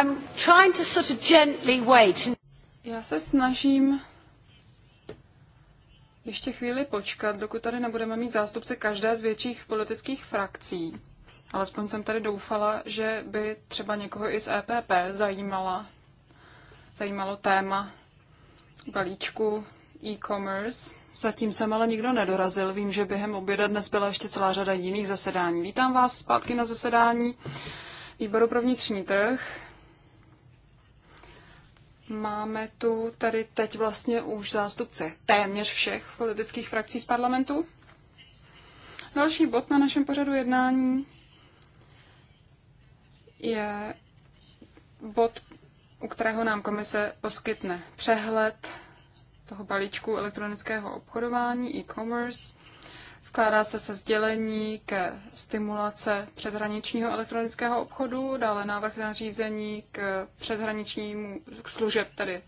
I'm trying to sort of gently wait. Já se snažím ještě chvíli počkat, dokud tady nebudeme mít zástupce každé z větších politických frakcí. Alespoň jsem tady doufala, že by třeba někoho i z EPP zajímala, zajímalo téma balíčku e-commerce. Zatím jsem ale nikdo nedorazil. Vím, že během oběda dnes byla ještě celá řada jiných zasedání. Vítám vás zpátky na zasedání výboru pro vnitřní trh. Máme tu tady teď vlastně už zástupce téměř všech politických frakcí z parlamentu. Další bod na našem pořadu jednání je bod, u kterého nám komise poskytne přehled toho balíčku elektronického obchodování e-commerce Skládá se se sdělení ke stimulace předhraničního elektronického obchodu, dále návrh na řízení k předhraničnímu k služeb, tedy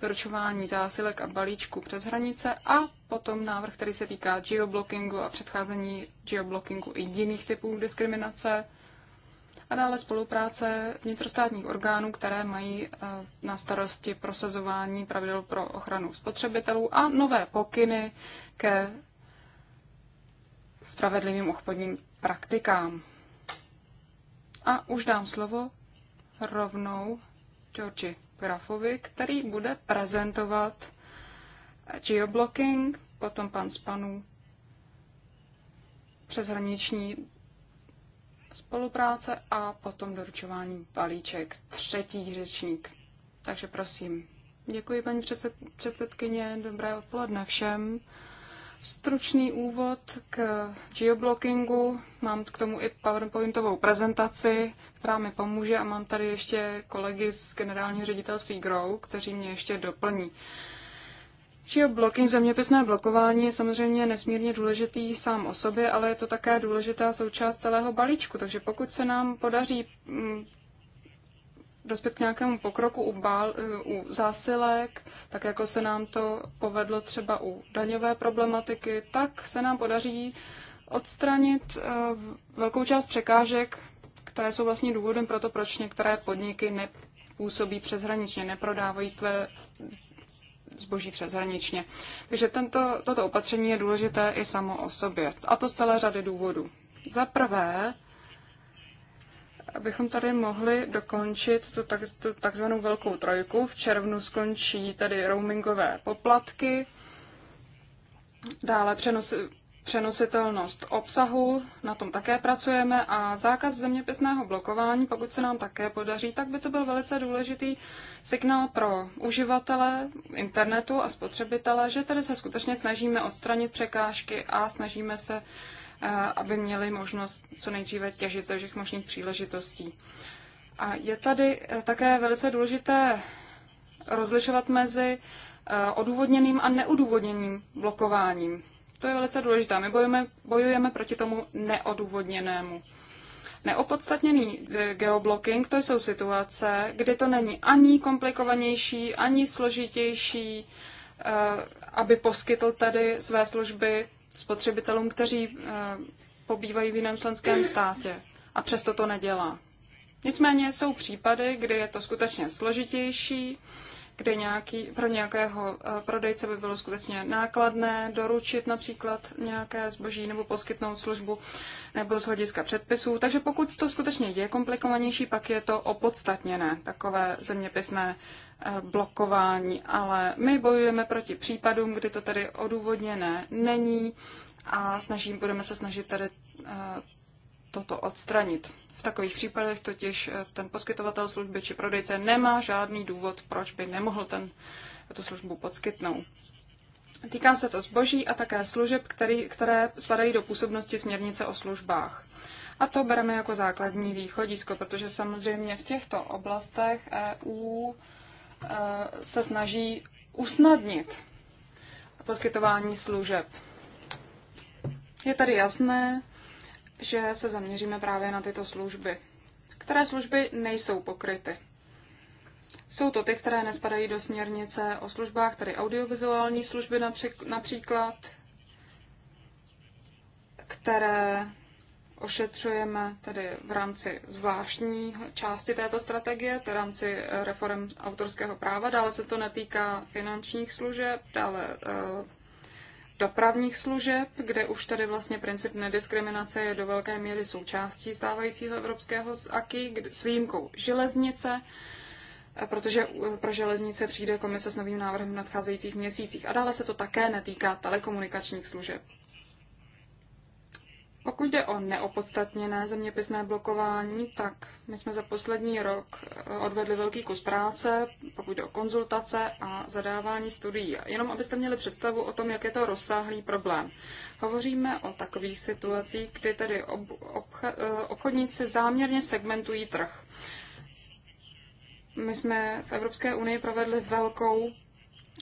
doručování zásilek a balíčků přes hranice a potom návrh, který se týká geoblockingu a předcházení geoblockingu i jiných typů diskriminace a dále spolupráce vnitrostátních orgánů, které mají eh, na starosti prosazování pravidel pro ochranu spotřebitelů a nové pokyny ke spravedlivým obchodním praktikám. A už dám slovo rovnou Georgi Grafovi, který bude prezentovat geoblocking, potom pan spanu přeshraniční spolupráce a potom doručování balíček, třetí řečník. Takže prosím. Děkuji, paní předsedkyně, dobré odpoledne všem. Stručný úvod k geoblockingu. Mám k tomu i PowerPointovou prezentaci, která mi pomůže a mám tady ještě kolegy z generálního ředitelství GROW, kteří mě ještě doplní. Geoblocking, zeměpisné blokování je samozřejmě nesmírně důležitý sám o sobě, ale je to také důležitá součást celého balíčku. Takže pokud se nám podaří mm, dospět k nějakému pokroku u, bál, eh, u zásilek, tak jako se nám to povedlo třeba u daňové problematiky, tak se nám podaří odstranit eh, velkou část překážek, které jsou vlastně důvodem pro to, proč některé podniky nepůsobí přeshraničně, neprodávají své zboží přeshraničně. Takže tento, toto opatření je důležité i samo o sobě. A to z celé řady důvodů. Za prvé, abychom tady mohli dokončit tu, tak, tu takzvanou velkou trojku. V červnu skončí tady roamingové poplatky, dále přenos, přenositelnost obsahu, na tom také pracujeme a zákaz zeměpisného blokování, pokud se nám také podaří, tak by to byl velice důležitý signál pro uživatele internetu a spotřebitele, že tady se skutečně snažíme odstranit překážky a snažíme se aby měli možnost co nejdříve těžit ze všech možných příležitostí. A je tady eh, také velice důležité rozlišovat mezi eh, odůvodněným a neodůvodněným blokováním. To je velice důležité. My bojujeme, bojujeme proti tomu neodůvodněnému. Neopodstatněný eh, geoblocking to jsou situace, kdy to není ani komplikovanější, ani složitější, aby poskytl tady své služby spotřebitelům, kteří eh, pobývají v jiném členském státě. A přesto to nedělá. Nicméně jsou případy, kdy je to skutečně složitější, kdy nějaký, pro nějakého eh, prodejce by bylo skutečně nákladné doručit například nějaké zboží nebo poskytnout službu nebo z hlediska předpisů. Takže pokud to skutečně je komplikovanější, pak je to opodstatněné, takové zeměpisné Eh, blokování, ale my bojujeme proti případům, kdy to tady odůvodněné není a snažím, budeme se snažit tady eh, toto odstranit. V takových případech totiž eh, ten poskytovatel služby či prodejce nemá žádný důvod, proč by nemohl ten, tu službu poskytnout. Týká se to zboží a také služeb, který, které spadají do působnosti směrnice o službách. A to bereme jako základní východisko, protože samozřejmě v těchto oblastech EU Eh, se snaží usnadnit poskytování služeb. Je tady jasné, že se zaměříme právě na tyto služby. Které služby nejsou pokryty? Jsou to ty, které nespadají do směrnice o službách, tedy audiovizuální služby například, které ošetřujeme tedy v rámci zvláštní části této strategie, tedy v rámci eh, reform autorského práva. Dále se to netýká finančních služeb, dále eh, dopravních služeb, kde už tady vlastně princip nediskriminace je do velké míry součástí stávajícího evropského AKI s výjimkou železnice, eh, protože pro železnice přijde komise s novým návrhem v nadcházejících měsících. A dále se to také netýká telekomunikačních služeb. Pokud jde o neopodstatněné zeměpisné blokování, tak my jsme za poslední rok eh, odvedli velký kus práce, pokud jde o konzultace a zadávání studií. Jenom abyste měli představu o tom, jak je to rozsáhlý problém. Hovoříme o takových situacích, kdy tedy ob, ob- eh, obchodníci záměrně segmentují trh. My jsme v Evropské unii provedli velkou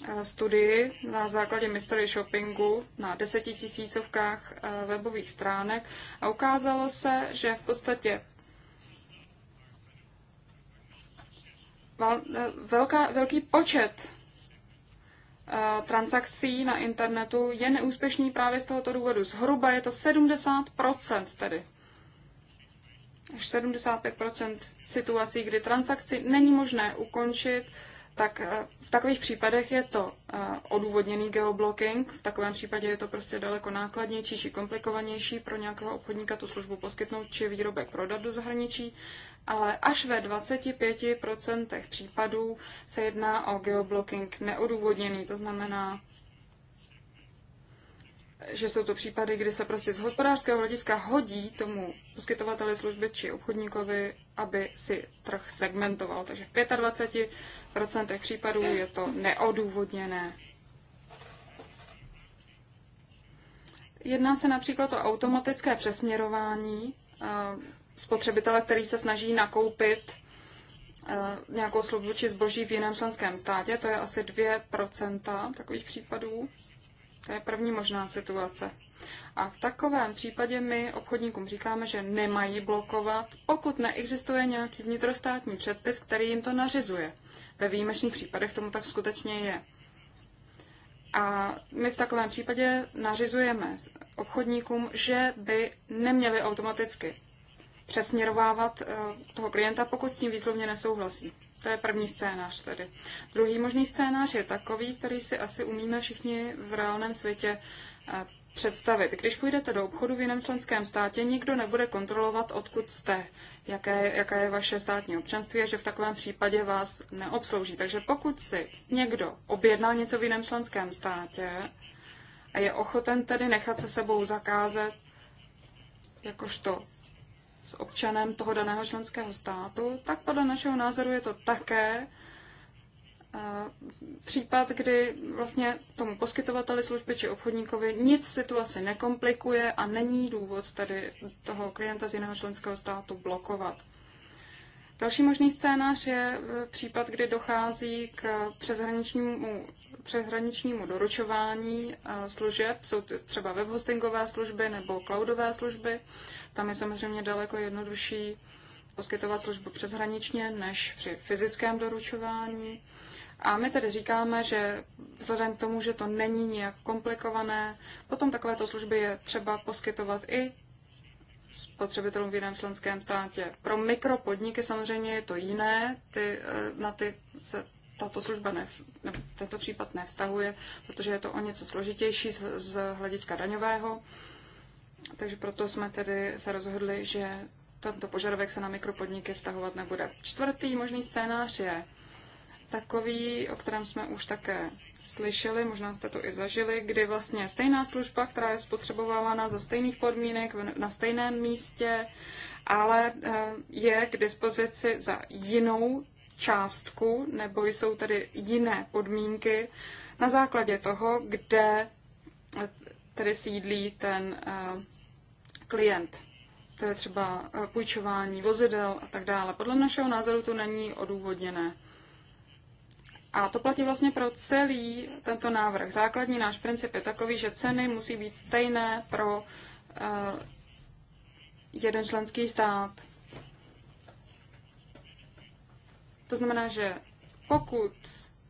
Eh, studii na základě mystery shoppingu na desetitisícovkách eh, webových stránek a ukázalo se, že v podstatě eh, velká, velký počet transakcí na internetu je neúspěšný právě z tohoto důvodu. Zhruba je to 70% tedy. Až 75% situací, kdy transakci není možné ukončit, tak eh, v takových případech je to eh, odůvodněný geoblocking. V takovém případě je to prostě daleko nákladnější či komplikovanější pro nějakého obchodníka tu službu poskytnout či výrobek prodat do zahraničí, ale až ve 25% případů se jedná o geoblocking neodůvodněný, to znamená, že jsou to případy, kdy se prostě z hospodářského hlediska hodí tomu poskytovateli služby či obchodníkovi, aby si trh segmentoval. Takže v 25% případů je to neodůvodněné. Jedná se například o automatické přesměrování eh, spotřebitele, který se snaží nakoupit eh, nějakou službu či zboží v jiném členském státě. To je asi 2% takových případů. To je první možná situace. A v takovém případě my obchodníkům říkáme, že nemají blokovat, pokud neexistuje nějaký vnitrostátní předpis, který jim to nařizuje. Ve výjimečných případech tomu tak skutečně je. A my v takovém případě nařizujeme obchodníkům, že by neměli automaticky přesměrovávat eh, toho klienta, pokud s tím výslovně nesouhlasí. To je první scénář tedy. Druhý možný scénář je takový, který si asi umíme všichni v reálném světě eh, představit. Když půjdete do obchodu v jiném členském státě, nikdo nebude kontrolovat, odkud jste, jaké, jaké je vaše státní občanství a že v takovém případě vás neobslouží. Takže pokud si někdo objedná něco v jiném členském státě a je ochoten tedy nechat se sebou zakázat jakožto s občanem toho daného členského státu, tak podle našeho názoru je to také eh, případ, kdy vlastně tomu poskytovateli služby či obchodníkovi nic situaci nekomplikuje a není důvod tedy toho klienta z jiného členského státu blokovat. Další možný scénář je eh, případ, kdy dochází k přeshraničnímu, přeshraničnímu doručování eh, služeb, jsou třeba webhostingové služby nebo cloudové služby. Tam je samozřejmě daleko jednodušší poskytovat službu přeshraničně než při fyzickém doručování. A my tedy říkáme, že vzhledem k tomu, že to není nějak komplikované, potom takovéto služby je třeba poskytovat i spotřebitelům v jiném členském státě. Pro mikropodniky samozřejmě je to jiné, ty, eh, na ty se tato služba, ne, ne, tento případ nevztahuje, protože je to o něco složitější z, z hlediska daňového. Takže proto jsme tedy se rozhodli, že tento požadavek se na mikropodniky vztahovat nebude. Čtvrtý možný scénář je takový, o kterém jsme už také slyšeli, možná jste to i zažili, kdy vlastně stejná služba, která je spotřebovávána za stejných podmínek na stejném místě, ale eh, je k dispozici za jinou částku, nebo jsou tady jiné podmínky na základě toho, kde eh, tedy sídlí ten eh, klient. To je třeba eh, půjčování vozidel a tak dále. Podle našeho názoru to není odůvodněné. A to platí vlastně pro celý tento návrh. Základní náš princip je takový, že ceny musí být stejné pro eh, jeden členský stát. To znamená, že pokud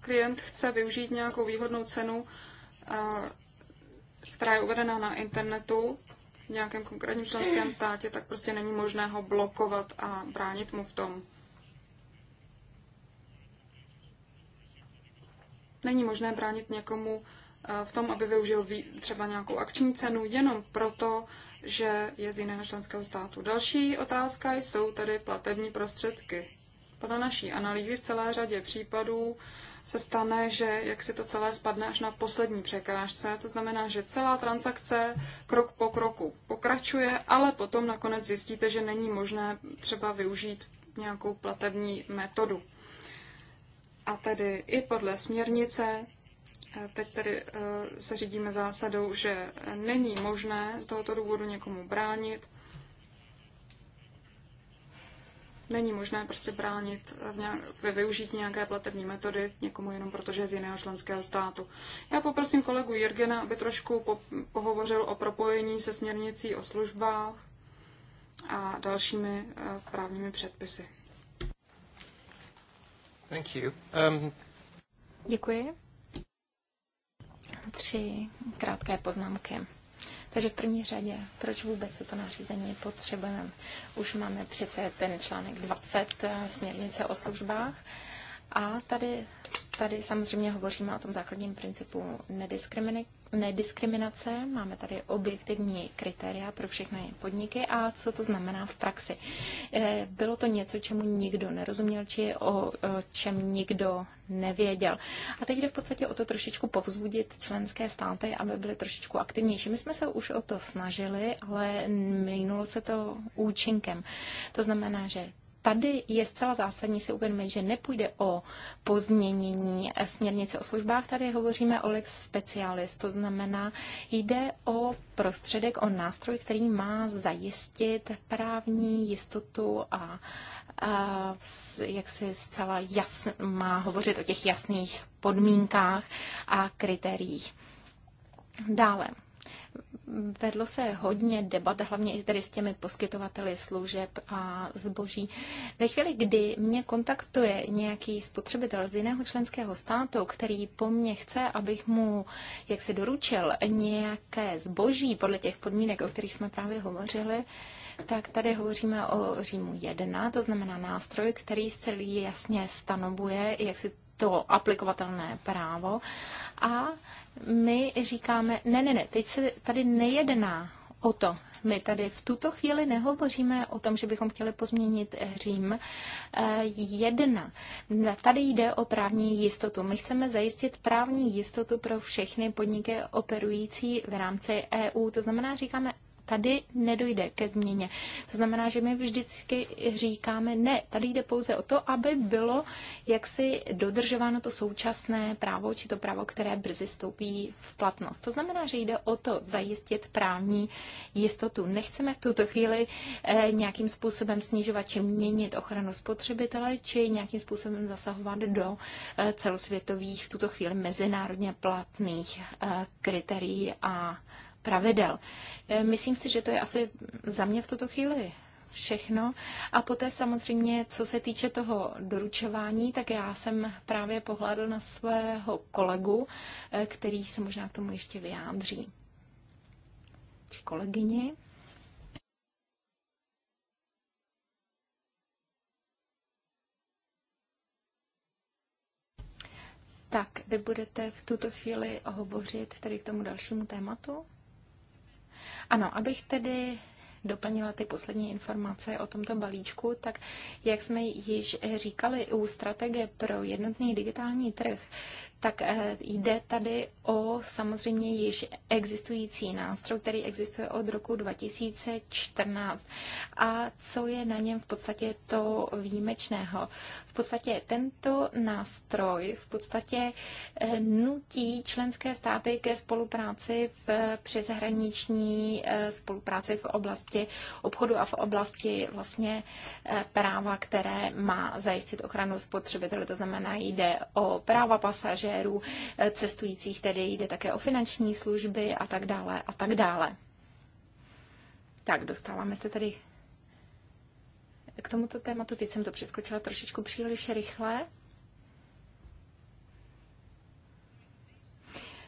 klient chce využít nějakou výhodnou cenu, eh, která je uvedena na internetu, nějakém konkrétním členském státě, tak prostě není možné ho blokovat a bránit mu v tom. Není možné bránit někomu eh, v tom, aby využil třeba nějakou akční cenu jenom proto, že je z jiného členského státu. Další otázka jsou tady platební prostředky. Podle naší analýzy v celé řadě případů se stane, že jak si to celé spadne až na poslední překážce. To znamená, že celá transakce krok po kroku pokračuje, ale potom nakonec zjistíte, že není možné třeba využít nějakou platební metodu. A tedy i podle směrnice, eh, teď tedy eh, se řídíme zásadou, že není možné z tohoto důvodu někomu bránit, Není možné prostě bránit eh, v nějak, ve využití nějaké platební metody někomu jenom protože je z jiného členského státu. Já poprosím kolegu Jirgena, aby trošku po, pohovořil o propojení se směrnicí o službách a dalšími eh, právními předpisy. Thank you. Um... Děkuji. Tři krátké poznámky. Takže v první řadě, proč vůbec toto nařízení potřebujeme? Už máme přece ten článek 20 eh, směrnice o službách a tady, tady samozřejmě hovoříme o tom základním principu nediskriminace nediskriminace, máme tady objektivní kritéria pro všechny podniky a co to znamená v praxi. Eh, bylo to něco, čemu nikdo nerozuměl, či o čem nikdo nevěděl. A teď jde v podstatě o to trošičku povzbudit členské státy, aby byly trošičku aktivnější. My jsme se už o to snažili, ale minulo se to účinkem. To znamená, že tady je zcela zásadní si uvědomit, že nepůjde o pozměnění směrnice o službách, tady hovoříme o lex specialis, to znamená, jde o prostředek, o nástroj, který má zajistit právní jistotu a, a jak si zcela jasn, má hovořit o těch jasných podmínkách a kritériích. Dále, Vedlo se hodně debat, hlavně i tedy s těmi poskytovateli služeb a zboží. Ve chvíli, kdy mě kontaktuje nějaký spotřebitel z jiného členského státu, který po mně chce, abych mu, jak se doručil, nějaké zboží podle těch podmínek, o kterých jsme právě hovořili, tak tady hovoříme o Římu 1, to znamená nástroj, který celý jasně stanovuje, jak si to aplikovatelné právo a my říkáme, ne, ne, ne, teď se tady nejedná o to. My tady v tuto chvíli nehovoříme o tom, že bychom chtěli pozměnit eh, Řím eh, Jedna. Tady jde o právní jistotu. My chceme zajistit právní jistotu pro všechny podniky operující v rámci EU. To znamená, říkáme, tady nedojde ke změně. To znamená, že my vždycky říkáme, ne, tady jde pouze o to, aby bylo jaksi dodržováno to současné právo, či to právo, které brzy stoupí v platnost. To znamená, že jde o to zajistit právní jistotu. Nechceme v tuto chvíli eh, nějakým způsobem snižovat či měnit ochranu spotřebitele, či nějakým způsobem zasahovat do eh, celosvětových, v tuto chvíli mezinárodně platných eh, kritérií a pravidel. Eh, myslím si, že to je asi za mě v tuto chvíli všechno. A poté samozřejmě, co se týče toho doručování, tak já jsem právě pohlédl na svého kolegu, eh, který se možná k tomu ještě vyjádří. Či kolegyni. Tak, vy budete v tuto chvíli hovořit tedy k tomu dalšímu tématu? Ano, abych tedy doplnila ty poslední informace o tomto balíčku, tak jak jsme již říkali u strategie pro jednotný digitální trh, tak eh, jde tady o samozřejmě již existující nástroj, který existuje od roku 2014. A co je na něm v podstatě to výjimečného? V podstatě tento nástroj v podstatě eh, nutí členské státy ke spolupráci v eh, přeshraniční spolupráci v oblasti obchodu a v oblasti vlastně práva, které má zajistit ochranu spotřebitele. To znamená, jde o práva pasaže, pasažérů eh, cestujících, tedy jde také o finanční služby a tak dále a tak dále. Tak, dostáváme se tedy k tomuto tématu. Teď jsem to přeskočila trošičku příliš rychle.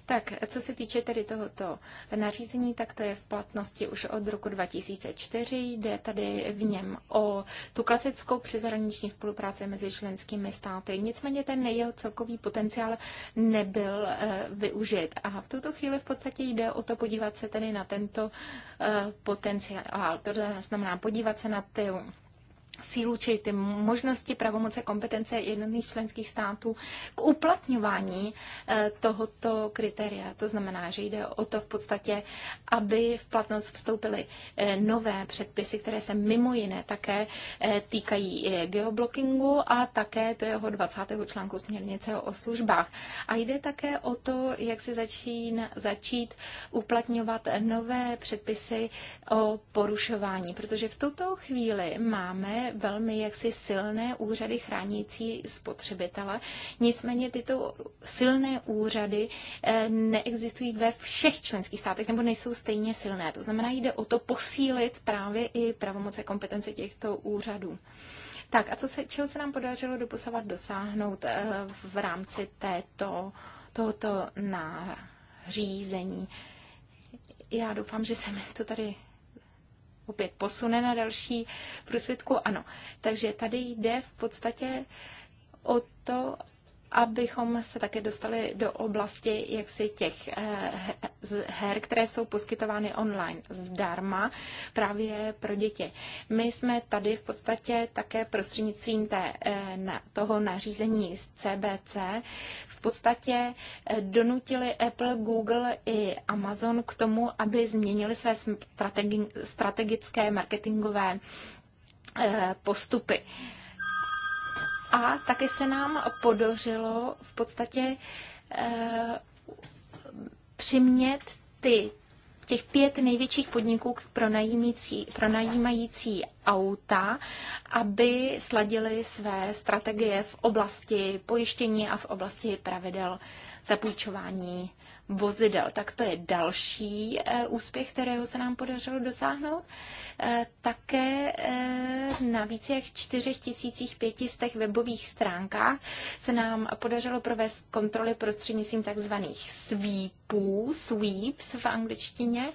Tak, co se týče tedy tohoto nařízení, tak to je v platnosti už od roku 2004. Jde tady v něm o tu klasickou přeshraniční spolupráci mezi členskými státy. Nicméně ten jeho celkový potenciál nebyl eh, využit. A v tuto chvíli v podstatě jde o to podívat se tedy na tento eh, potenciál. To znamená podívat se na ty sílu či ty možnosti, pravomoce, kompetence jednotných členských států k uplatňování eh, tohoto kritéria. To znamená, že jde o to v podstatě, aby v platnost vstoupily eh, nové předpisy, které se mimo jiné také eh, týkají geoblockingu a také to jeho 20. článku směrnice o službách. A jde také o to, jak se začín, začít uplatňovat nové předpisy o porušování, protože v tuto chvíli máme velmi jaksi silné úřady chránící spotřebitele. Nicméně tyto silné úřady eh, neexistují ve všech členských státech nebo nejsou stejně silné. To znamená, jde o to posílit právě i pravomoce kompetence těchto úřadů. Tak a co se, čeho se nám podařilo doposavat dosáhnout eh, v rámci této, tohoto nařízení? Já doufám, že se mi to tady opět posune na další prosvědku. Ano. Takže tady jde v podstatě o to, abychom se také dostali do oblasti jaksi těch eh, her, které jsou poskytovány online zdarma právě pro děti. My jsme tady v podstatě také prostřednictvím té, eh, toho nařízení z CBC v podstatě eh, donutili Apple, Google i Amazon k tomu, aby změnili své strategi- strategické marketingové postupy a taky se nám podařilo v podstatě eh, přimět ty těch pět největších podniků pronajímající, pronajímající auta, aby sladili své strategie v oblasti pojištění a v oblasti pravidel zapůjčování vozidel. Tak to je další eh, úspěch, kterého se nám podařilo dosáhnout. Eh, také eh, na více jak 4500 webových stránkách se nám podařilo provést kontroly prostřednictvím takzvaných sweepů, sweeps v angličtině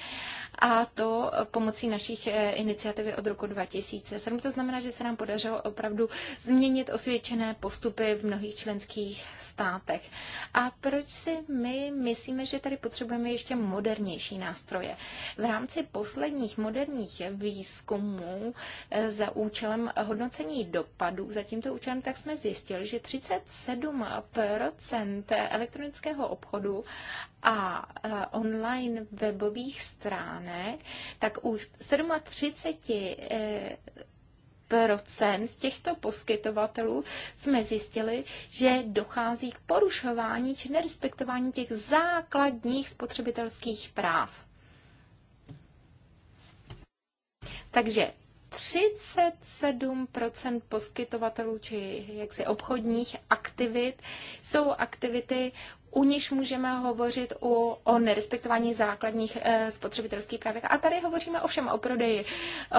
a to pomocí našich eh, iniciativy od roku 2007. To znamená, že se nám podařilo opravdu změnit osvědčené postupy v mnohých členských státech. A proč si my myslíme, že tady potřebujeme ještě modernější nástroje? V rámci posledních moderních výzkumů eh, za účelem hodnocení dopadů, za tímto účelem, tak jsme zjistili, že 37% elektronického obchodu a e, online webových stránek, tak u 37 e, procent těchto poskytovatelů jsme zjistili, že dochází k porušování či nerespektování těch základních spotřebitelských práv. Takže 37% poskytovatelů či jaksi obchodních aktivit jsou aktivity u níž můžeme hovořit o, o nerespektování základních e, spotřebitelských právek. A tady hovoříme ovšem o prodeji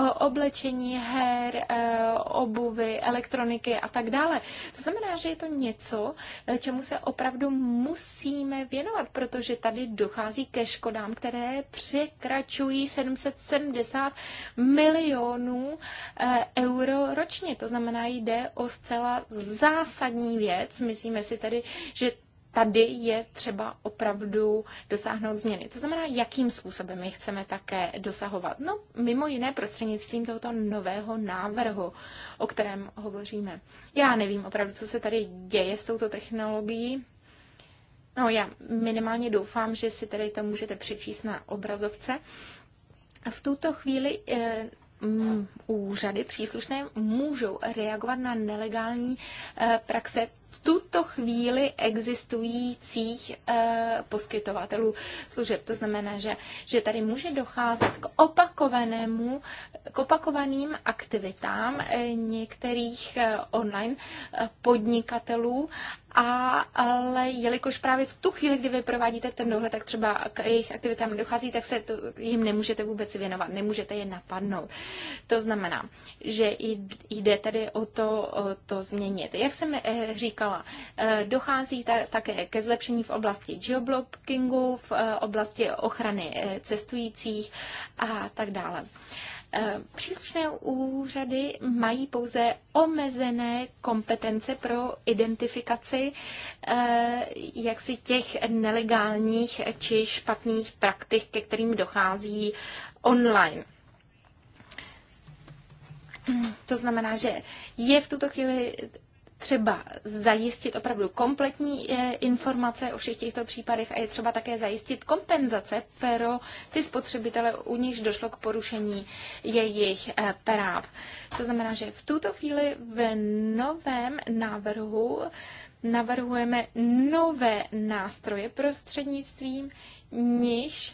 o oblečení, her, e, eh, obuvy, elektroniky a tak dále. To znamená, že je to něco, eh, čemu se opravdu musíme věnovat, protože tady dochází ke škodám, které překračují 770 milionů e, euro ročně. To znamená, jde o zcela zásadní věc. Myslíme si tedy, že tady je třeba opravdu dosáhnout změny. To znamená, jakým způsobem my chceme také dosahovat. No, mimo jiné prostřednictvím tohoto nového návrhu, o kterém hovoříme. Já nevím opravdu, co se tady děje s touto technologií. No, já minimálně doufám, že si tady to můžete přečíst na obrazovce. V tuto chvíli eh, úřady příslušné můžou reagovat na nelegální eh, praxe v tuto chvíli existujících eh, poskytovatelů služeb. To znamená, že, že tady může docházet k opakovanému, k opakovaným aktivitám eh, některých eh, online podnikatelů a, ale jelikož právě v tu chvíli, kdy vy provádíte ten dohled, tak třeba k jejich aktivitám dochází, tak se to, jim nemůžete vůbec věnovat, nemůžete je napadnout. To znamená, že jde tady o to, o to změnit. Jak jsem říkal, říkala. Eh, dochází také ke zlepšení v oblasti geoblockingu, v eh, oblasti ochrany eh, cestujících a tak dále. Příslušné úřady mají pouze omezené kompetence pro identifikaci jaksi těch nelegálních či špatných praktik, ke kterým dochází online. To znamená, že je v tuto chvíli třeba zajistit opravdu kompletní eh, informace o všech těchto případech a je třeba také zajistit kompenzace pro ty spotřebitele, u nichž došlo k porušení jejich eh, práv. To znamená, že v tuto chvíli v novém návrhu navrhujeme nové nástroje prostřednictvím nichž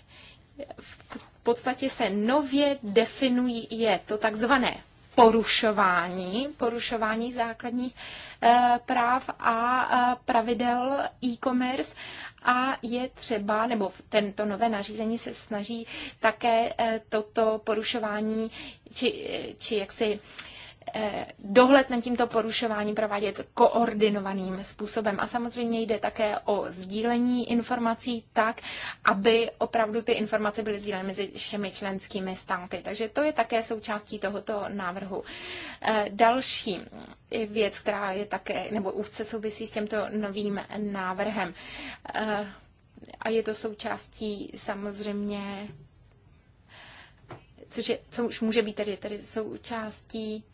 v podstatě se nově definují je to takzvané porušování, porušování základních eh, práv a eh, pravidel e-commerce a je třeba, nebo tento nové nařízení se snaží také eh, toto porušování či, či jaksi Eh, dohled nad tímto porušováním provádět koordinovaným způsobem. A samozřejmě jde také o sdílení informací tak, aby opravdu ty informace byly sdíleny mezi všemi členskými státy. Takže to je také součástí tohoto návrhu. Eh, další věc, která je také, nebo úvce souvisí s tímto novým návrhem. Eh, a je to součástí samozřejmě což, je, co už může být tedy, tedy součástí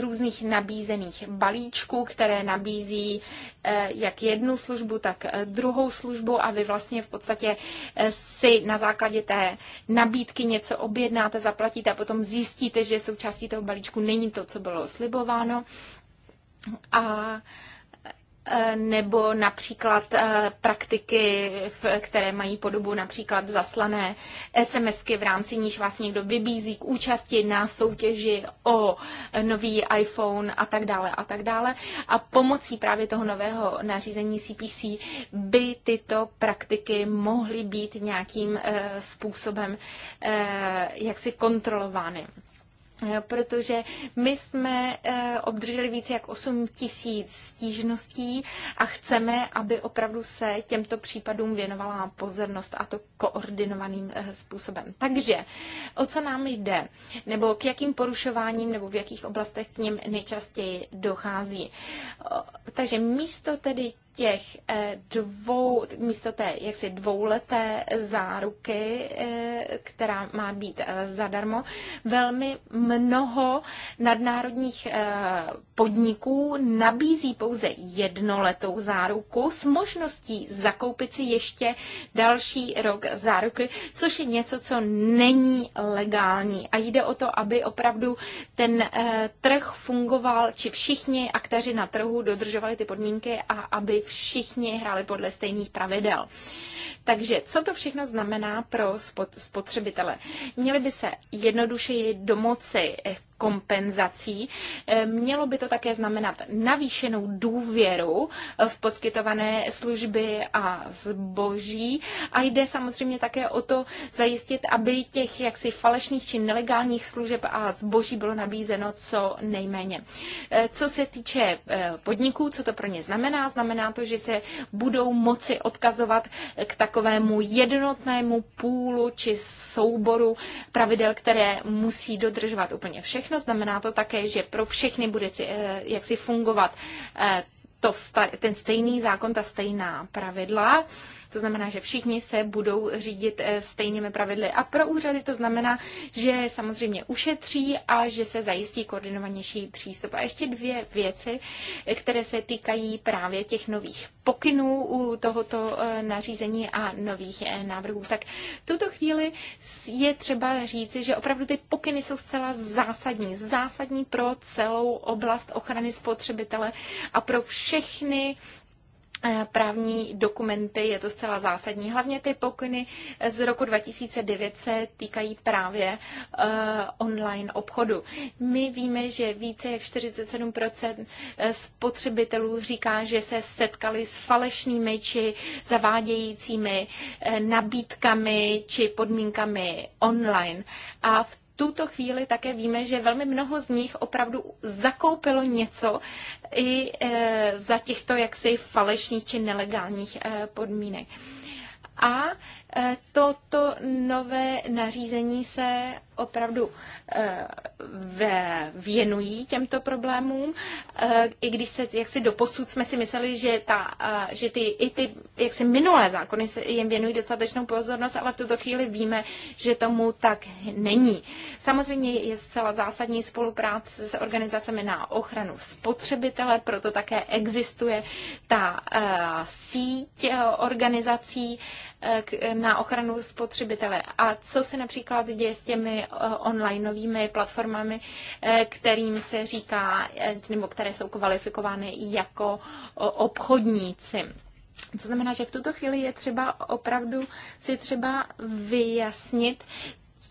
různých nabízených balíčků, které nabízí eh, jak jednu službu, tak eh, druhou službu a vy vlastně v podstatě eh, si na základě té nabídky něco objednáte, zaplatíte a potom zjistíte, že součástí toho balíčku není to, co bylo slibováno. A Eh, nebo například eh, praktiky, které mají podobu například zaslané SMSky, v rámci níž vás někdo vybízí k účasti na soutěži o nový iPhone a tak dále a tak dále. A pomocí právě toho nového nařízení CPC by tyto praktiky mohly být nějakým eh, způsobem jaksi kontrolovány. Eh, protože my jsme eh, obdrželi více jak 8 tisíc stížností a chceme, aby opravdu se těmto případům věnovala pozornost a to koordinovaným eh, způsobem. Takže o co nám jde, nebo k jakým porušováním nebo v jakých oblastech k ním nejčastěji dochází. Takže místo tedy těch eh, dvou, místo té jaksi dvouleté záruky, eh, která má být eh, zadarmo, velmi mnoho nadnárodních podniků nabízí pouze jednoletou záruku s možností zakoupit si ještě další rok záruky, což je něco, co není legální. A jde o to, aby opravdu ten trh fungoval, či všichni aktéři na trhu dodržovali ty podmínky a aby všichni hráli podle stejných pravidel. Takže co to všechno znamená pro spotřebitele? Měli by se jednodušeji domoci kompenzací. Eh, mělo by to také znamenat navýšenou důvěru v poskytované služby a zboží a jde samozřejmě také o to zajistit, aby těch jaksi falešných či nelegálních služeb a zboží bylo nabízeno co nejméně. Eh, co se týče eh, podniků, co to pro ně znamená? Znamená to, že se budou moci odkazovat k takovému jednotnému půlu či souboru pravidel, které musí dodržovat úplně všechny všechno. Znamená to také, že pro všechny bude si, eh, si fungovat eh, to, ten stejný zákon, ta stejná pravidla. To znamená, že všichni se budou řídit eh, stejnými pravidly. A pro úřady to znamená, že samozřejmě ušetří a že se zajistí koordinovanější přístup. A ještě dvě věci, které se týkají právě těch nových pokynů u tohoto eh, nařízení a nových eh, návrhů. Tak v tuto chvíli je třeba říci, že opravdu ty pokyny jsou zcela zásadní. Zásadní pro celou oblast ochrany spotřebitele a pro všechny právní dokumenty, je to zcela zásadní. Hlavně ty pokyny z roku 2009 se týkají právě eh, online obchodu. My víme, že více jak 47% eh, spotřebitelů říká, že se setkali s falešnými či zavádějícími eh, nabídkami či podmínkami online. A v tuto chvíli také víme, že velmi mnoho z nich opravdu zakoupilo něco i e, za těchto jaksi falešných či nelegálních e, podmínek. A Eh, toto nové nařízení se opravdu eh, věnují těmto problémům, eh, i když se jak jaksi doposud jsme si mysleli, že, ta, že ty, i ty si minulé zákony se jim věnují dostatečnou pozornost, ale v tuto chvíli víme, že tomu tak není. Samozřejmě je zcela zásadní spolupráce s organizacemi na ochranu spotřebitele, proto také existuje ta síť organizací, na ochranu spotřebitele. A co se například děje s těmi eh, online novými platformami, eh, kterým se říká, eh, nebo které jsou kvalifikovány jako obchodníci? To znamená, že v tuto chvíli je třeba opravdu si třeba vyjasnit,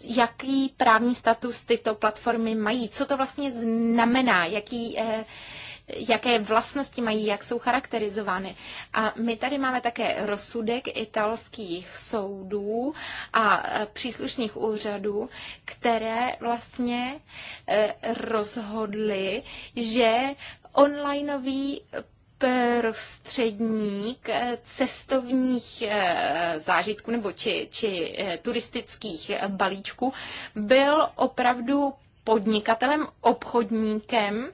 jaký právní status tyto platformy mají, co to vlastně znamená, jaký, jaké vlastnosti mají, jak jsou charakterizovány. A my tady máme také rozsudek italských soudů a e, příslušných úřadů, které vlastně e, rozhodly, že onlineový prostředník e, cestovních zážitků nebo či, či turistických balíčků byl opravdu podnikatelem, obchodníkem,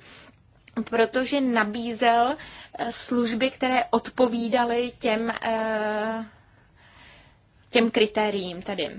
protože nabízel eh, služby, které odpovídaly těm, eh, těm kritériím tady.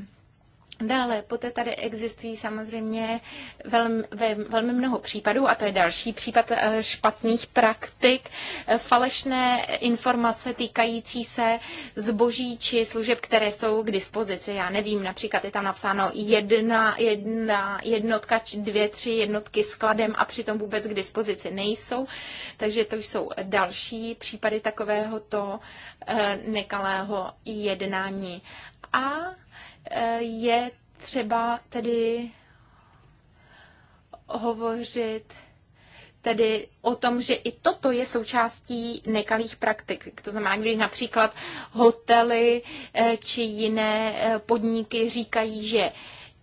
Dále, poté tady existují samozřejmě velmi, velmi mnoho případů, a to je další případ eh, špatných praktik, eh, falešné informace týkající se zboží či služeb, které jsou k dispozici. Já nevím, například je tam napsáno jedna, jedna jednotka, či dvě, tři jednotky skladem a přitom vůbec k dispozici nejsou. Takže to jsou další případy takovéhoto eh, nekalého jednání. A Eh, je třeba tedy hovořit tedy o tom, že i toto je součástí nekalých praktik. To znamená, když například hotely eh, či jiné eh, podniky říkají, že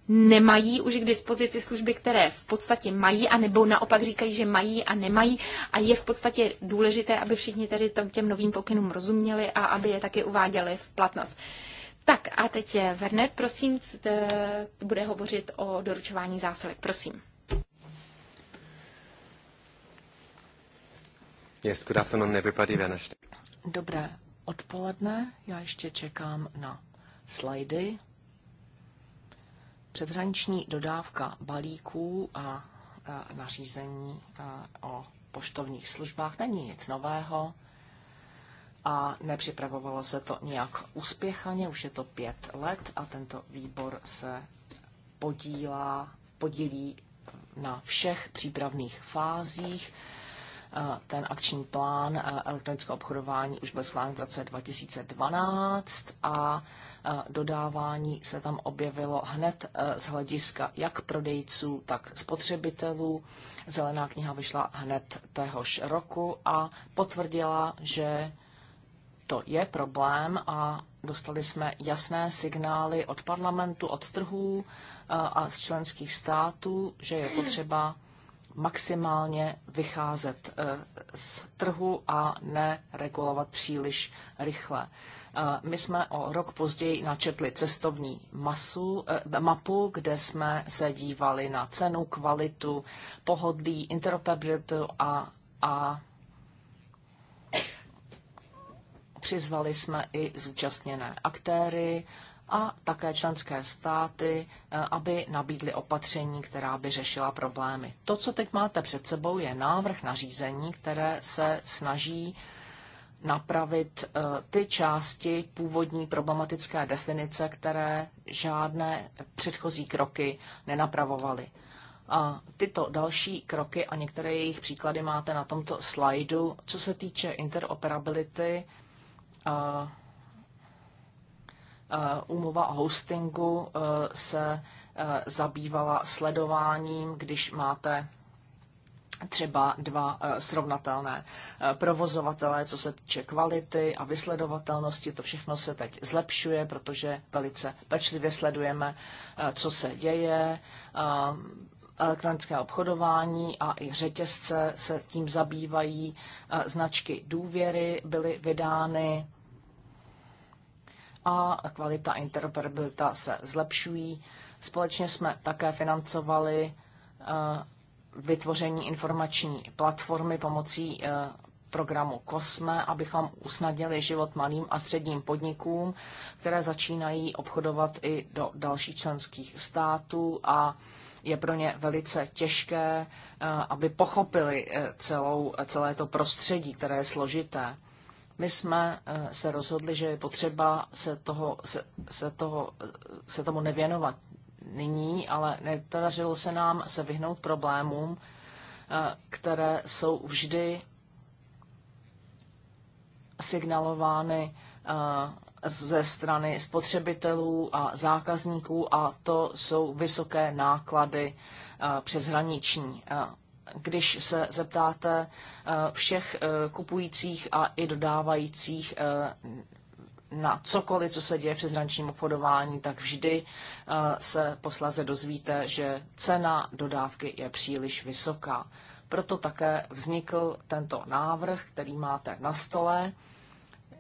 nemají už k dispozici služby, které v podstatě mají, anebo naopak říkají, že mají a nemají. A je v podstatě důležité, aby všichni tedy těm novým pokynům rozuměli a aby je taky uváděli v platnost. Tak a teď je Werner, prosím, bude hovořit o doručování zásilek, prosím. Yes, good afternoon everybody, Dobré odpoledne, já ještě čekám na slajdy. Předhraniční dodávka balíků a nařízení o poštovních službách není nic nového a nepřipravovalo se to nijak uspěchaně, už je to pět let a tento výbor se podílá, podílí na všech přípravných fázích. Eh, ten akční plán eh, elektronického obchodování už byl schválen v roce 2012 a eh, dodávání se tam objevilo hned z hlediska jak prodejců, tak spotřebitelů. Zelená kniha vyšla hned téhož roku a potvrdila, že to je problém a dostali jsme jasné signály od parlamentu, od trhů a z členských států, že je potřeba maximálně vycházet e, z trhu a neregulovat příliš rychle. E, my jsme o rok později načetli cestovní masu, e, mapu, kde jsme se dívali na cenu, kvalitu, pohodlí, interoperabilitu a, a Přizvali jsme i zúčastněné aktéry a také členské státy, eh, aby nabídly opatření, která by řešila problémy. To, co teď máte před sebou, je návrh nařízení, které se snaží napravit eh, ty části původní problematické definice, které žádné předchozí kroky nenapravovaly. A tyto další kroky a některé jejich příklady máte na tomto slajdu. Co se týče interoperability, úmluva o hostingu e, se e, zabývala sledováním, když máte třeba dva e, srovnatelné provozovatele, co se týče kvality a vysledovatelnosti. To všechno se teď zlepšuje, protože velice pečlivě sledujeme, co se děje. Elektronické obchodování a i řetězce se tím zabývají. Značky důvěry byly vydány a kvalita interoperabilita se zlepšují. Společně jsme také financovali eh, vytvoření informační platformy pomocí eh, programu COSME, abychom usnadnili život malým a středním podnikům, které začínají obchodovat i do dalších členských států a je pro ně velice těžké, eh, aby pochopili celou, celé to prostředí, které je složité. My jsme eh, se rozhodli, že je potřeba se, toho, se, se, toho, eh, se tomu nevěnovat nyní, ale nedařilo se nám se vyhnout problémům, eh, které jsou vždy signalovány ze strany spotřebitelů a zákazníků a to jsou vysoké náklady přeshraniční když se zeptáte eh, všech eh, kupujících a i dodávajících eh, na cokoliv, co se děje v zrančním obchodování, tak vždy se poslaze dozvíte, že cena dodávky je příliš vysoká. Proto také vznikl tento návrh, který máte na stole.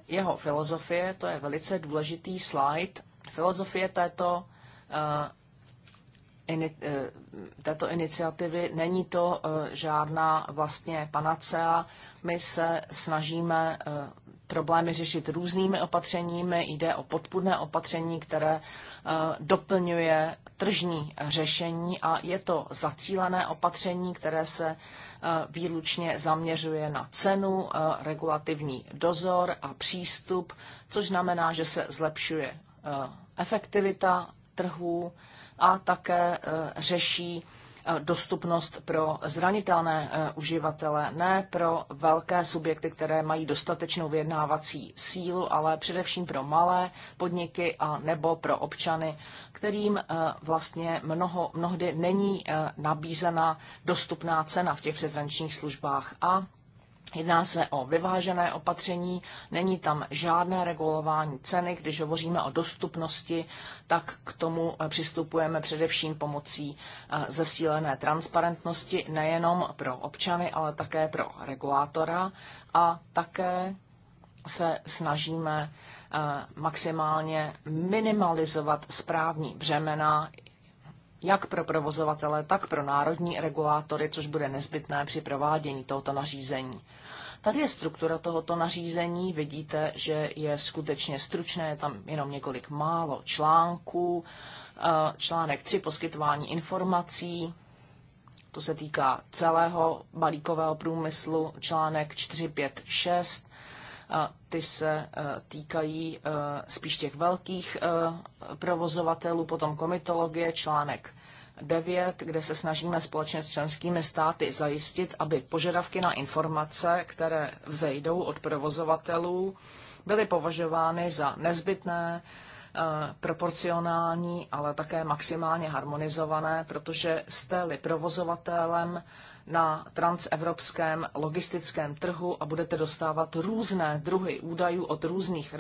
Jeho filozofie, to je velice důležitý slide, filozofie této Eh, této iniciativy. Není to eh, žádná vlastně panacea. My se snažíme eh, problémy řešit různými opatřeními. Jde o podpůrné opatření, které doplňuje tržní řešení a je to zacílené opatření, které se výlučně zaměřuje na cenu, regulativní dozor a přístup, což znamená, že se zlepšuje efektivita trhů, a také eh, řeší eh, dostupnost pro zranitelné eh, uživatele, ne pro velké subjekty, které mají dostatečnou vyjednávací sílu, ale především pro malé podniky a nebo pro občany, kterým vlastně mnoho, mnohdy není nabízena dostupná cena v těch přezrančních službách a Jedná se o vyvážené opatření, není tam žádné regulování ceny. Když hovoříme o dostupnosti, tak k tomu eh, přistupujeme především pomocí eh, zesílené transparentnosti nejenom pro občany, ale také pro regulátora a také se snažíme eh, maximálně minimalizovat správní břemena jak pro provozovatele, tak pro národní regulátory, což bude nezbytné při provádění tohoto nařízení. Tady je struktura tohoto nařízení, vidíte, že je skutečně stručné, je tam jenom několik málo článků. Eh, článek 3 poskytování informací, to se týká celého balíkového průmyslu, článek 4, 5, 6, ty se eh, týkají eh, spíš těch velkých provozovatelů, potom komitologie, článek 9, kde se snažíme společně s členskými státy zajistit, aby požadavky na informace, které vzejdou od provozovatelů, byly považovány za nezbytné, eh, proporcionální, ale také maximálně harmonizované, protože jste-li provozovatelem na transevropském logistickém trhu a budete dostávat různé druhy údajů od různých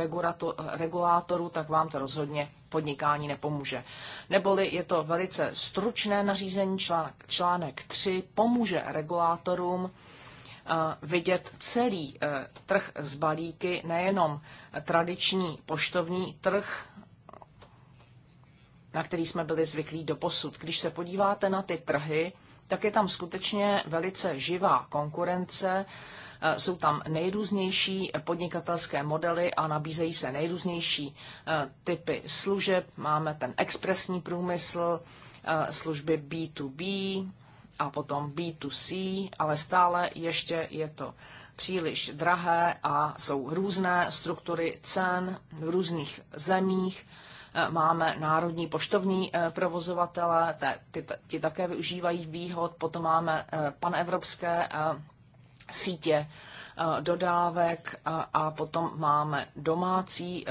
regulátorů, tak vám to rozhodně podnikání nepomůže. Neboli je to velice stručné nařízení, článek, článek 3 pomůže regulátorům eh, vidět celý eh, trh z balíky, nejenom tradiční poštovní trh, na který jsme byli zvyklí do posud. Když se podíváte na ty trhy, tak je tam skutečně velice živá konkurence. E, jsou tam nejrůznější podnikatelské modely a nabízejí se nejrůznější e, typy služeb. Máme ten expresní průmysl, e, služby B2B a potom B2C, ale stále ještě je to příliš drahé a jsou různé struktury cen v různých zemích Eh, máme národní poštovní eh, provozovatele, ty, ti také využívají výhod, potom máme eh, panevropské sítě dodávek a potom máme domácí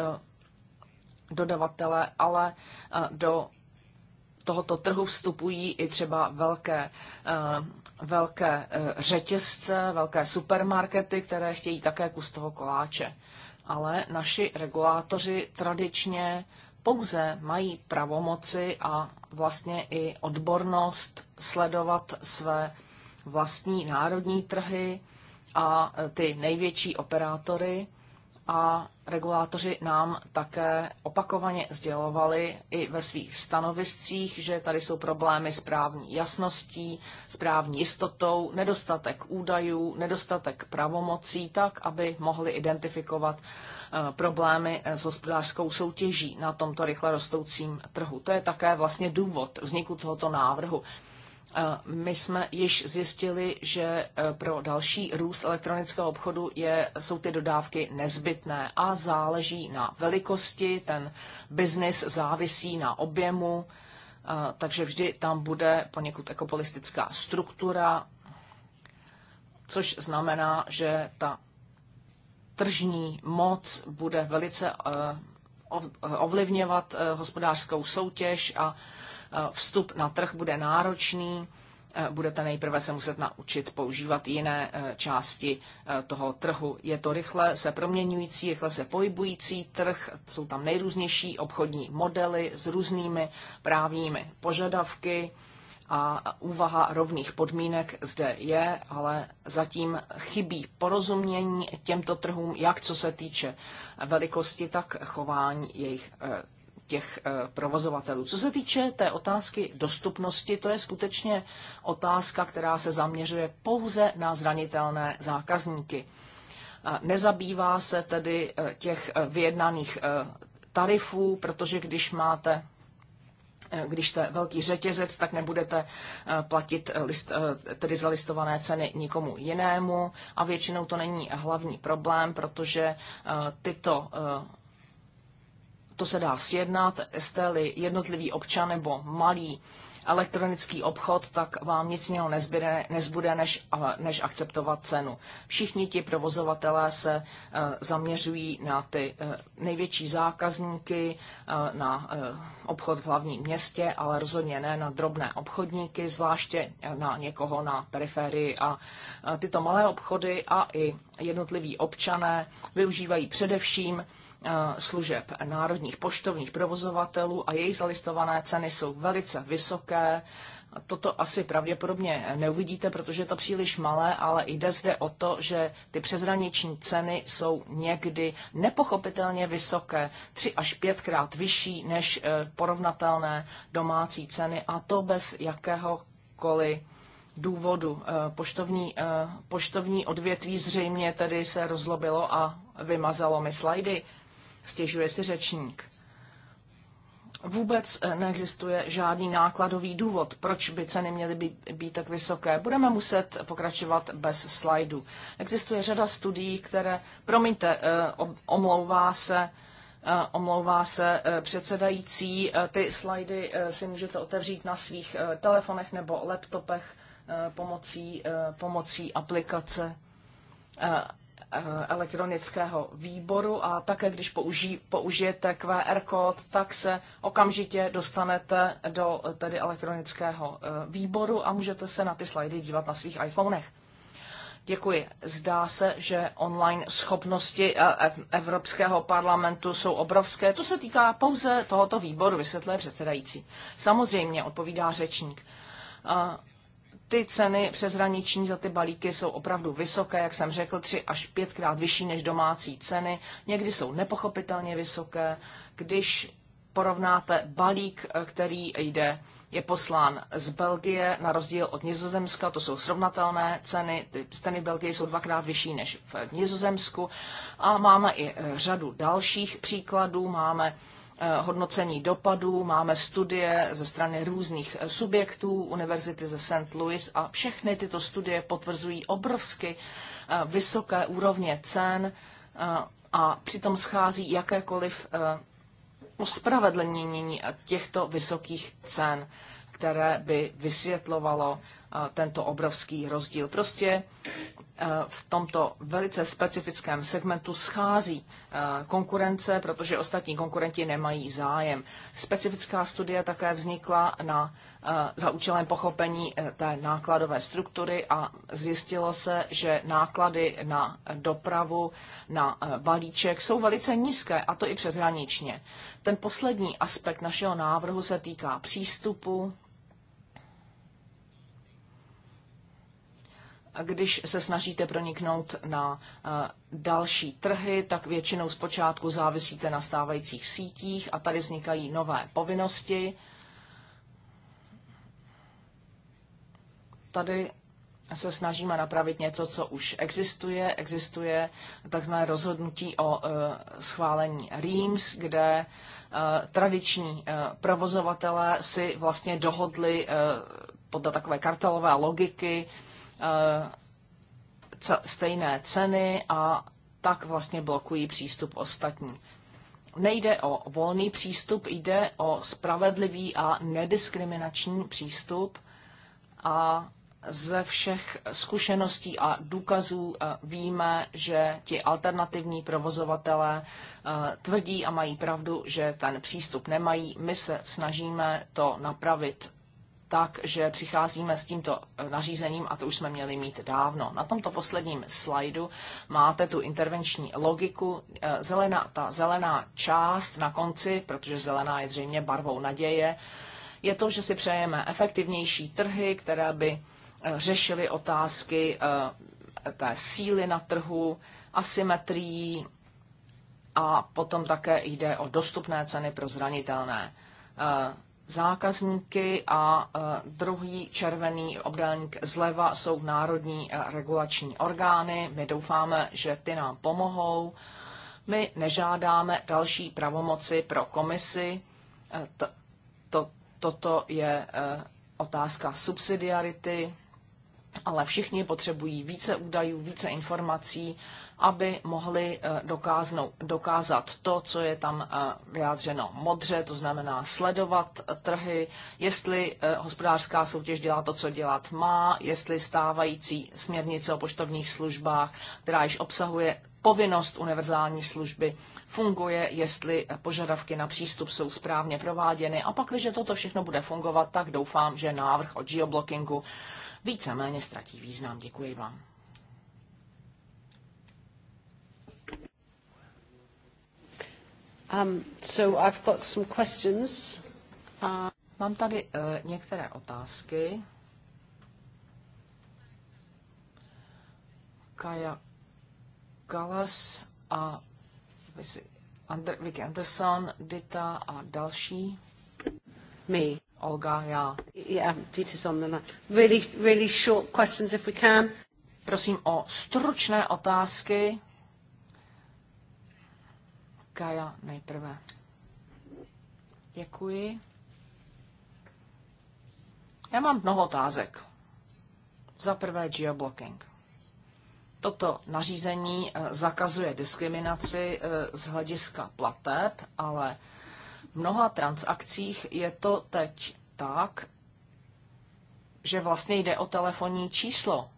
dodavatele, ale do tohoto trhu vstupují i třeba velké, velké řetězce, velké supermarkety, které chtějí také kus toho koláče. Ale naši regulátoři tradičně pouze mají pravomoci a vlastně i odbornost sledovat své vlastní národní trhy a ty největší operátory a regulátoři nám také opakovaně sdělovali i ve svých stanoviscích, že tady jsou problémy s právní jasností, s právní jistotou, nedostatek údajů, nedostatek pravomocí, tak, aby mohli identifikovat eh, problémy eh, s hospodářskou soutěží na tomto rychle rostoucím trhu. To je také vlastně důvod vzniku tohoto návrhu. My jsme již zjistili, že e, pro další růst elektronického obchodu je, jsou ty dodávky nezbytné a záleží na velikosti, ten biznis závisí na objemu, e, takže vždy tam bude poněkud ekopolistická struktura, což znamená, že ta tržní moc bude velice e, ovlivňovat hospodářskou soutěž a Eh, vstup na trh bude náročný, eh, budete nejprve se muset naučit používat jiné eh, části toho trhu. Je to rychle se proměňující, rychle se pohybující trh, jsou tam nejrůznější obchodní modely s různými právními požadavky a úvaha rovných podmínek zde je, ale zatím chybí porozumění těmto trhům, jak co se týče velikosti, tak chování jejich těch eh, provozovatelů. Co se týče té otázky dostupnosti, to je skutečně otázka, která se zaměřuje pouze na zranitelné zákazníky. Nezabývá se tedy eh, těch eh, vyjednaných tarifů, protože když máte když jste velký řetězec, tak nebudete platit list, tedy zalistované ceny nikomu jinému a většinou to není hlavní problém, protože tyto to se dá sjednat, jste-li jednotlivý občan nebo malý elektronický obchod, tak vám nic jiného nezbyde, nezbude, než, než akceptovat cenu. Všichni ti provozovatelé se eh, zaměřují na ty eh, největší zákazníky, eh, na obchod v hlavním městě, ale rozhodně ne na drobné obchodníky, zvláště na někoho na periférii. A tyto malé obchody a i jednotliví občané využívají především Eh, služeb národních poštovních provozovatelů a jejich zalistované ceny jsou velice vysoké. Toto asi pravděpodobně neuvidíte, protože je to příliš malé, ale jde zde o to, že ty přezraniční ceny jsou někdy nepochopitelně vysoké, tři až pětkrát vyšší než eh, porovnatelné domácí ceny a to bez jakéhokoliv důvodu. Eh, poštovní, poštovní odvětví zřejmě tedy se rozlobilo a vymazalo mi slajdy stěžuje si řečník. Vůbec eh, neexistuje žádný nákladový důvod, proč by ceny měly být, být tak vysoké. Budeme muset pokračovat bez slajdu. Existuje řada studií, které, promiňte, eh, omlouvá se, eh, omlouvá se předsedající. Ty slajdy si můžete otevřít na svých telefonech nebo laptopech pomocí, pomocí aplikace Eh, elektronického výboru a také když použij, použijete QR kód, tak se okamžitě dostanete do eh, tedy elektronického eh, výboru a můžete se na ty slajdy dívat na svých iPhonech. Děkuji. Zdá se, že online schopnosti Evropského parlamentu jsou obrovské. To se týká pouze tohoto výboru, vysvětluje předsedající. Samozřejmě, odpovídá řečník ty ceny přeshraniční za ty balíky jsou opravdu vysoké, jak jsem řekl, tři až pětkrát vyšší než domácí ceny. Někdy jsou nepochopitelně vysoké. Když porovnáte balík, který jde, je poslán z Belgie na rozdíl od Nizozemska, to jsou srovnatelné ceny, ty ceny v Belgii jsou dvakrát vyšší než v Nizozemsku a máme i eh, řadu dalších příkladů, máme Eh, hodnocení dopadů, máme studie ze strany různých eh, subjektů, univerzity ze St. Louis a všechny tyto studie potvrzují obrovsky eh, vysoké úrovně cen a přitom schází jakékoliv ospravedlnění těchto vysokých cen, které by vysvětlovalo tento obrovský rozdíl. Prostě eh, v tomto velice specifickém segmentu schází eh, konkurence, protože ostatní konkurenti nemají zájem. Specifická studie také vznikla na, eh, za účelem pochopení té nákladové struktury a zjistilo se, že náklady na dopravu, na balíček jsou velice nízké, a to i přeshraničně. Ten poslední aspekt našeho návrhu se týká přístupu když se snažíte proniknout na eh, další trhy, tak většinou zpočátku závisíte na stávajících sítích a tady vznikají nové povinnosti. Tady se snažíme napravit něco, co už existuje. Existuje takzvané rozhodnutí o eh, schválení REAMS, kde eh, tradiční provozovatelé si vlastně dohodli podle takové kartelové logiky, Eh, stejné ceny a tak vlastně blokují přístup ostatní. Nejde o volný přístup, jde o spravedlivý a nediskriminační přístup a ze všech zkušeností a důkazů eh, víme, že ti alternativní provozovatelé eh, tvrdí a mají pravdu, že ten přístup nemají. My se snažíme to napravit tak, že přicházíme s tímto nařízením a to už jsme měli mít dávno. Na tomto posledním slajdu máte tu intervenční logiku. Eh, zelená, ta zelená část na konci, protože zelená je zřejmě barvou naděje, je to, že si přejeme efektivnější trhy, které by eh, řešily otázky eh, té síly na trhu, asymetrií a potom také jde o dostupné ceny pro zranitelné zákazníky a e, druhý červený obdélník zleva jsou národní e, regulační orgány. My doufáme, že ty nám pomohou. My nežádáme další pravomoci pro komisi. E, toto je otázka subsidiarity, ale všichni potřebují více údajů, více informací aby mohli eh, dokázat to, co je tam eh, vyjádřeno modře, to znamená sledovat eh, trhy, jestli hospodářská soutěž dělá to, co dělat má, jestli stávající směrnice o poštovních službách, která již obsahuje povinnost univerzální služby funguje, jestli požadavky na přístup jsou správně prováděny. A pak, když toto všechno bude fungovat, tak doufám, že návrh o geoblockingu víceméně ztratí význam. Děkuji vám. Um, so I've got some questions. Uh... Mám tady uh, některé otázky. Kaja Galas a Ander, Vicky Anderson, Dita a další. Me. Olga, já. Yeah, Dita's on the line. Really, really short questions if we can. Prosím o stručné otázky. Kaja nejprve. Děkuji. Já mám mnoho otázek. Za prvé geoblocking. Toto nařízení eh, zakazuje diskriminaci eh, z hlediska plateb, ale v mnoha transakcích je to teď tak, že vlastně jde o telefonní číslo.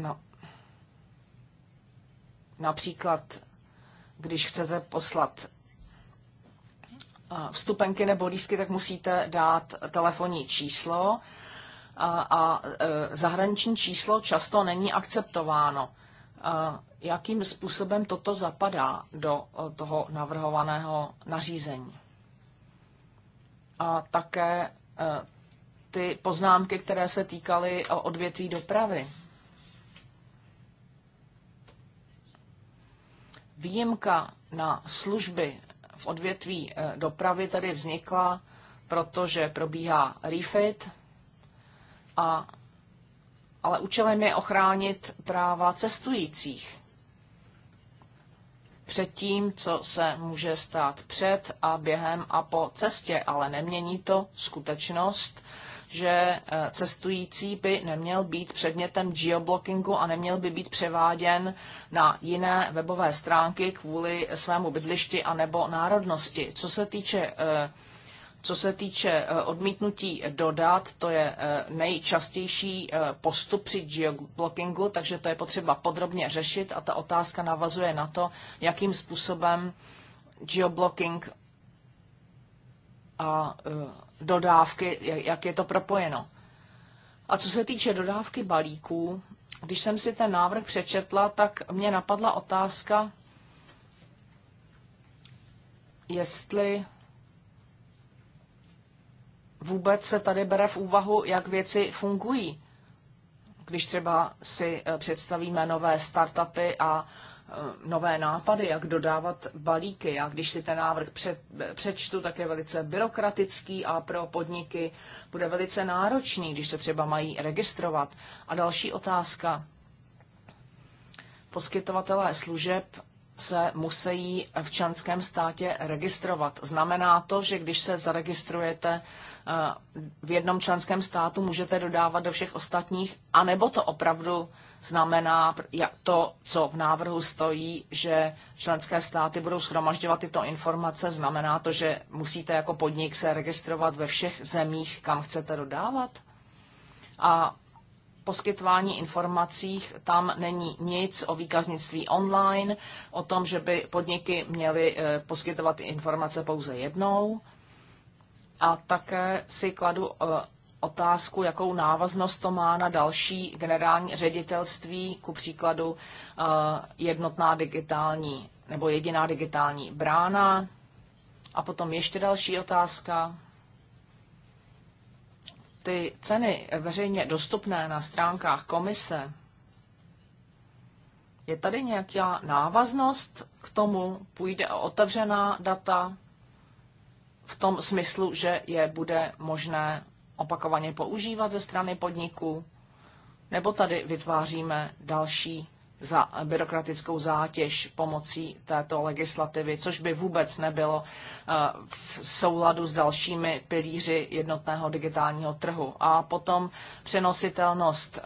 No, Například, když chcete poslat eh, vstupenky nebo lístky, tak musíte dát telefonní číslo a, a eh, zahraniční číslo často není akceptováno. Eh, jakým způsobem toto zapadá do toho navrhovaného nařízení? A také ty poznámky, které se týkaly odvětví dopravy. Výjimka na služby v odvětví eh, dopravy tady vznikla, protože probíhá refit, a, ale účelem je ochránit práva cestujících před tím, co se může stát před a během a po cestě, ale nemění to skutečnost, že eh, cestující by neměl být předmětem geoblockingu a neměl by být převáděn na jiné webové stránky kvůli svému bydlišti anebo národnosti. Co se týče eh, co se týče eh, odmítnutí dodat, to je nejčastější postup při geoblockingu, takže to je potřeba podrobně řešit a ta otázka navazuje na to, jakým způsobem geoblocking a e, dodávky, jak je to propojeno. A co se týče dodávky balíků, když jsem si ten návrh přečetla, tak mě napadla otázka, jestli vůbec se tady bere v úvahu, jak věci fungují. Když třeba si e, představíme nové startupy a Eh, nové nápady, jak dodávat balíky. Já když si ten návrh před, přečtu, tak je velice byrokratický a pro podniky bude velice náročný, když se třeba mají registrovat. A další otázka. Poskytovatelé služeb se musí v členském státě registrovat. Znamená to, že když se zaregistrujete eh, v jednom členském státu, můžete dodávat do všech ostatních, anebo to opravdu znamená to, co v návrhu stojí, že členské státy budou schromažďovat tyto informace, znamená to, že musíte jako podnik se registrovat ve všech zemích, kam chcete dodávat? A poskytování informacích tam není nic o výkaznictví online, o tom, že by podniky měly eh, poskytovat informace pouze jednou. A také si kladu eh, otázku, jakou návaznost to má na další generální ředitelství, ku příkladu eh, jednotná digitální nebo jediná digitální brána. A potom ještě další otázka ty ceny veřejně dostupné na stránkách komise, je tady nějaká návaznost k tomu? Půjde o otevřená data v tom smyslu, že je bude možné opakovaně používat ze strany podniku? Nebo tady vytváříme další za byrokratickou zátěž pomocí této legislativy, což by vůbec nebylo eh, v souladu s dalšími pilíři jednotného digitálního trhu. A potom přenositelnost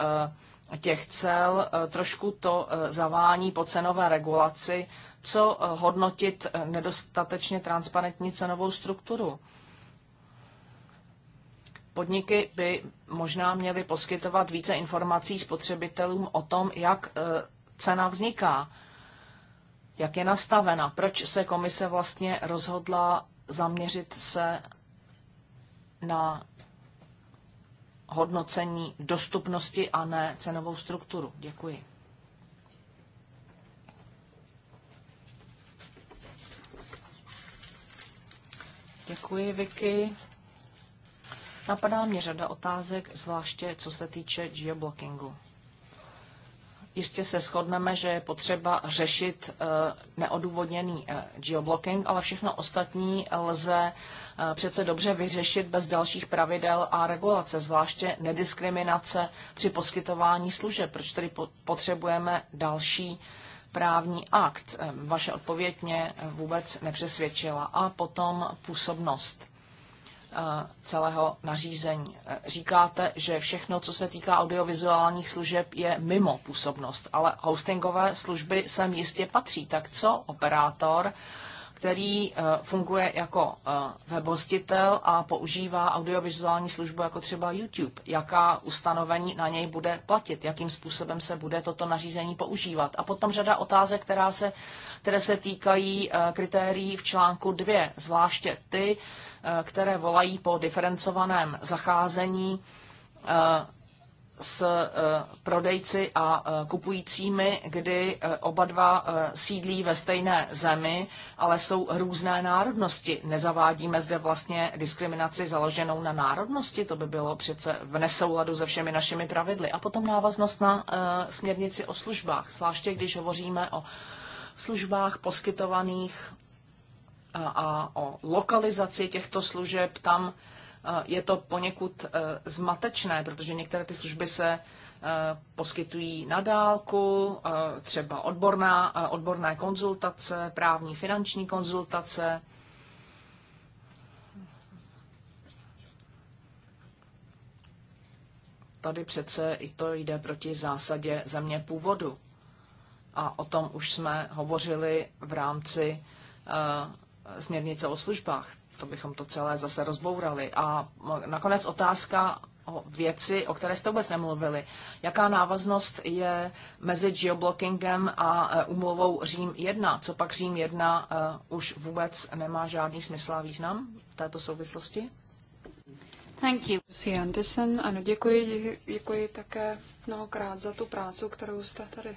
eh, těch cel eh, trošku to zavání po cenové regulaci, co hodnotit nedostatečně transparentní cenovou strukturu. Podniky by možná měly poskytovat více informací spotřebitelům o tom, jak cena vzniká, jak je nastavena, proč se komise vlastně rozhodla zaměřit se na hodnocení dostupnosti a ne cenovou strukturu. Děkuji. Děkuji, Vicky. Napadá mě řada otázek, zvláště co se týče geoblockingu. Jistě se shodneme, že je potřeba řešit eh, neodůvodněný eh, geoblocking, ale všechno ostatní lze eh, přece dobře vyřešit bez dalších pravidel a regulace, zvláště nediskriminace při poskytování služeb. Proč tedy potřebujeme další právní akt? Vaše odpověď mě vůbec nepřesvědčila. A potom působnost. Eh, celého nařízení. Eh, říkáte, že všechno, co se týká audiovizuálních služeb, je mimo působnost, ale hostingové služby sem jistě patří. Tak co operátor který eh, funguje jako eh, webhostitel a používá audiovizuální službu jako třeba YouTube. Jaká ustanovení na něj bude platit, jakým způsobem se bude toto nařízení používat. A potom řada otázek, která se, které se týkají eh, kritérií v článku 2, zvláště ty, které volají po diferencovaném zacházení s eh, prodejci a eh, kupujícími, kdy eh, oba dva sídlí ve stejné zemi, ale jsou různé národnosti. Nezavádíme zde vlastně diskriminaci založenou na národnosti, to by bylo přece v nesouladu se všemi našimi pravidly. A potom návaznost na směrnici o službách, zvláště když hovoříme o službách poskytovaných a o lokalizaci těchto služeb, tam je to poněkud e, zmatečné, protože některé ty služby se e, poskytují na dálku, e, třeba odborná, odborné konzultace, právní finanční konzultace. Tady přece i to jde proti zásadě země původu. A o tom už jsme hovořili v rámci směrnice o službách to bychom to celé zase rozbourali. A nakonec otázka o věci, o které jste vůbec nemluvili. Jaká návaznost je mezi geoblockingem a umluvou e, Řím 1? Co pak Řím 1 e, už vůbec nemá žádný smysl a význam v této souvislosti? Thank you. Lucy Anderson, ano, děkuji, děkuji také mnohokrát za tu práci, kterou jste tady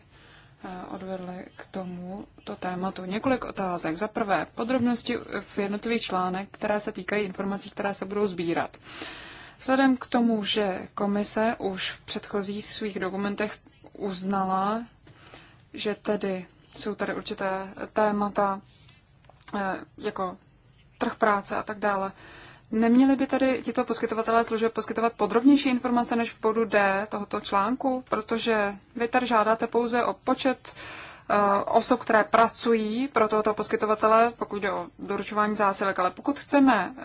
odvedly k tomu to tématu. Několik otázek. Za prvé, podrobnosti v jednotlivých článek, které se týkají informací, které se budou sbírat. Vzhledem k tomu, že komise už v předchozích svých dokumentech uznala, že tedy jsou tady určité témata e, jako trh práce a tak dále, Neměli by tady tito poskytovatelé služeb poskytovat podrobnější informace než v bodu D tohoto článku, protože vy tady žádáte pouze o počet eh, osob, které pracují pro tohoto poskytovatele, pokud jde o doručování zásilek. Ale pokud chceme eh,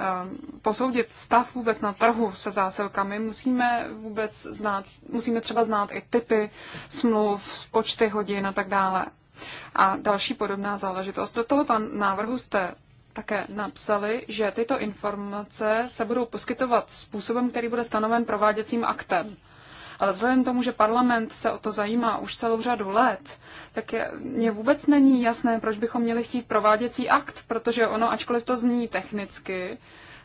posoudit stav vůbec na trhu se zásilkami, musíme vůbec znát, musíme třeba znát i typy smluv, počty hodin a tak dále. A další podobná záležitost. Do tohoto návrhu jste také napsali, že tyto informace se budou poskytovat způsobem, který bude stanoven prováděcím aktem. Ale vzhledem tomu, že parlament se o to zajímá už celou řadu let, tak je, mně vůbec není jasné, proč bychom měli chtít prováděcí akt, protože ono, ačkoliv to zní technicky,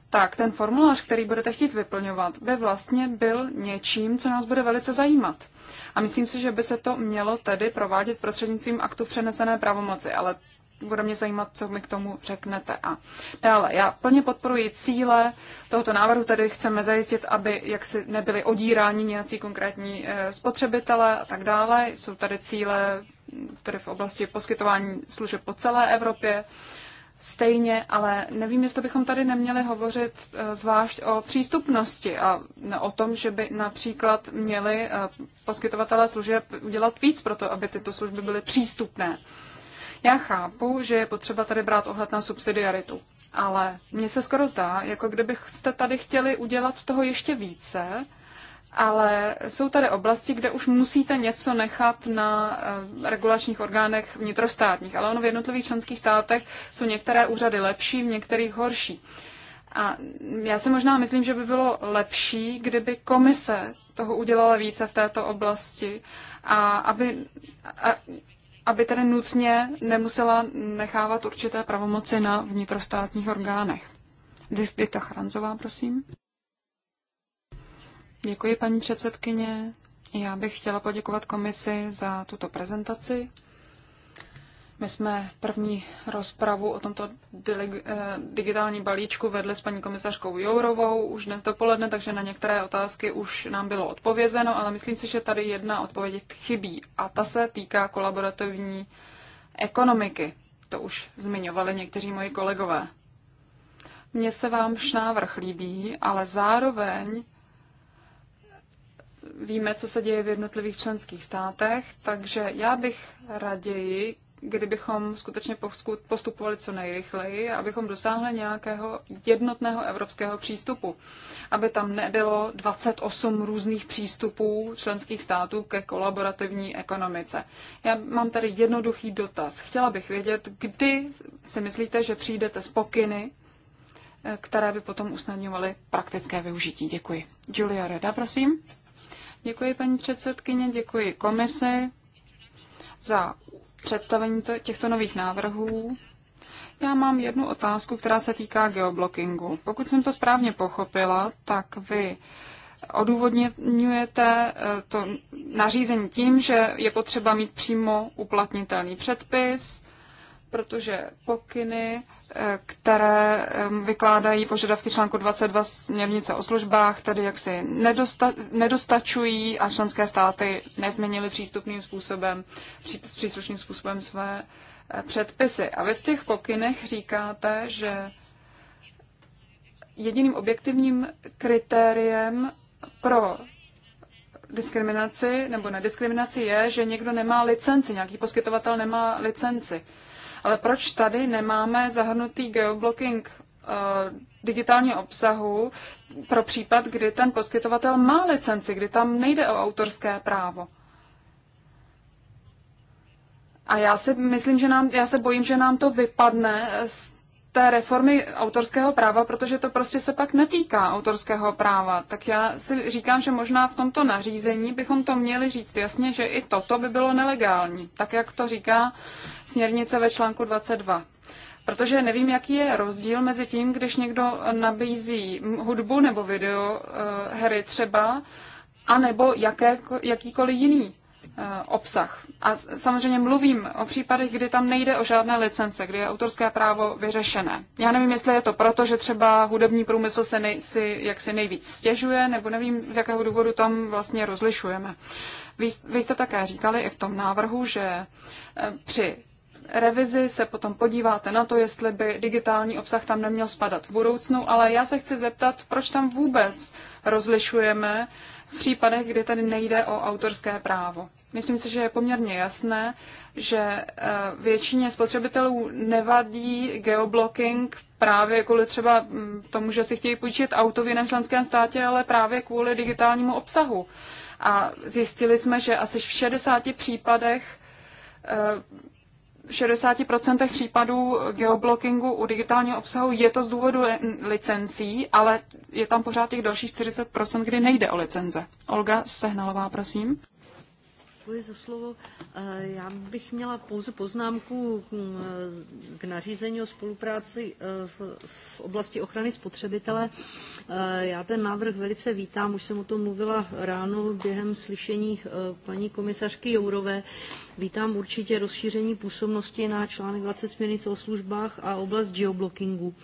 tak ten formulář, který budete chtít vyplňovat, by vlastně byl něčím, co nás bude velice zajímat. A myslím si, že by se to mělo tedy provádět prostřednictvím aktu přenesené pravomoci, ale bude mě zajímat, co mi k tomu řeknete. A dále, já plně podporuji cíle tohoto návrhu, tedy chceme zajistit, aby jaksi nebyly odíráni nějací konkrétní e, spotřebitele a tak dále. Jsou tady cíle tedy v oblasti poskytování služeb po celé Evropě. Stejně, ale nevím, jestli bychom tady neměli hovořit e, zvlášť o přístupnosti a o tom, že by například měli e, poskytovatelé služeb udělat víc pro to, aby tyto služby byly přístupné. Já chápu, že je potřeba tady brát ohled na subsidiaritu, ale mně se skoro zdá, jako kdybyste tady chtěli udělat toho ještě více, ale jsou tady oblasti, kde už musíte něco nechat na eh, regulačních orgánech vnitrostátních, ale ono v jednotlivých členských státech jsou některé úřady lepší, v některých horší. A já si možná myslím, že by bylo lepší, kdyby komise toho udělala více v této oblasti a aby a aby tedy nutně nemusela nechávat určité pravomoci na vnitrostátních orgánech. Dita Charanzová, prosím. Děkuji, paní předsedkyně. Já bych chtěla poděkovat komisi za tuto prezentaci. My jsme první rozpravu o tomto eh, digitální balíčku vedli s paní komisařkou Jourovou už dnes dopoledne, takže na některé otázky už nám bylo odpovězeno, ale myslím si, že tady jedna odpověď chybí a ta se týká kolaborativní ekonomiky. To už zmiňovali někteří moji kolegové. Mně se vám návrh líbí, ale zároveň víme, co se děje v jednotlivých členských státech, takže já bych raději kdybychom skutečně postupovali co nejrychleji, abychom dosáhli nějakého jednotného evropského přístupu, aby tam nebylo 28 různých přístupů členských států ke kolaborativní ekonomice. Já mám tady jednoduchý dotaz. Chtěla bych vědět, kdy si myslíte, že přijdete z pokyny, které by potom usnadňovaly praktické využití. Děkuji. Julia Reda, prosím. Děkuji, paní předsedkyně, děkuji komisi za představení těchto nových návrhů. Já mám jednu otázku, která se týká geoblockingu. Pokud jsem to správně pochopila, tak vy odůvodňujete eh, to nařízení tím, že je potřeba mít přímo uplatnitelný předpis, protože pokyny, eh, které vykládají požadavky článku 22 směrnice o službách, tedy jaksi nedosta- nedostačují a členské státy nezměnily přístupným způsobem, pří- příslušným způsobem své eh, předpisy. A vy v těch pokynech říkáte, že jediným objektivním kritériem pro diskriminaci nebo nediskriminaci je, že někdo nemá licenci, nějaký poskytovatel nemá licenci. Ale proč tady nemáme zahrnutý geoblocking eh, digitálního obsahu pro případ, kdy ten poskytovatel má licenci, kdy tam nejde o autorské právo? A já si myslím, že nám, já se bojím, že nám to vypadne z té reformy autorského práva, protože to prostě se pak netýká autorského práva. Tak já si říkám, že možná v tomto nařízení bychom to měli říct jasně, že i toto by bylo nelegální, tak jak to říká směrnice ve článku 22. Protože nevím, jaký je rozdíl mezi tím, když někdo nabízí hudbu nebo video eh, hry třeba, anebo jaké, jakýkoliv jiný Eh, obsah. A samozřejmě mluvím o případech, kdy tam nejde o žádné licence, kdy je autorské právo vyřešené. Já nevím, jestli je to proto, že třeba hudební průmysl se nej, si, jak si nejvíc stěžuje, nebo nevím, z jakého důvodu tam vlastně rozlišujeme. Vy, vy jste také říkali i v tom návrhu, že eh, při revizi se potom podíváte na to, jestli by digitální obsah tam neměl spadat v budoucnu, ale já se chci zeptat, proč tam vůbec rozlišujeme uh, v případech, kdy tady nejde o autorské právo. Myslím si, že je poměrně jasné, že eh, většině spotřebitelů nevadí geoblocking právě kvůli třeba hm, tomu, že si chtějí půjčit auto v jiném členském státě, ale právě kvůli digitálnímu obsahu. A zjistili jsme, že asi v 60 případech eh, 60% případů geoblockingu u digitálního obsahu je to z důvodu licencí, ale je tam pořád těch dalších 40%, kdy nejde o licenze. Olga Sehnalová, prosím. Děkuji za slovo. Eh, já bych měla pouze poznámku hm, eh, k nařízení o spolupráci eh, v oblasti ochrany spotřebitele. Eh, já ten návrh velice vítám, už jsem o tom mluvila ráno během slyšení eh, paní komisařky Jourové. Vítám určitě rozšíření působnosti na článek 20 směrnice o službách a oblast geoblockingu.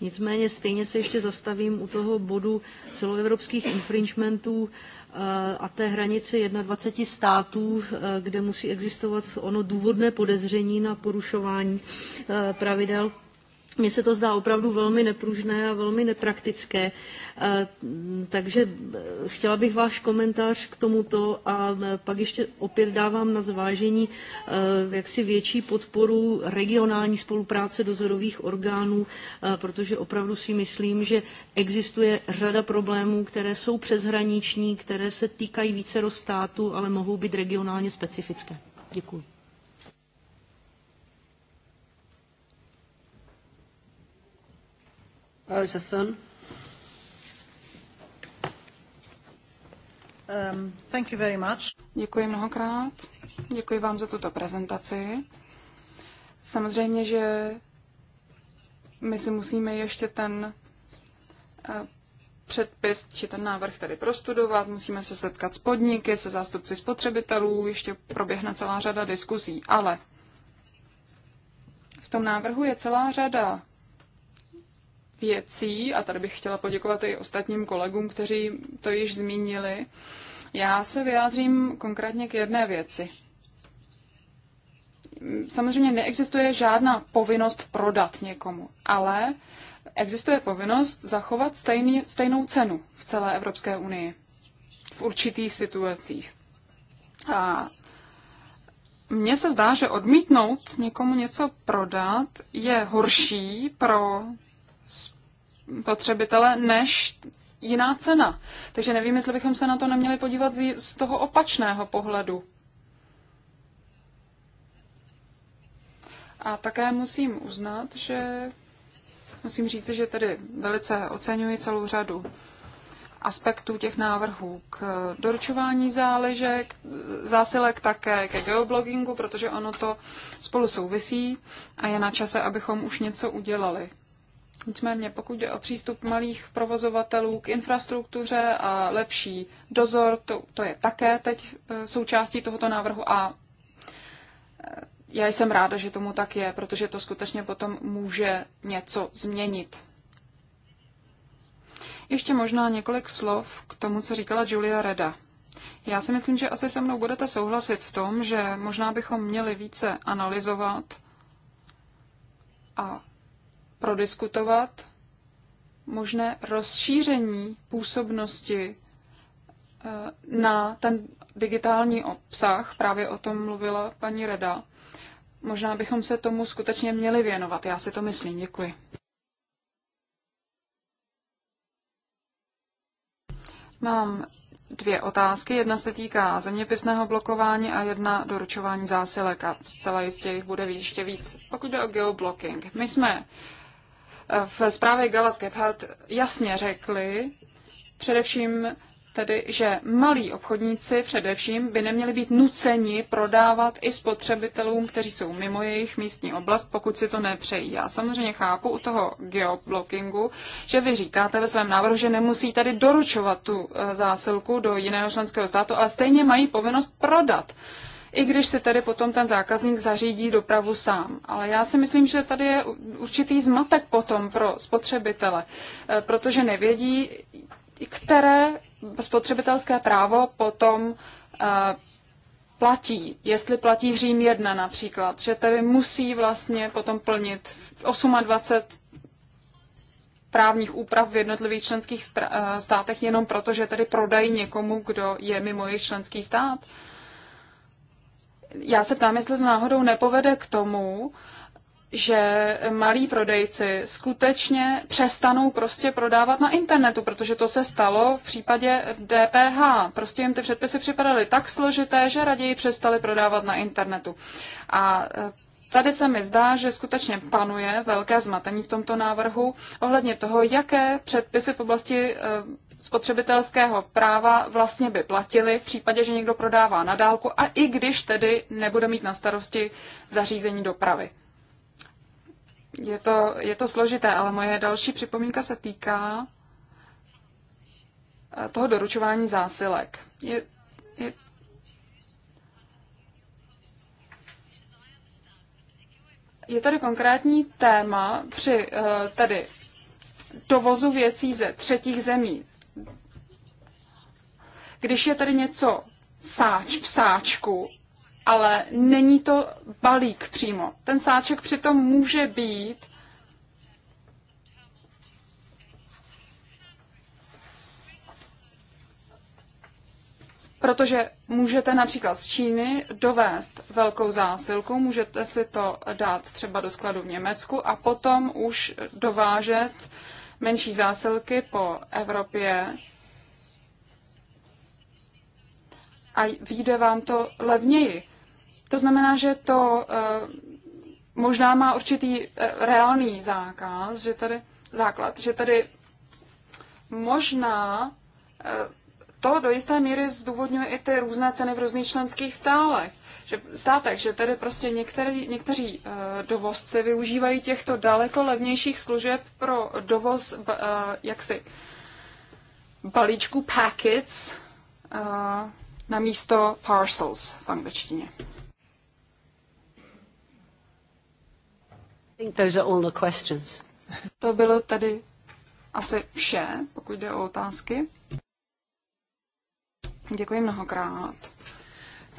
Nicméně stejně se ještě zastavím u toho bodu celoevropských infringementů eh, a té hranice 21 států, kde musí existovat ono důvodné podezření na porušování pravidel mně se to zdá opravdu velmi nepružné a velmi nepraktické. E, takže e, chtěla bych váš komentář k tomuto a e, pak ještě opět dávám na zvážení jaksi větší podporu regionální spolupráce dozorových orgánů, protože opravdu si myslím, že existuje řada problémů, které jsou přeshraniční, které se týkají více států, ale mohou být regionálně specifické. Děkuji. Oh, um, thank you very much. Děkuji mnohokrát. Děkuji vám za tuto prezentaci. Samozřejmě, že my si musíme ještě ten eh, předpis či ten návrh tady prostudovat, musíme se setkat s podniky, se zástupci spotřebitelů, ještě proběhne celá řada diskuzí, ale v tom návrhu je celá řada věcí, a tady bych chtěla poděkovat i ostatním kolegům, kteří to již zmínili, já se vyjádřím konkrétně k jedné věci. Samozřejmě neexistuje žádná povinnost prodat někomu, ale existuje povinnost zachovat stejný, stejnou cenu v celé Evropské unii v určitých situacích. A mně se zdá, že odmítnout někomu něco prodat je horší pro spotřebitele než jiná cena. Takže nevím, jestli bychom se na to neměli podívat z toho opačného pohledu. A také musím uznat, že musím říct, že tedy velice oceňuji celou řadu aspektů těch návrhů k doručování záležek, zásilek také ke geoblogingu, protože ono to spolu souvisí a je na čase, abychom už něco udělali. Nicméně pokud jde o přístup malých provozovatelů k infrastruktuře a lepší dozor, to, to je také teď e, součástí tohoto návrhu a e, já jsem ráda, že tomu tak je, protože to skutečně potom může něco změnit. Ještě možná několik slov k tomu, co říkala Julia Reda. Já si myslím, že asi se mnou budete souhlasit v tom, že možná bychom měli více analyzovat a prodiskutovat možné rozšíření působnosti eh, na ten digitální obsah. Právě o tom mluvila paní Reda. Možná bychom se tomu skutečně měli věnovat. Já si to myslím. Děkuji. Mám dvě otázky. Jedna se týká zeměpisného blokování a jedna doručování zásilek a zcela jistě jich bude ještě víc. Pokud jde o geoblocking, my jsme uh, v zprávě Galas Gebhardt jasně řekli, především tedy, že malí obchodníci především by neměli být nuceni prodávat i spotřebitelům, kteří jsou mimo jejich místní oblast, pokud si to nepřejí. Já samozřejmě chápu u toho geoblockingu, že vy říkáte ve svém návrhu, že nemusí tady doručovat tu eh, zásilku do jiného členského státu, ale stejně mají povinnost prodat i když si tedy potom ten zákazník zařídí dopravu sám. Ale já si myslím, že tady je určitý zmatek potom pro spotřebitele, eh, protože nevědí, které spotřebitelské právo potom eh, platí, jestli platí Řím 1 například, že tedy musí vlastně potom plnit 28 právních úprav v jednotlivých členských eh, státech jenom proto, že tedy prodají někomu, kdo je mimo jejich členský stát já se ptám, jestli to náhodou nepovede k tomu, že malí prodejci skutečně přestanou prostě prodávat na internetu, protože to se stalo v případě DPH. Prostě jim ty předpisy připadaly tak složité, že raději přestali prodávat na internetu. A e, Tady se mi zdá, že skutečně panuje velké zmatení v tomto návrhu ohledně toho, jaké předpisy v oblasti e, spotřebitelského práva vlastně by platily v případě, že někdo prodává na dálku a i když tedy nebude mít na starosti zařízení dopravy. Je to, je to složité, ale moje další připomínka se týká eh, toho doručování zásilek. Je, je, je tady konkrétní téma při eh, tedy dovozu věcí ze třetích zemí když je tady něco sáč v sáčku, ale není to balík přímo. Ten sáček přitom může být protože můžete například z Číny dovést velkou zásilku, můžete si to dát třeba do skladu v Německu a potom už dovážet menší zásilky po Evropě a vyjde vám to levněji. To znamená, že to eh, možná má určitý eh, reálný zákaz, že tady, základ, že tady možná eh, to do jisté míry zdůvodňuje i ty různé ceny v různých členských stálech. Že, státek, že tady prostě některý, někteří uh, dovozci využívají těchto daleko levnějších služeb pro dovoz uh, jaksi balíčku packets, uh, na místo parcels v angličtině. Those are all the questions. To bylo tady asi vše, pokud jde o otázky. Děkuji mnohokrát,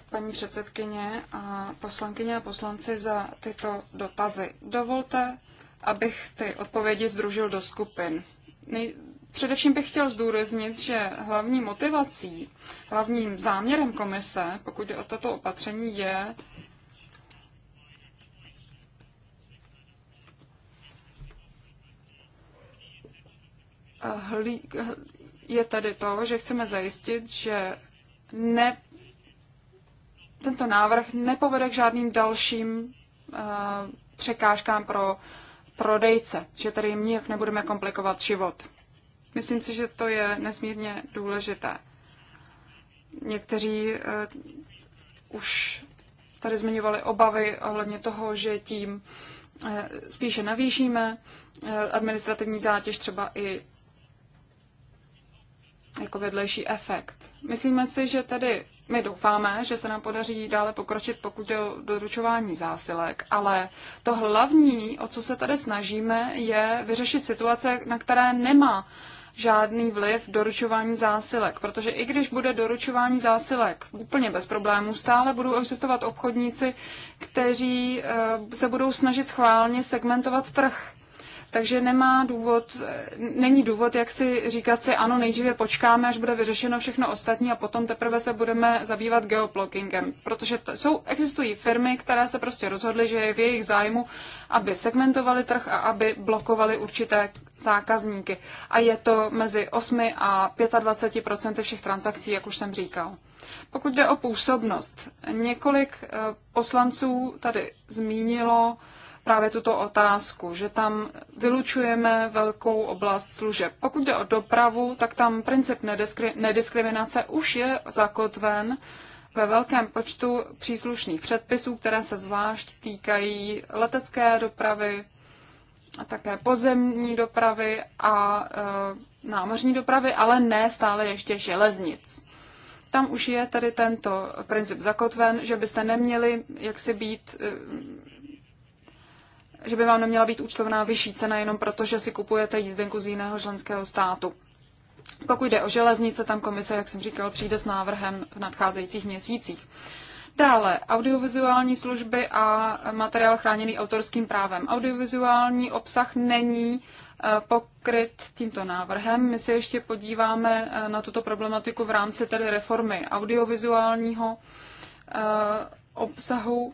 paní předsedkyně a poslankyně a poslanci za tyto dotazy. Dovolte, abych ty odpovědi združil do skupin. Především bych chtěl zdůraznit, že hlavní motivací, hlavním záměrem komise, pokud je o toto opatření, je je tady to, že chceme zajistit, že ne, tento návrh nepovede k žádným dalším uh, překážkám pro prodejce, že tady jim nijak nebudeme komplikovat život. Myslím si, že to je nesmírně důležité. Někteří eh, už tady zmiňovali obavy ohledně toho, že tím eh, spíše navýšíme eh, administrativní zátěž třeba i jako vedlejší efekt. Myslíme si, že tedy my doufáme, že se nám podaří dále pokročit, pokud je o doručování zásilek, ale to hlavní, o co se tady snažíme, je vyřešit situace, na které nemá uh, žádný vliv doručování zásilek, protože i když bude doručování zásilek úplně bez problémů, stále budou existovat obchodníci, kteří eh, se budou snažit schválně segmentovat trh takže nemá důvod, není důvod, jak si říkat si, ano, nejdříve počkáme, až bude vyřešeno všechno ostatní a potom teprve se budeme zabývat geoblockingem. Protože t- jsou, existují firmy, které se prostě rozhodly, že je v jejich zájmu, aby segmentovali trh a aby blokovali určité zákazníky. A je to mezi 8 a 25 všech transakcí, jak už jsem říkal. Pokud jde o působnost, několik eh, poslanců tady zmínilo, právě tuto otázku, že tam vylučujeme velkou oblast služeb. Pokud jde o dopravu, tak tam princip nediskri- nediskriminace už je zakotven ve velkém počtu příslušných předpisů, které se zvlášť týkají letecké dopravy, a také pozemní dopravy a e, námořní dopravy, ale ne stále ještě železnic. Tam už je tady tento princip zakotven, že byste neměli jaksi být e, že by vám neměla být účtovná vyšší cena jenom proto, že si kupujete jízdenku z jiného členského státu. Pokud jde o železnice, tam komise, jak jsem říkal, přijde s návrhem v nadcházejících měsících. Dále audiovizuální služby a materiál chráněný autorským právem. Audiovizuální obsah není eh, pokryt tímto návrhem. My se ještě podíváme eh, na tuto problematiku v rámci tedy reformy audiovizuálního eh, obsahu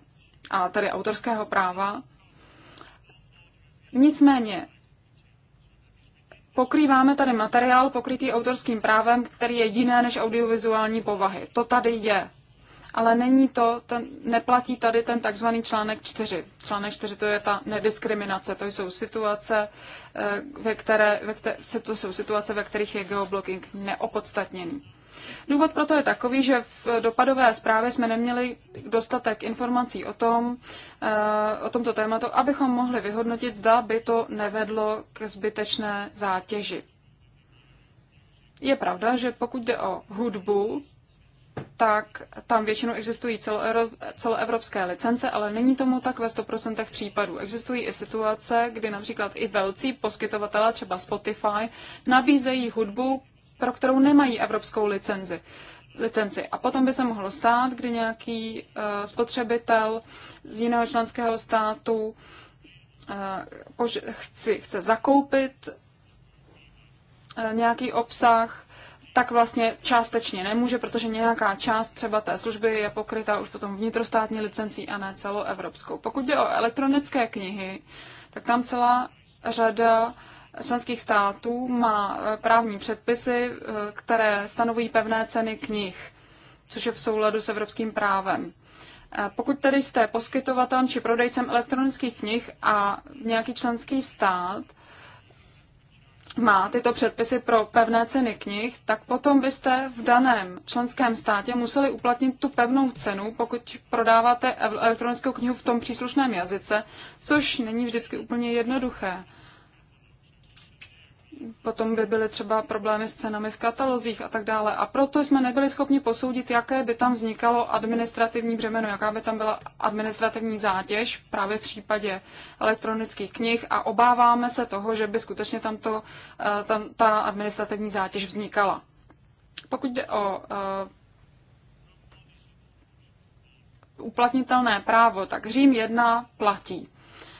a tedy autorského práva Nicméně pokrýváme tady materiál pokrytý autorským právem, který je jiné než audiovizuální povahy. To tady je. Ale není to, ten, neplatí tady ten takzvaný článek 4. Článek 4 to je ta nediskriminace, to jsou situace, eh, ve které, ve které, to jsou situace, ve kterých je geoblocking neopodstatněný. Důvod proto je takový, že v dopadové zprávě jsme neměli dostatek informací o, tom, eh, o tomto tématu, abychom mohli vyhodnotit, zda by to nevedlo k zbytečné zátěži. Je pravda, že pokud jde o hudbu, tak tam většinou existují celoevropské licence, ale není tomu tak ve 100% případů. Existují i situace, kdy například i velcí poskytovatelé, třeba Spotify, nabízejí hudbu, pro kterou nemají evropskou licenzi. licenci. A potom by se mohlo stát, kdy nějaký uh, spotřebitel z jiného členského státu uh, chci, chce zakoupit uh, nějaký obsah, tak vlastně částečně nemůže, protože nějaká část třeba té služby je pokryta už potom vnitrostátní licencí a ne celoevropskou. Pokud jde o elektronické knihy, tak tam celá řada uh, členských států má eh, právní předpisy, eh, které stanovují pevné ceny knih, což je v souladu s evropským právem. Eh, pokud tedy jste poskytovatelem či prodejcem elektronických knih a nějaký členský stát má tyto předpisy pro pevné ceny knih, tak potom byste v daném členském státě museli uplatnit tu pevnou cenu, pokud prodáváte elektronickou knihu v tom příslušném jazyce, což není vždycky úplně jednoduché potom by byly třeba problémy s cenami v katalozích a tak dále. A proto jsme nebyli schopni posoudit, jaké by tam vznikalo administrativní břemeno, jaká by tam byla administrativní zátěž právě v případě elektronických knih a obáváme se toho, že by skutečně tam, to, eh, tam ta administrativní zátěž vznikala. Pokud jde o uh, uplatnitelné právo, tak Řím 1 platí.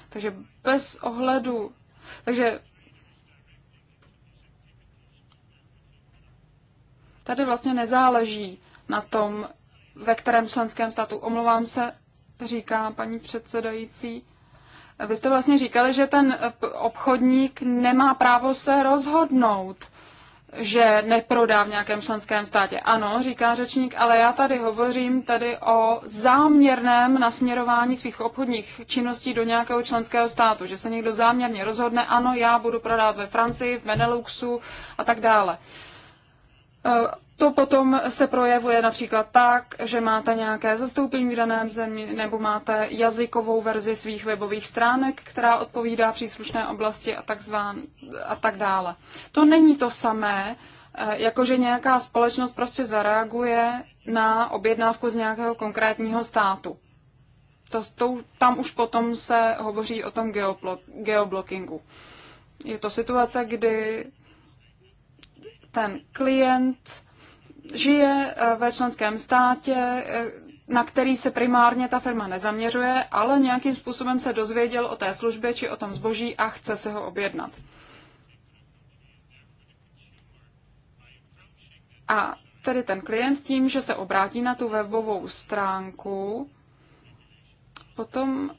Takže bez ohledu, takže Tady vlastně nezáleží na tom, ve kterém členském státu. Omlouvám se, říká paní předsedající. Vy jste vlastně říkali, že ten obchodník nemá právo se rozhodnout, že neprodá v nějakém členském státě. Ano, říká řečník, ale já tady hovořím tady o záměrném nasměrování svých obchodních činností do nějakého členského státu, že se někdo záměrně rozhodne, ano, já budu prodávat ve Francii, v Meneluxu a tak dále. Uh, Eh, to potom se projevuje například tak, že máte nějaké zastoupení v daném zemi nebo máte jazykovou verzi svých webových stránek, která odpovídá příslušné oblasti a takzván, a tak dále. To není to samé, eh, jakože nějaká společnost prostě zareaguje na objednávku z nějakého konkrétního státu. To, to, tam už potom se hovoří o tom geoblockingu. Je to situace, kdy ten klient žije eh, ve členském státě, eh, na který se primárně ta firma nezaměřuje, ale nějakým způsobem se dozvěděl o té službě či o tom zboží a chce se ho objednat. A tedy ten klient tím, že se obrátí na tu webovou stránku, potom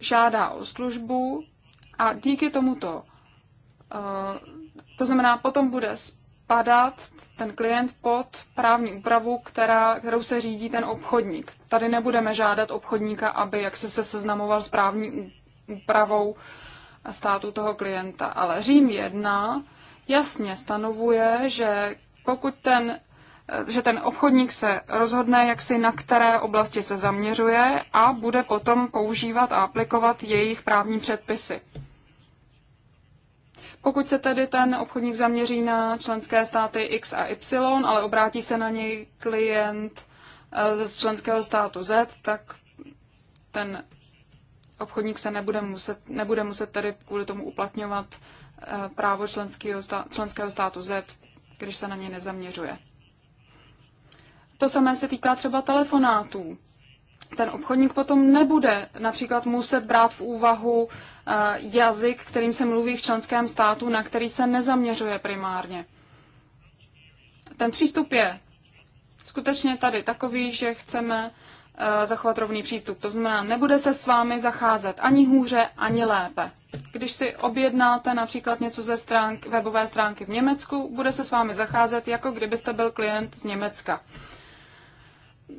žádá o službu a díky tomuto, eh, to znamená, potom bude spadat ten klient pod právní úpravu, která, kterou se řídí ten obchodník. Tady nebudeme žádat obchodníka, aby jak se, se seznamoval s právní úpravou státu toho klienta. Ale Řím 1 jasně stanovuje, že pokud ten že ten obchodník se rozhodne, jak si na které oblasti se zaměřuje a bude potom používat a aplikovat jejich právní předpisy. Pokud se tedy ten obchodník zaměří na členské státy X a Y, ale obrátí se na něj klient eh, ze členského státu Z, tak ten obchodník se nebude muset, nebude muset tedy kvůli tomu uplatňovat eh, právo členského, členského státu Z, když se na něj nezaměřuje. To samé se týká třeba telefonátů. Ten obchodník potom nebude například muset brát v úvahu Eh, jazyk, kterým se mluví v členském státu, na který se nezaměřuje primárně. Ten přístup je skutečně tady takový, že chceme eh, zachovat rovný přístup. To znamená, nebude se s vámi zacházet ani hůře, ani lépe. Když si objednáte například něco ze stránk, webové stránky v Německu, bude se s vámi zacházet, jako kdybyste byl klient z Německa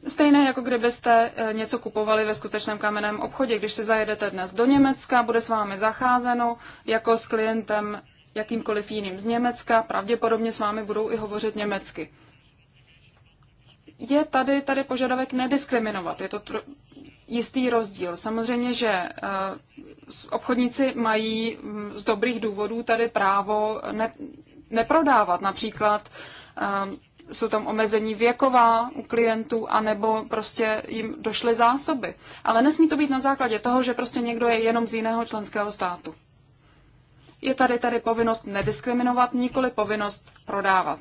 stejné, jako kdybyste eh, něco kupovali ve skutečném kamenném obchodě. Když se zajedete dnes do Německa, bude s vámi zacházeno jako s klientem jakýmkoliv jiným z Německa, pravděpodobně s vámi budou i hovořit německy. Je tady, tady požadavek nediskriminovat, je to tr- jistý rozdíl. Samozřejmě, že eh, obchodníci mají mm, z dobrých důvodů tady právo ne- neprodávat například ehm, jsou tam omezení věková u klientů, anebo prostě jim došly zásoby. Ale nesmí to být na základě toho, že prostě někdo je jenom z jiného členského státu. Je tady tady povinnost nediskriminovat, nikoli povinnost prodávat.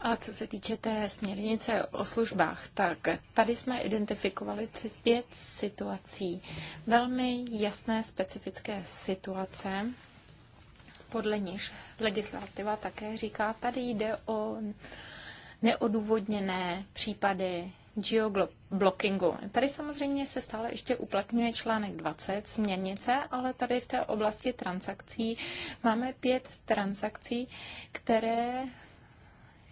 A co se týče té směrnice o službách, tak tady jsme identifikovali pět situací. Velmi jasné specifické situace, podle nich legislativa také říká, tady jde o neodůvodněné případy geoblockingu. Tady samozřejmě se stále ještě uplatňuje článek 20 směrnice, ale tady v té oblasti transakcí máme pět transakcí, které,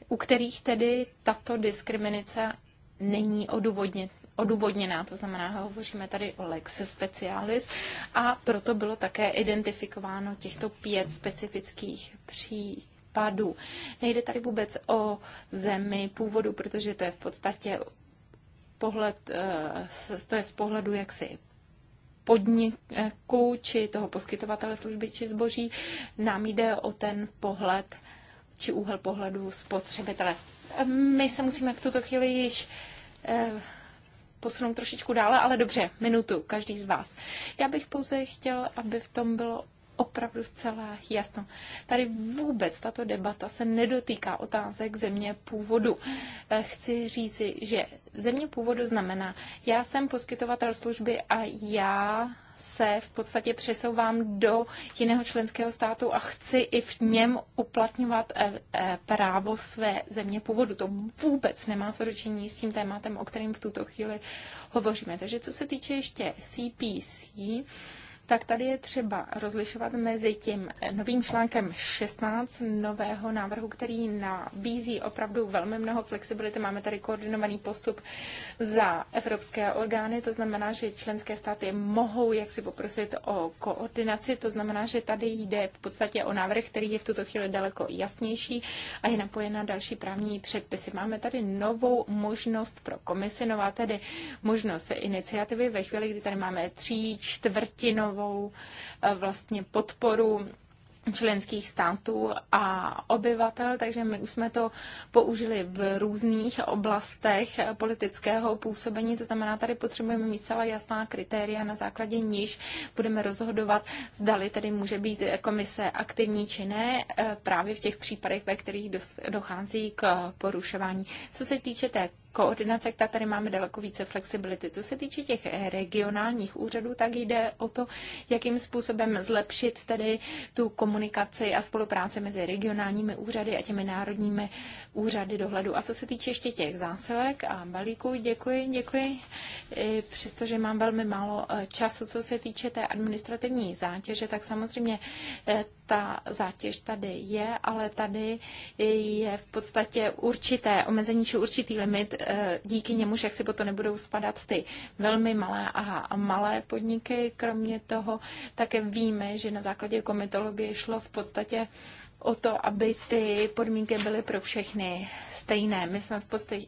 u kterých tedy tato diskriminace není odůvodnit, odůvodněná, to znamená, hovoříme tady o lex specialis a proto bylo také identifikováno těchto pět specifických případů Padu. Nejde tady vůbec o zemi původu, protože to je v podstatě pohled, eh, to je z pohledu jaksi podniku či toho poskytovatele služby či zboží. Nám jde o ten pohled či úhel pohledu spotřebitele. My se musíme v tuto chvíli již eh, posunout trošičku dále, ale dobře, minutu, každý z vás. Já bych pouze chtěl, aby v tom bylo opravdu zcela jasno. Tady vůbec tato debata se nedotýká otázek země původu. Eh, chci říci, že země původu znamená, já jsem poskytovatel služby a já se v podstatě přesouvám do jiného členského státu a chci i v něm uplatňovat eh, eh, právo své země původu. To vůbec nemá soročení s tím tématem, o kterém v tuto chvíli hovoříme. Takže co se týče ještě CPC, tak tady je třeba rozlišovat mezi tím novým článkem 16 nového návrhu, který nabízí opravdu velmi mnoho flexibility. Máme tady koordinovaný postup za evropské orgány, to znamená, že členské státy mohou jaksi poprosit o koordinaci, to znamená, že tady jde v podstatě o návrh, který je v tuto chvíli daleko jasnější a je napojen na další právní předpisy. Máme tady novou možnost pro komisi, nová tedy možnost iniciativy ve chvíli, kdy tady máme tří čtvrtinovou celkovou eh, vlastně podporu členských států a obyvatel, takže my už jsme to použili v různých oblastech eh, politického působení, to znamená, tady potřebujeme mít celá jasná kritéria, na základě níž budeme rozhodovat, zdali tedy může být eh, komise aktivní či ne, právě v těch případech, ve kterých dochází k porušování. Co se týče té koordinace, která tady máme daleko více flexibility. Co se týče těch regionálních úřadů, tak jde o to, jakým způsobem zlepšit tedy tu komunikaci a spolupráci mezi regionálními úřady a těmi národními úřady dohledu. A co se týče ještě těch zásilek a balíků, děkuji, děkuji. Přestože mám velmi málo e, času, co se týče té administrativní zátěže, tak samozřejmě e, ta zátěž tady je, ale tady je v podstatě určité omezení či určitý limit, Eh, díky němuž jak si potom nebudou spadat ty velmi malé a malé podniky. Kromě toho také víme, že na základě komitologie šlo v podstatě o to, aby ty podmínky byly pro všechny stejné. My jsme v podstatě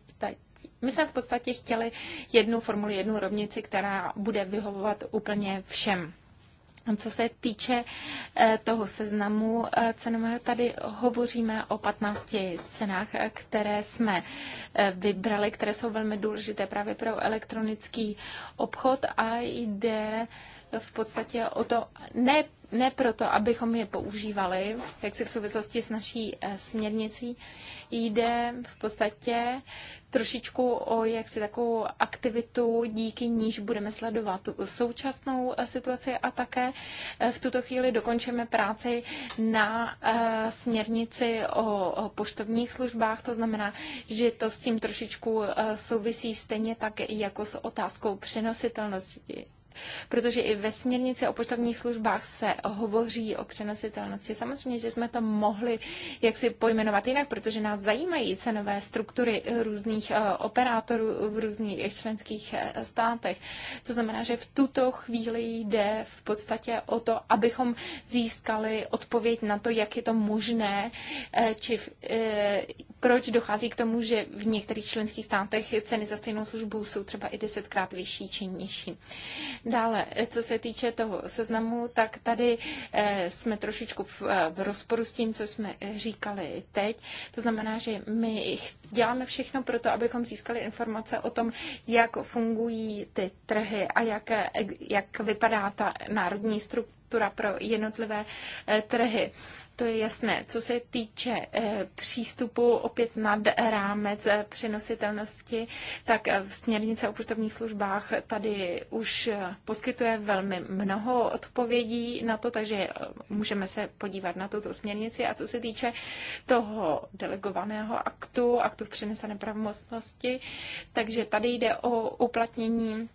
my jsme v podstatě chtěli jednu formuli, jednu rovnici, která bude vyhovovat úplně všem. Co se týče eh, toho seznamu eh, cenového, tady hovoříme o 15 cenách, eh, které jsme vybrali, které jsou velmi důležité právě pro elektronický obchod a jde v podstatě o to, ne, ne proto, abychom je používali, jak si v souvislosti s naší eh, směrnicí, jde v podstatě trošičku o jaksi takovou aktivitu, díky níž budeme sledovat tu současnou eh, situaci a také eh, v tuto chvíli dokončíme práci na směrnici o poštovních službách. To znamená, že to s tím trošičku souvisí stejně tak jako s otázkou přenositelnosti protože i ve směrnici o poštovních službách se hovoří o přenositelnosti. Samozřejmě, že jsme to mohli jaksi pojmenovat jinak, protože nás zajímají cenové struktury různých eh, operátorů v různých členských eh, státech. To znamená, že v tuto chvíli jde v podstatě o to, abychom získali odpověď na to, jak je to možné, eh, či proč dochází k tomu, že v některých členských státech ceny za stejnou službu jsou třeba i desetkrát vyšší či nižší. Dále, co se týče toho seznamu, tak tady eh, jsme trošičku eh, v rozporu s tím, co jsme eh, říkali teď. To znamená, že my děláme všechno pro to, abychom získali informace o tom, jak fungují ty trhy a jak, jak vypadá ta národní struktura struktura pro jednotlivé trhy to je jasné. Co se týče eh, přístupu opět nad rámec eh, přenositelnosti, tak eh, v směrnice o poštovních službách tady už poskytuje velmi mnoho odpovědí na to, takže můžeme se podívat na tuto směrnici. A co se týče toho delegovaného aktu, aktu v přenesené pravomocnosti, takže tady jde o uplatnění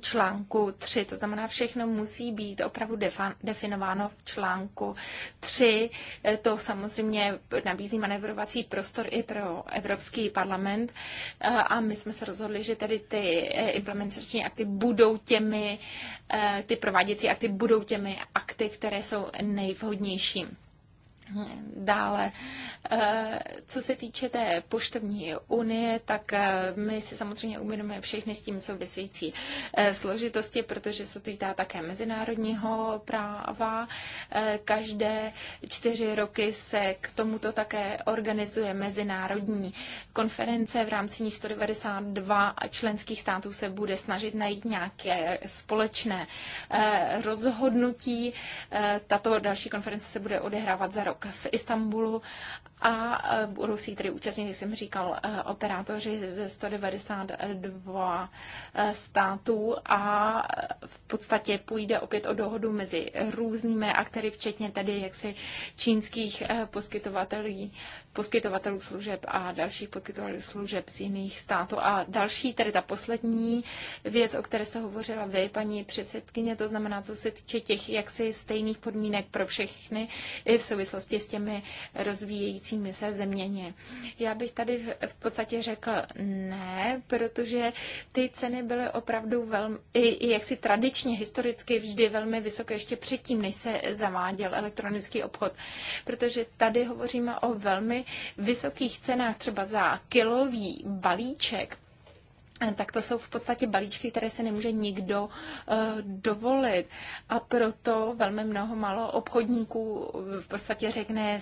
článku 3, to znamená všechno musí být opravdu definováno v článku 3. E, to samozřejmě nabízí manevrovací prostor i pro Evropský parlament e, a my jsme se rozhodli, že tedy ty e, implementační akty budou těmi, ty prováděcí akty budou těmi akty, které jsou nejvhodnější. Dále, eh, co se týče té poštovní unie, tak eh, my si samozřejmě uvědomujeme všechny s tím související eh, složitosti, protože se týká také mezinárodního práva. Každé čtyři roky se k tomuto také organizuje mezinárodní konference, v rámci níž 192 členských států se bude snažit najít nějaké společné rozhodnutí. Tato další konference se bude odehrávat za rok rok v Istanbulu a eh, budou si tedy účastnit, jak jsem říkal, eh, operátoři ze 192 eh, států a v podstatě půjde opět o dohodu mezi různými aktéry, včetně tedy jaksi čínských poskytovatelů poskytovatelů služeb a dalších poskytovatelů služeb z jiných států. A další, tedy ta poslední věc, o které jste hovořila vy, paní předsedkyně, to znamená, co se týče těch jaksi stejných podmínek pro všechny i v souvislosti s těmi rozvíjejícími se zeměně. Já bych tady v podstatě řekl ne, protože ty ceny byly opravdu velmi, i, i jaksi tradičně, historicky vždy velmi vysoké ještě předtím, než se zaváděl elektronický obchod. Protože tady hovoříme o velmi vysokých cenách třeba za kilový balíček, tak to jsou v podstatě balíčky, které se nemůže nikdo eh, dovolit. A proto velmi mnoho malo obchodníků v podstatě řekne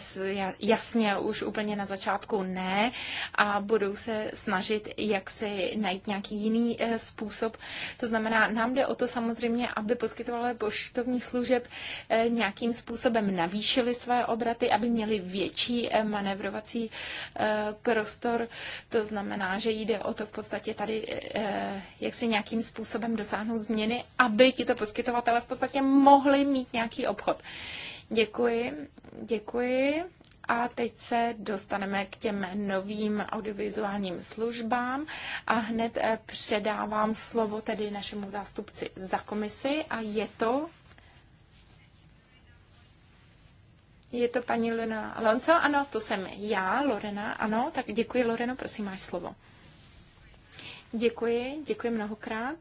jasně už úplně na začátku ne a budou se snažit, jak si najít nějaký jiný eh, způsob. To znamená, nám jde o to samozřejmě, aby poskytovatelé poštovních služeb eh, nějakým způsobem navýšili své obraty, aby měli větší manevrovací prostor. To znamená, že jde o to v podstatě tady Eh, jak si nějakým způsobem dosáhnout změny, aby to poskytovatele v podstatě mohli mít nějaký obchod. Děkuji, děkuji. A teď se dostaneme k těm novým audiovizuálním službám a hned eh, předávám slovo tedy našemu zástupci za komisi a je to Je to paní Lorena Alonso? Ano, to jsem já, Lorena. Ano, tak děkuji, Loreno, prosím, máš slovo. Děkuji, děkuji mnohokrát.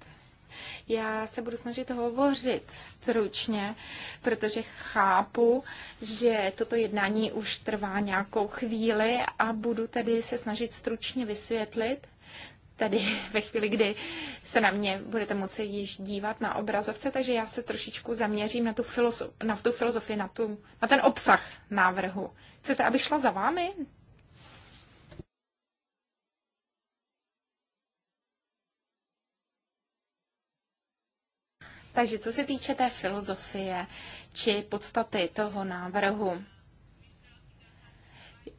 Já se budu snažit hovořit stručně, protože chápu, že toto jednání už trvá nějakou chvíli a budu tedy se snažit stručně vysvětlit, tady ve chvíli, kdy se na mě budete moci již dívat na obrazovce, takže já se trošičku zaměřím na tu, filozof, na tu filozofii, na, tu, na ten obsah návrhu. Chcete, abych šla za vámi? Takže co se týče té filozofie či podstaty toho návrhu,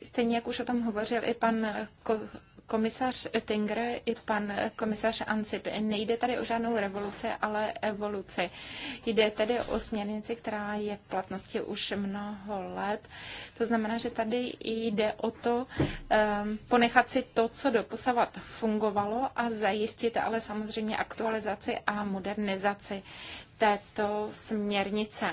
stejně jak už o tom hovořil i pan komisař Oettinger i pan komisař Ansip. Nejde tady o žádnou revoluci, ale evoluci. Jde tedy o směrnici, která je v platnosti už mnoho let. To znamená, že tady jde o to um, ponechat si to, co doposavat fungovalo a zajistit ale samozřejmě aktualizaci a modernizaci této směrnice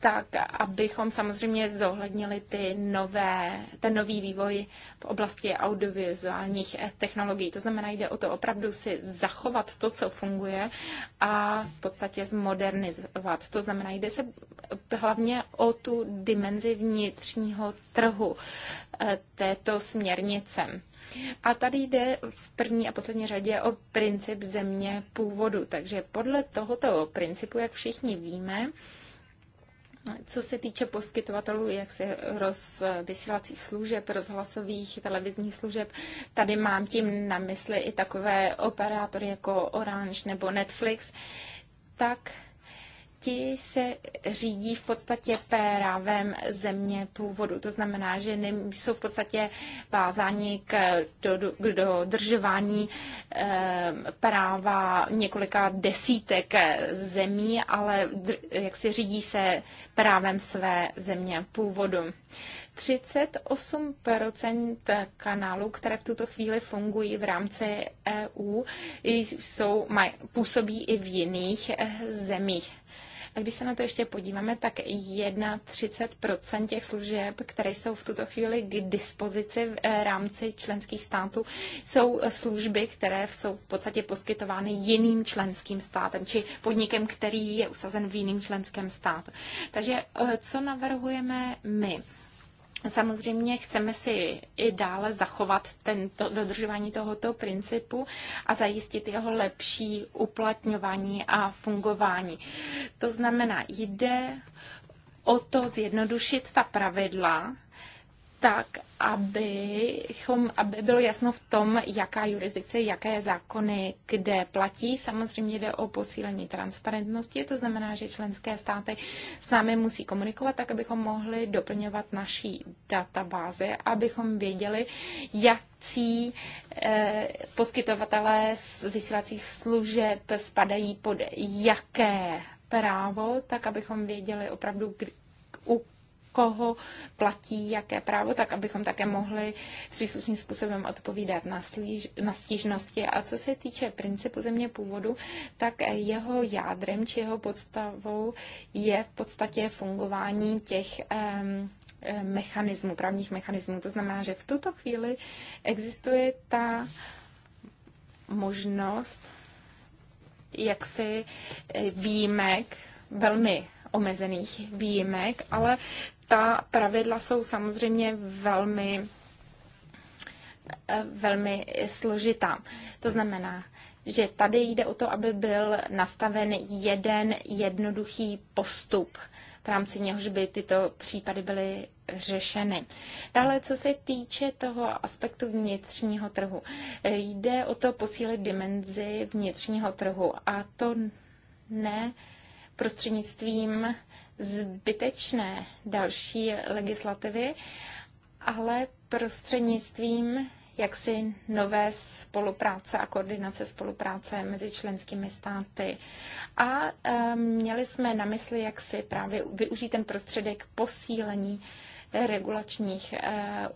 tak abychom samozřejmě zohlednili ty nové, ten nový vývoj v oblasti audiovizuálních eh, technologií. To znamená, jde o to opravdu si zachovat to, co funguje a v podstatě zmodernizovat. To znamená, jde se hlavně o tu dimenzi vnitřního trhu eh, této směrnice. A tady jde v první a poslední řadě o princip země původu. Takže podle tohoto principu, jak všichni víme, co se týče poskytovatelů jak se roz vysílacích služeb, rozhlasových, televizních služeb, tady mám tím na mysli i takové operátory jako Orange nebo Netflix, tak ti se řídí v podstatě právem země původu. To znamená, že jsou v podstatě vázáni k, do, k dodržování ehm, práva několika desítek zemí, ale jak si řídí se právem své země původu. 38 kanálů, které v tuto chvíli fungují v rámci EU, jsou, maj, působí i v jiných eh, zemích. A když se na to ještě podíváme, tak 31% těch služeb, které jsou v tuto chvíli k dispozici v eh, rámci členských států, jsou eh, služby, které jsou v podstatě poskytovány jiným členským státem, či podnikem, který je usazen v jiném členském státu. Takže eh, co navrhujeme my? Samozřejmě chceme si i dále zachovat tento, dodržování tohoto principu a zajistit jeho lepší uplatňování a fungování. To znamená, jde o to zjednodušit ta pravidla, tak, abychom, aby bylo jasno v tom, jaká jurisdikce, jaké zákony kde platí. Samozřejmě jde o posílení transparentnosti, to znamená, že členské státy s námi musí komunikovat, tak abychom mohli doplňovat naší databáze, abychom věděli, jak eh, poskytovatelé z vysílacích služeb spadají pod jaké právo, tak abychom věděli opravdu, u koho platí jaké právo, tak abychom také mohli příslušným způsobem odpovídat na, slíž, na stížnosti. A co se týče principu země původu, tak jeho jádrem či jeho podstavou je v podstatě fungování těch um, mechanismů, právních mechanismů. To znamená, že v tuto chvíli existuje ta možnost jaksi eh, výjimek, velmi omezených výjimek, ale ta pravidla jsou samozřejmě velmi, eh, velmi složitá. To znamená, že tady jde o to, aby byl nastaven jeden jednoduchý postup, v rámci něhož by tyto případy byly řešeny. Dále, co se týče toho aspektu vnitřního trhu, jde o to posílit dimenzi vnitřního trhu a to ne prostřednictvím zbytečné další legislativy, ale prostřednictvím jaksi nové spolupráce a koordinace spolupráce mezi členskými státy. A e, měli jsme na mysli, jak si právě využít ten prostředek posílení regulačních e,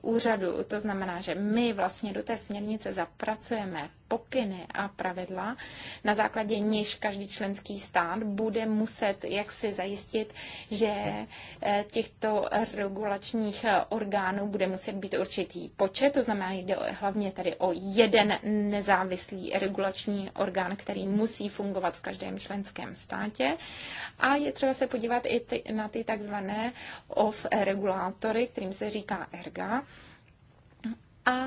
úřadů. To znamená, že my vlastně do té směrnice zapracujeme pokyny a pravidla, na základě níž každý členský stát bude muset jaksi zajistit, že eh, těchto regulačních eh, orgánů bude muset být určitý počet, to znamená, jde hlavně tady o jeden nezávislý regulační orgán, který musí fungovat v každém členském státě. A je třeba se podívat i ty, na ty takzvané off regulátory, kterým se říká ERGA. A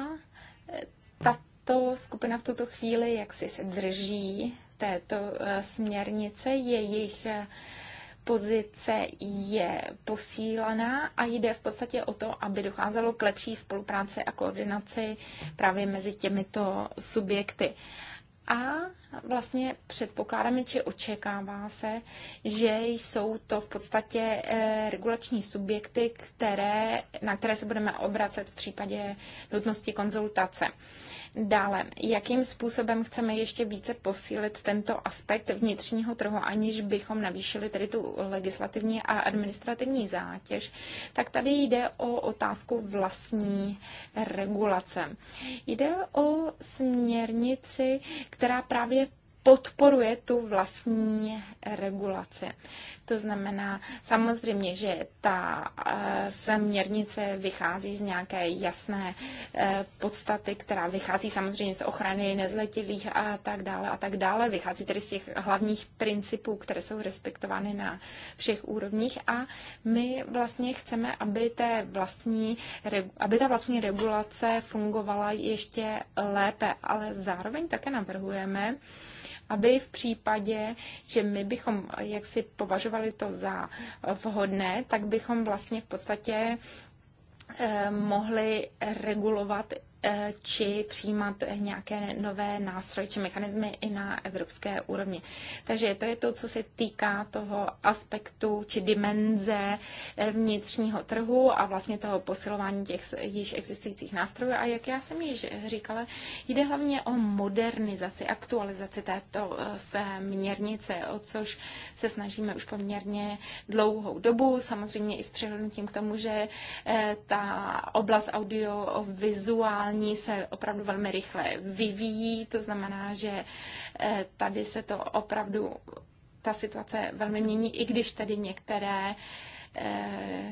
eh, ta, tato skupina v tuto chvíli si se drží této eh, směrnice, jejich eh, pozice je posílená a jde v podstatě o to, aby docházelo k lepší spolupráci a koordinaci právě mezi těmito subjekty. A vlastně předpokládáme, či očekává se, že jsou to v podstatě eh, regulační subjekty, které, na které se budeme obracet v případě nutnosti konzultace. Dále, jakým způsobem chceme ještě více posílit tento aspekt vnitřního trhu, aniž bychom navýšili tedy tu legislativní a administrativní zátěž, tak tady jde o otázku vlastní regulace. Jde o směrnici, která právě podporuje tu vlastní regulaci. To znamená samozřejmě, že ta eh, směrnice vychází z nějaké jasné eh, podstaty, která vychází samozřejmě z ochrany nezletilých a tak dále a tak dále. Vychází tedy z těch hlavních principů, které jsou respektovány na všech úrovních a my vlastně chceme, aby, té vlastní, aby ta vlastní regulace fungovala ještě lépe, ale zároveň také navrhujeme, aby v případě, že my bychom jak si považovali to za vhodné, tak bychom vlastně v podstatě eh, mohli regulovat Eh, či přijímat nějaké nové nástroje či mechanismy i na evropské úrovni. Takže to je to, co se týká toho aspektu či dimenze eh, vnitřního trhu a vlastně toho posilování těch již existujících nástrojů. A jak já jsem již říkala, jde hlavně o modernizaci, aktualizaci této eh, směrnice, o což se snažíme už poměrně dlouhou dobu, samozřejmě i s přihlednutím k tomu, že ta oblast audiovizuální vzdělávání se opravdu velmi rychle vyvíjí, to znamená, že eh, tady se to opravdu, ta situace velmi mění, i když tedy některé eh,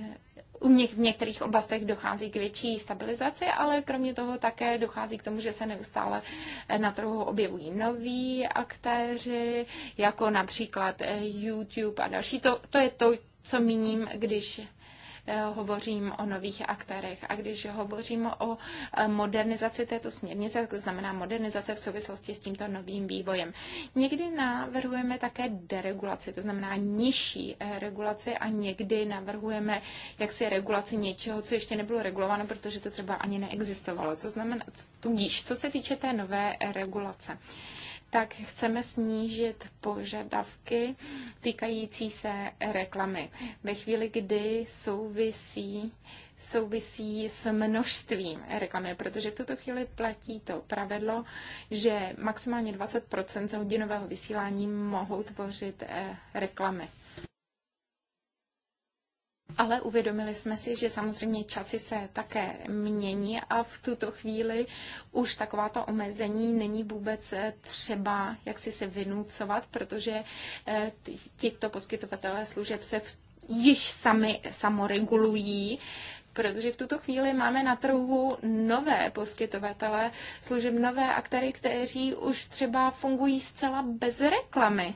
u něk, v některých oblastech dochází k větší stabilizaci, ale kromě toho také dochází k tomu, že se neustále eh, na trhu objevují noví aktéři, jako například YouTube a další. To, to je to, co míním, když Eh, hovořím o nových aktérech. A když hovořím o eh, modernizaci této směrnice, to znamená modernizace v souvislosti s tímto novým vývojem. Někdy navrhujeme také deregulaci, to znamená nižší eh, regulaci a někdy navrhujeme jaksi regulaci něčeho, co ještě nebylo regulováno, protože to třeba ani neexistovalo. Co znamená, tudíž, co se týče té nové regulace tak chceme snížit požadavky týkající se reklamy. Ve chvíli, kdy souvisí souvisí s množstvím reklamy, protože v tuto chvíli platí to pravidlo, že maximálně 20 z hodinového vysílání mohou tvořit eh, reklamy. Ale uvědomili jsme si, že samozřejmě časy se také mění a v tuto chvíli už taková omezení není vůbec eh, třeba, jak si se vynucovat, protože eh, těchto poskytovatelé služeb se v, již sami samoregulují protože v tuto chvíli máme na trhu nové poskytovatele služeb, nové aktéry, kteří už třeba fungují zcela bez reklamy.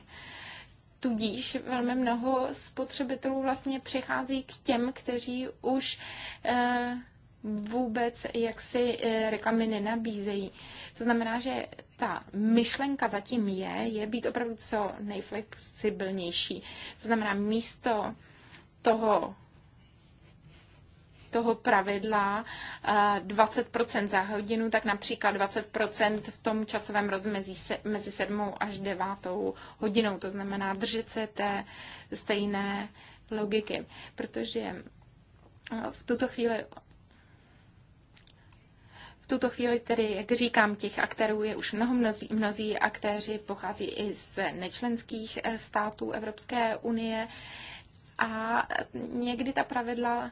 Tudíž velmi mnoho spotřebitelů vlastně přechází k těm, kteří už eh, vůbec jaksi eh, reklamy nenabízejí. To znamená, že ta myšlenka zatím je, je být opravdu co nejflexibilnější. To znamená místo toho toho pravidla 20% eh, za hodinu, tak například 20% v tom časovém rozmezí se, mezi 7 až 9 hodinou. To znamená držet se té stejné logiky, protože eh, v tuto chvíli tuto chvíli tedy, jak říkám, těch aktérů je už mnoho, mnozí, mnozí aktéři pochází i z nečlenských eh, států Evropské unie a někdy ta pravidla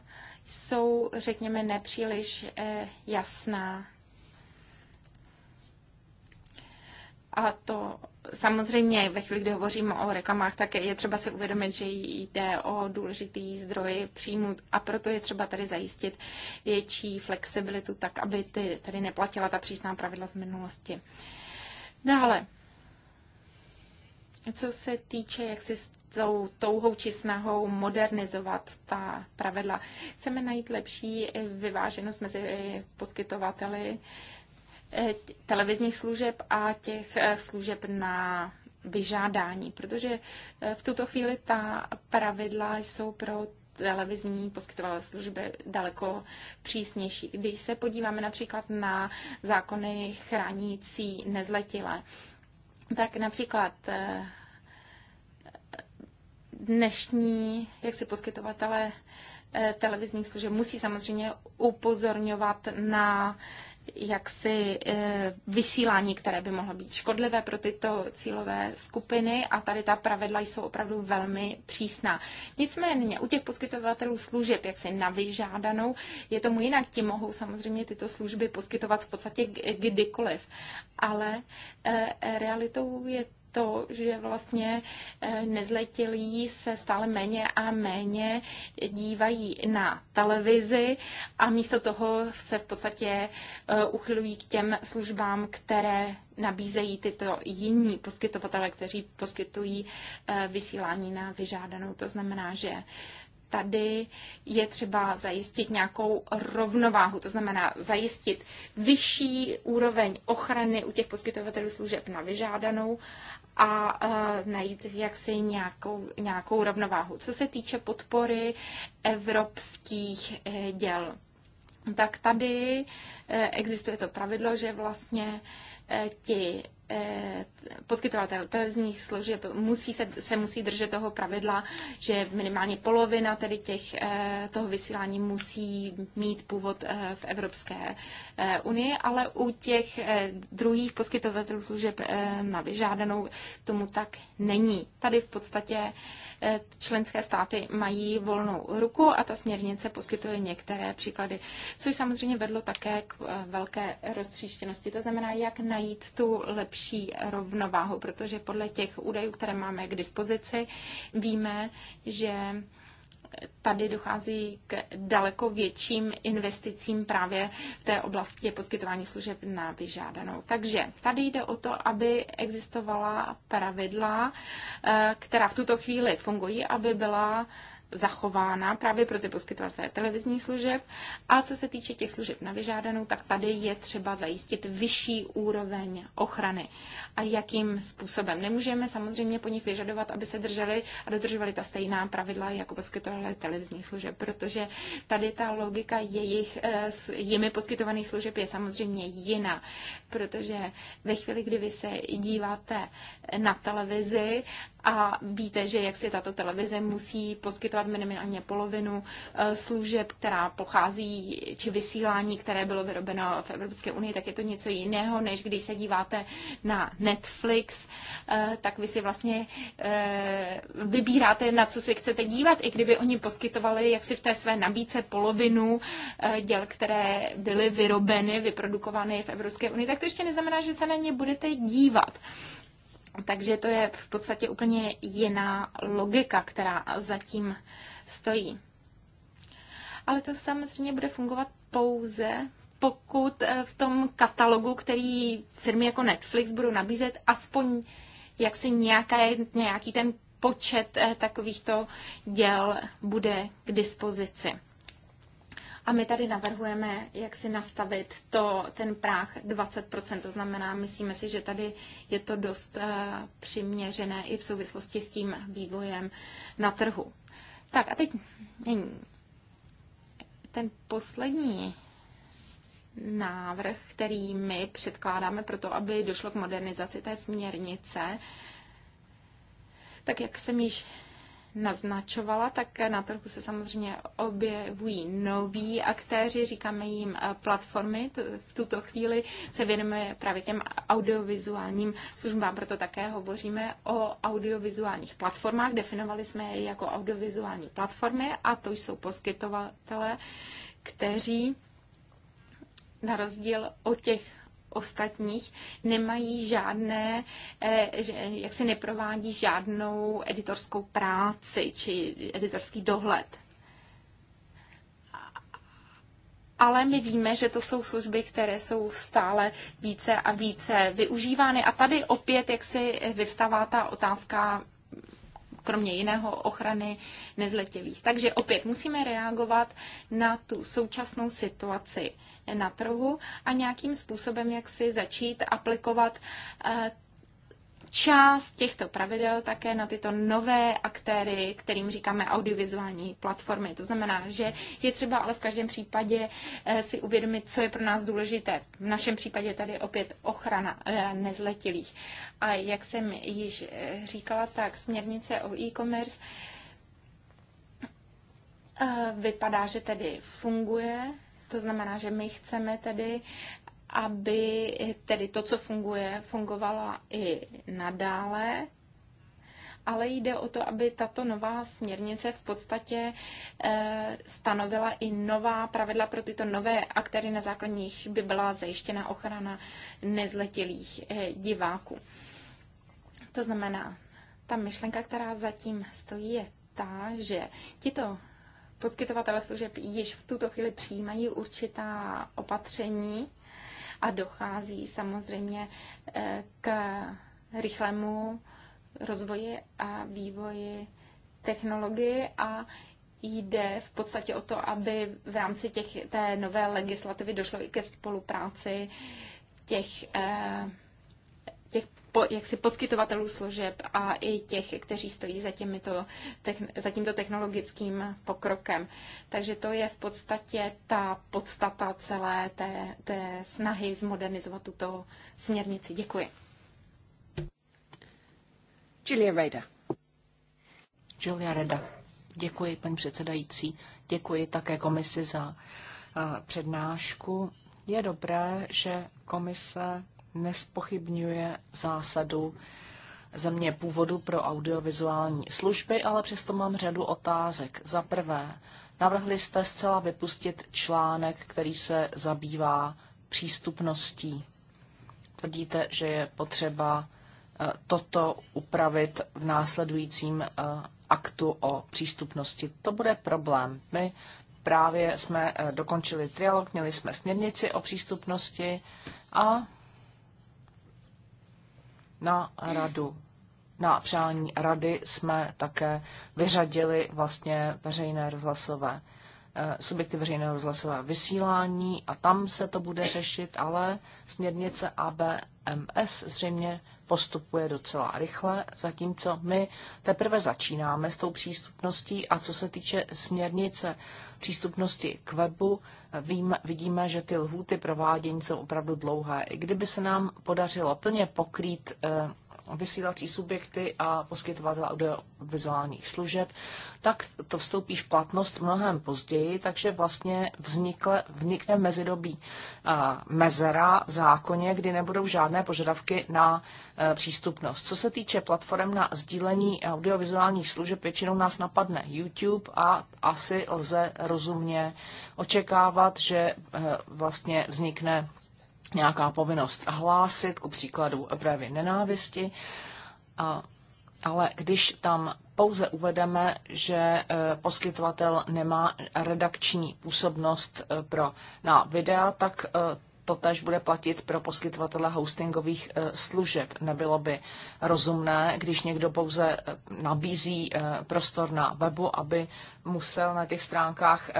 jsou, řekněme, nepříliš eh, jasná. A to samozřejmě ve chvíli, kdy hovoříme o reklamách, tak je třeba si uvědomit, že jde o důležitý zdroj příjmu a proto je třeba tady zajistit větší flexibilitu, tak aby ty, tady neplatila ta přísná pravidla z minulosti. Dále, co se týče jaksi tou touhou či snahou modernizovat ta pravidla. Chceme najít lepší vyváženost mezi poskytovateli eh, televizních služeb a těch eh, služeb na vyžádání, protože eh, v tuto chvíli ta pravidla jsou pro televizní poskytovatele služby daleko přísnější. Když se podíváme například na zákony chránící nezletilé, tak například dnešní, jak si poskytovatele eh, televizních služeb musí samozřejmě upozorňovat na jaksi eh, vysílání, které by mohlo být škodlivé pro tyto cílové skupiny a tady ta pravidla jsou opravdu velmi přísná. Nicméně u těch poskytovatelů služeb, si na vyžádanou, je tomu jinak, ti mohou samozřejmě tyto služby poskytovat v podstatě kdykoliv. Ale eh, realitou je to, že vlastně eh, nezletilí se stále méně a méně dívají na televizi a místo toho se v podstatě eh, uchylují k těm službám, které nabízejí tyto jiní poskytovatele, kteří poskytují eh, vysílání na vyžádanou. To znamená, že tady je třeba zajistit nějakou rovnováhu, to znamená zajistit vyšší úroveň ochrany u těch poskytovatelů služeb na vyžádanou a e, najít jaksi nějakou, nějakou rovnováhu. Co se týče podpory evropských e, děl, tak tady e, existuje to pravidlo, že vlastně ti Eh, poskytovatel televizních služeb musí se, se musí držet toho pravidla, že minimálně polovina tedy těch, eh, toho vysílání musí mít původ eh, v Evropské unii, ale u těch druhých poskytovatelů služeb na vyžádanou tomu tak není. Tady v podstatě členské státy mají volnou ruku a ta směrnice poskytuje některé příklady, což samozřejmě vedlo také k velké roztříštěnosti. To znamená, jak najít tu lepší lepší rovnováhu, protože podle těch údajů, které máme k dispozici, víme, že tady dochází k daleko větším investicím právě v té oblasti poskytování služeb na vyžádanou. Takže tady jde o to, aby existovala pravidla, eh, která v tuto chvíli fungují, aby byla zachována právě pro ty poskytovatele televizních služeb. A co se týče těch služeb na vyžádanou, tak tady je třeba zajistit vyšší úroveň ochrany. A jakým způsobem? Nemůžeme samozřejmě po nich vyžadovat, aby se drželi a dodržovali ta stejná pravidla jako poskytovatele televizních služeb, protože tady ta logika jejich, eh, jimi poskytovaných služeb je samozřejmě jiná, protože ve chvíli, kdy vy se díváte na televizi a víte, že jak si tato televize musí poskytovat poskytovat minimálně polovinu eh, služeb, která pochází, či vysílání, které bylo vyrobeno v Evropské unii, tak je to něco jiného, než když se díváte na Netflix, eh, tak vy si vlastně eh, vybíráte, na co si chcete dívat, i kdyby oni poskytovali jaksi v té své nabídce polovinu děl, které byly vyrobeny, vyprodukovány v Evropské unii, tak to ještě neznamená, že se na ně budete dívat. Takže to je v podstatě úplně jiná logika, která zatím stojí. Ale to samozřejmě bude fungovat pouze, pokud eh, v tom katalogu, který firmy jako Netflix budou nabízet, aspoň jaksi nějaká, nějaký ten počet eh, takovýchto děl bude k dispozici. A my tady navrhujeme, jak si nastavit to, ten práh 20%. To znamená, myslíme si, že tady je to dost eh, přiměřené i v souvislosti s tím vývojem na trhu. Tak a teď ten poslední návrh, který my předkládáme pro to, aby došlo k modernizaci té směrnice, tak jak jsem již naznačovala, tak na trhu se samozřejmě objevují noví aktéři, říkáme jim eh, platformy. V tuto chvíli se věnujeme právě těm audiovizuálním službám, proto také hovoříme o audiovizuálních platformách. Definovali jsme je jako audiovizuální platformy a to jsou poskytovatele, kteří na rozdíl od těch ostatních nemají žádné, eh, jak se neprovádí žádnou editorskou práci či editorský dohled. ale my víme, že to jsou služby, které jsou stále více a více využívány. A tady opět, jak si vyvstává ta otázka kromě jiného ochrany nezletělých. Takže opět musíme reagovat na tu současnou situaci na trhu a nějakým způsobem, jak si začít aplikovat eh, část těchto pravidel také na tyto nové aktéry, kterým říkáme audiovizuální platformy. To znamená, že je třeba ale v každém případě eh, si uvědomit, co je pro nás důležité. V našem případě tady opět ochrana eh, nezletilých. A jak jsem již eh, říkala, tak směrnice o e-commerce vypadá, že tedy funguje to znamená, že my chceme tedy aby tedy to, co funguje, fungovalo i nadále, ale jde o to, aby tato nová směrnice v podstatě eh, stanovila i nová pravidla pro tyto nové aktéry, na základních by byla zajištěna ochrana nezletilých eh, diváků. To znamená, ta myšlenka, která zatím stojí, je ta, že tito poskytovatele služeb již v tuto chvíli přijímají určitá opatření, a dochází samozřejmě eh, k rychlému rozvoji a vývoji technologii a jde v podstatě o to, aby v rámci těch, té nové legislativy došlo i ke spolupráci těch eh, těch po, jaksi poskytovatelů služeb a i těch, kteří stojí za, těmito, za tímto technologickým pokrokem. Takže to je v podstatě ta podstata celé té, té snahy zmodernizovat tuto směrnici. Děkuji. Julia Reda. Julia Reda. Děkuji, paní předsedající. Děkuji také komisi za eh, přednášku. Je dobré, že komise nespochybňuje zásadu země původu pro audiovizuální služby, ale přesto mám řadu otázek. Za prvé, navrhli jste zcela vypustit článek, který se zabývá přístupností. Tvrdíte, že je potřeba eh, toto upravit v následujícím eh, aktu o přístupnosti. To bude problém. My právě jsme eh, dokončili trialog, měli jsme směrnici o přístupnosti a na radu. Na přání rady jsme také vyřadili vlastně veřejné rozhlasové eh, subjekty veřejného rozhlasového vysílání a tam se to bude řešit, ale směrnice ABMS zřejmě postupuje docela rychle, zatímco my teprve začínáme s tou přístupností a co se týče směrnice přístupnosti k webu, vím, vidíme, že ty lhůty provádění jsou opravdu dlouhé. I kdyby se nám podařilo plně pokrýt eh, vysílací subjekty a poskytovatele audiovizuálních služeb, tak to vstoupí v platnost mnohem později, takže vlastně vznikle, vznikne mezidobí mezera v zákoně, kdy nebudou žádné požadavky na e, přístupnost. Co se týče platform na sdílení audiovizuálních služeb, většinou nás napadne YouTube a asi lze rozumně očekávat, že e, vlastně vznikne nějaká povinnost hlásit, ku příkladu právě nenávisti, a, ale když tam pouze uvedeme, že e, poskytovatel nemá redakční působnost e, pro, na videa, tak e, to tež bude platit pro poskytovatele hostingových služeb. Nebylo by rozumné, když někdo pouze nabízí prostor na webu, aby musel na těch stránkách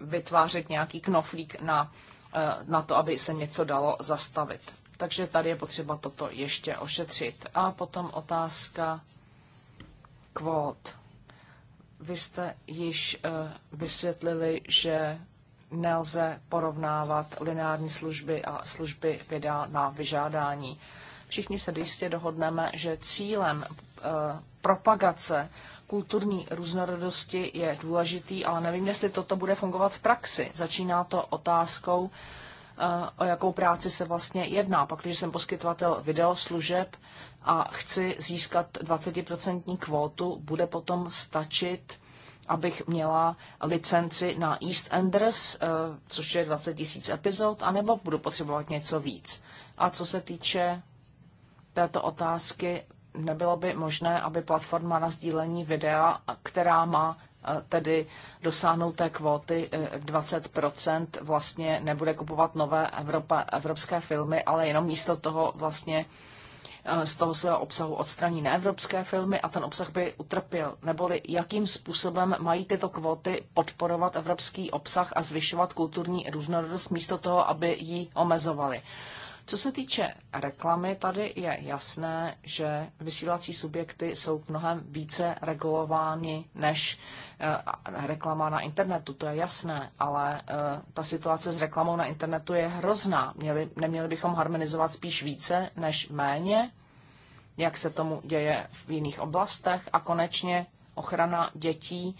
vytvářet nějaký knoflík na Eh, na to, aby se něco dalo zastavit. Takže tady je potřeba toto ještě ošetřit. A potom otázka kvót. Vy jste již eh, vysvětlili, že nelze porovnávat lineární služby a služby věda na vyžádání. Všichni se jistě dohodneme, že cílem eh, propagace kulturní různorodosti je důležitý, ale nevím, jestli toto bude fungovat v praxi. Začíná to otázkou, eh, o jakou práci se vlastně jedná. Pak, když jsem poskytovatel videoslužeb a chci získat 20% kvótu, bude potom stačit, abych měla licenci na EastEnders, eh, což je 20 tisíc epizod, anebo budu potřebovat něco víc. A co se týče této otázky nebylo by možné, aby platforma na sdílení videa, která má eh, tedy dosáhnout té kvóty 20 eh, vlastně nebude kupovat nové Evropa, evropské filmy, ale jenom místo toho vlastně eh, z toho svého obsahu odstraní neevropské filmy a ten obsah by utrpěl. Neboli jakým způsobem mají tyto kvóty podporovat evropský obsah a zvyšovat kulturní různorodost místo toho, aby ji omezovali. Co se týče reklamy, tady je jasné, že vysílací subjekty jsou mnohem více regulovány, než eh, reklama na internetu, to je jasné, ale eh, ta situace s reklamou na internetu je hrozná. Měli, neměli bychom harmonizovat spíš více než méně, jak se tomu děje v jiných oblastech a konečně ochrana dětí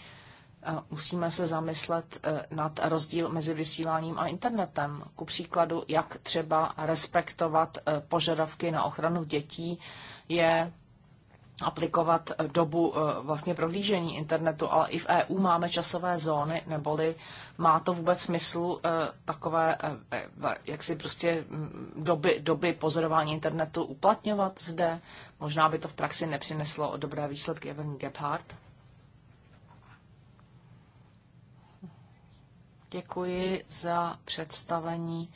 musíme se zamyslet eh, nad rozdíl mezi vysíláním a internetem. Ku příkladu, jak třeba respektovat eh, požadavky na ochranu dětí je aplikovat eh, dobu vlastně prohlížení internetu, ale i v EU máme časové zóny, neboli má to vůbec smysl takové, jak si prostě mm, doby, doby pozorování internetu uplatňovat zde? Možná by to v praxi nepřineslo dobré výsledky, Evan Gebhardt. Děkuji za představení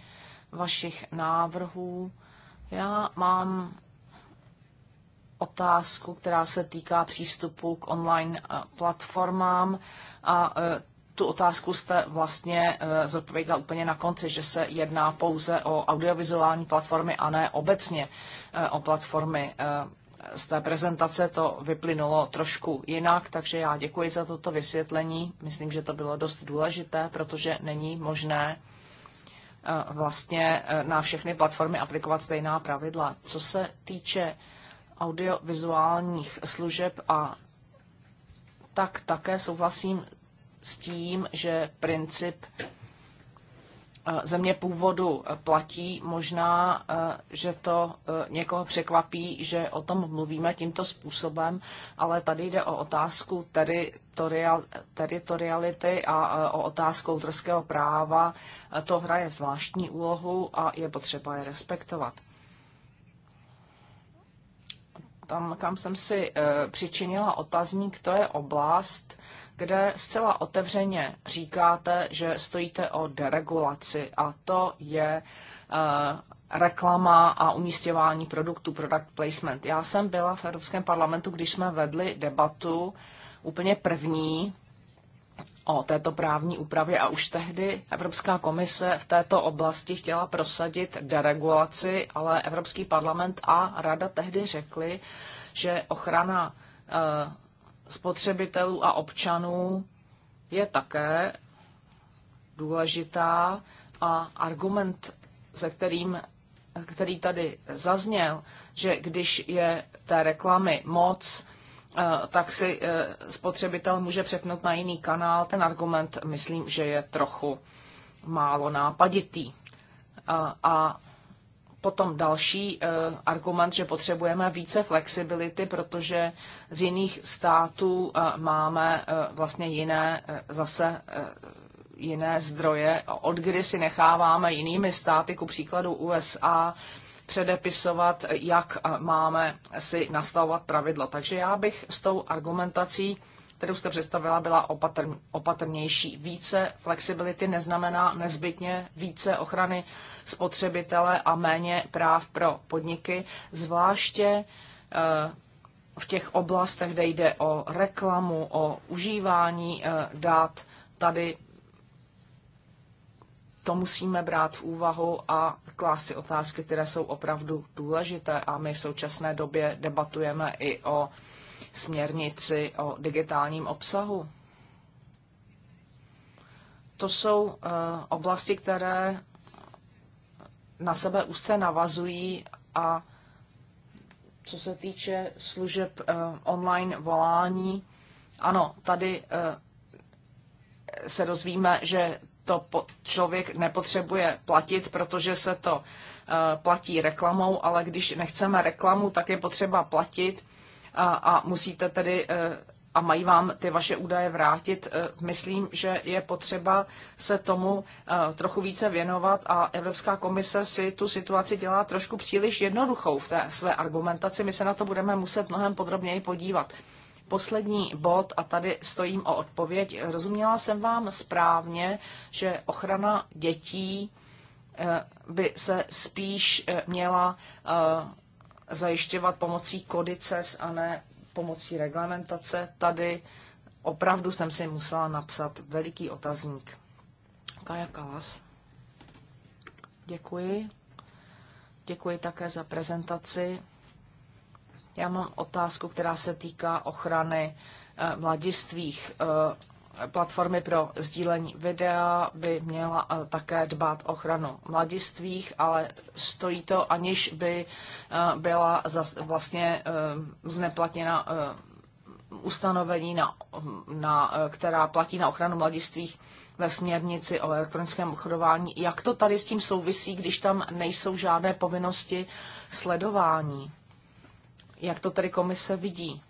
vašich návrhů. Já mám otázku, která se týká přístupu k online eh, platformám a eh, tu otázku jste vlastně eh, zodpověděla úplně na konci, že se jedná pouze o audiovizuální platformy a ne obecně o platformy z té prezentace to vyplynulo trošku jinak, takže já děkuji za toto vysvětlení. Myslím, že to bylo dost důležité, protože není možné eh, vlastně eh, na všechny platformy aplikovat stejná pravidla. Co se týče audiovizuálních služeb a tak také souhlasím s tím, že princip Eh, země původu eh, platí. Možná, eh, že to někoho překvapí, že o tom mluvíme tímto způsobem, ale tady jde o otázku teritoriality a o otázku autorského práva. To hraje zvláštní úlohu a je potřeba je respektovat. Tam, kam jsem si přičinila otazník, to je oblast, kde zcela otevřeně říkáte, že stojíte o deregulaci a to je eh, reklama a umístěvání produktů, product placement. Já jsem byla v Evropském parlamentu, když jsme vedli debatu úplně první o této právní úpravě a už tehdy Evropská komise v této oblasti chtěla prosadit deregulaci, ale Evropský parlament a rada tehdy řekli, že ochrana eh, spotřebitelů a občanů je také důležitá a argument, se kterým, který tady zazněl, že když je té reklamy moc, eh, tak si eh, spotřebitel může přepnout na jiný kanál. Ten argument, myslím, že je trochu málo nápaditý. A Potom další eh, argument, že potřebujeme více flexibility, protože z jiných států eh, máme eh, vlastně jiné zase jiné zdroje, od kdy si necháváme jinými státy, ku příkladu USA, předepisovat, jak máme si nastavovat pravidla. Takže já bych s tou argumentací kterou jste představila, byla opatr, opatrnější. Více flexibility neznamená nezbytně více ochrany spotřebitele a méně práv pro podniky, zvláště eh, v těch oblastech, kde jde o reklamu, o užívání eh, dát, tady to musíme brát v úvahu a klást si otázky, které jsou opravdu důležité. A my v současné době debatujeme i o směrnici o digitálním obsahu. To jsou eh, oblasti, které na sebe úzce navazují a co se týče služeb eh, online volání, ano, tady eh, se dozvíme, že to člověk nepotřebuje platit, protože se to platí reklamou, ale když nechceme reklamu, tak je potřeba platit a, a musíte tedy eh, a mají vám ty vaše údaje vrátit. Eh, myslím, že je potřeba se tomu eh, trochu více věnovat a Evropská komise si tu situaci dělá trošku příliš jednoduchou v té své argumentaci. My se na to budeme muset mnohem podrobněji podívat. Poslední bod, a tady stojím o odpověď. Rozuměla jsem vám správně, že ochrana dětí by se spíš měla zajišťovat pomocí kodices a ne pomocí reglementace. Tady opravdu jsem si musela napsat veliký otazník. Kaja Kalas. Děkuji. Děkuji také za prezentaci. Já mám otázku, která se týká ochrany eh, mladistvých. Eh, platformy pro sdílení videa by měla eh, také dbát ochranu mladistvých, ale stojí to, aniž by eh, byla vlastně eh, zneplatněna ustanovení, na, na, která platí na ochranu mladistvých ve směrnici o elektronickém obchodování. Jak to tady s tím souvisí, když tam nejsou žádné povinnosti sledování? Jak to tedy komise vidí?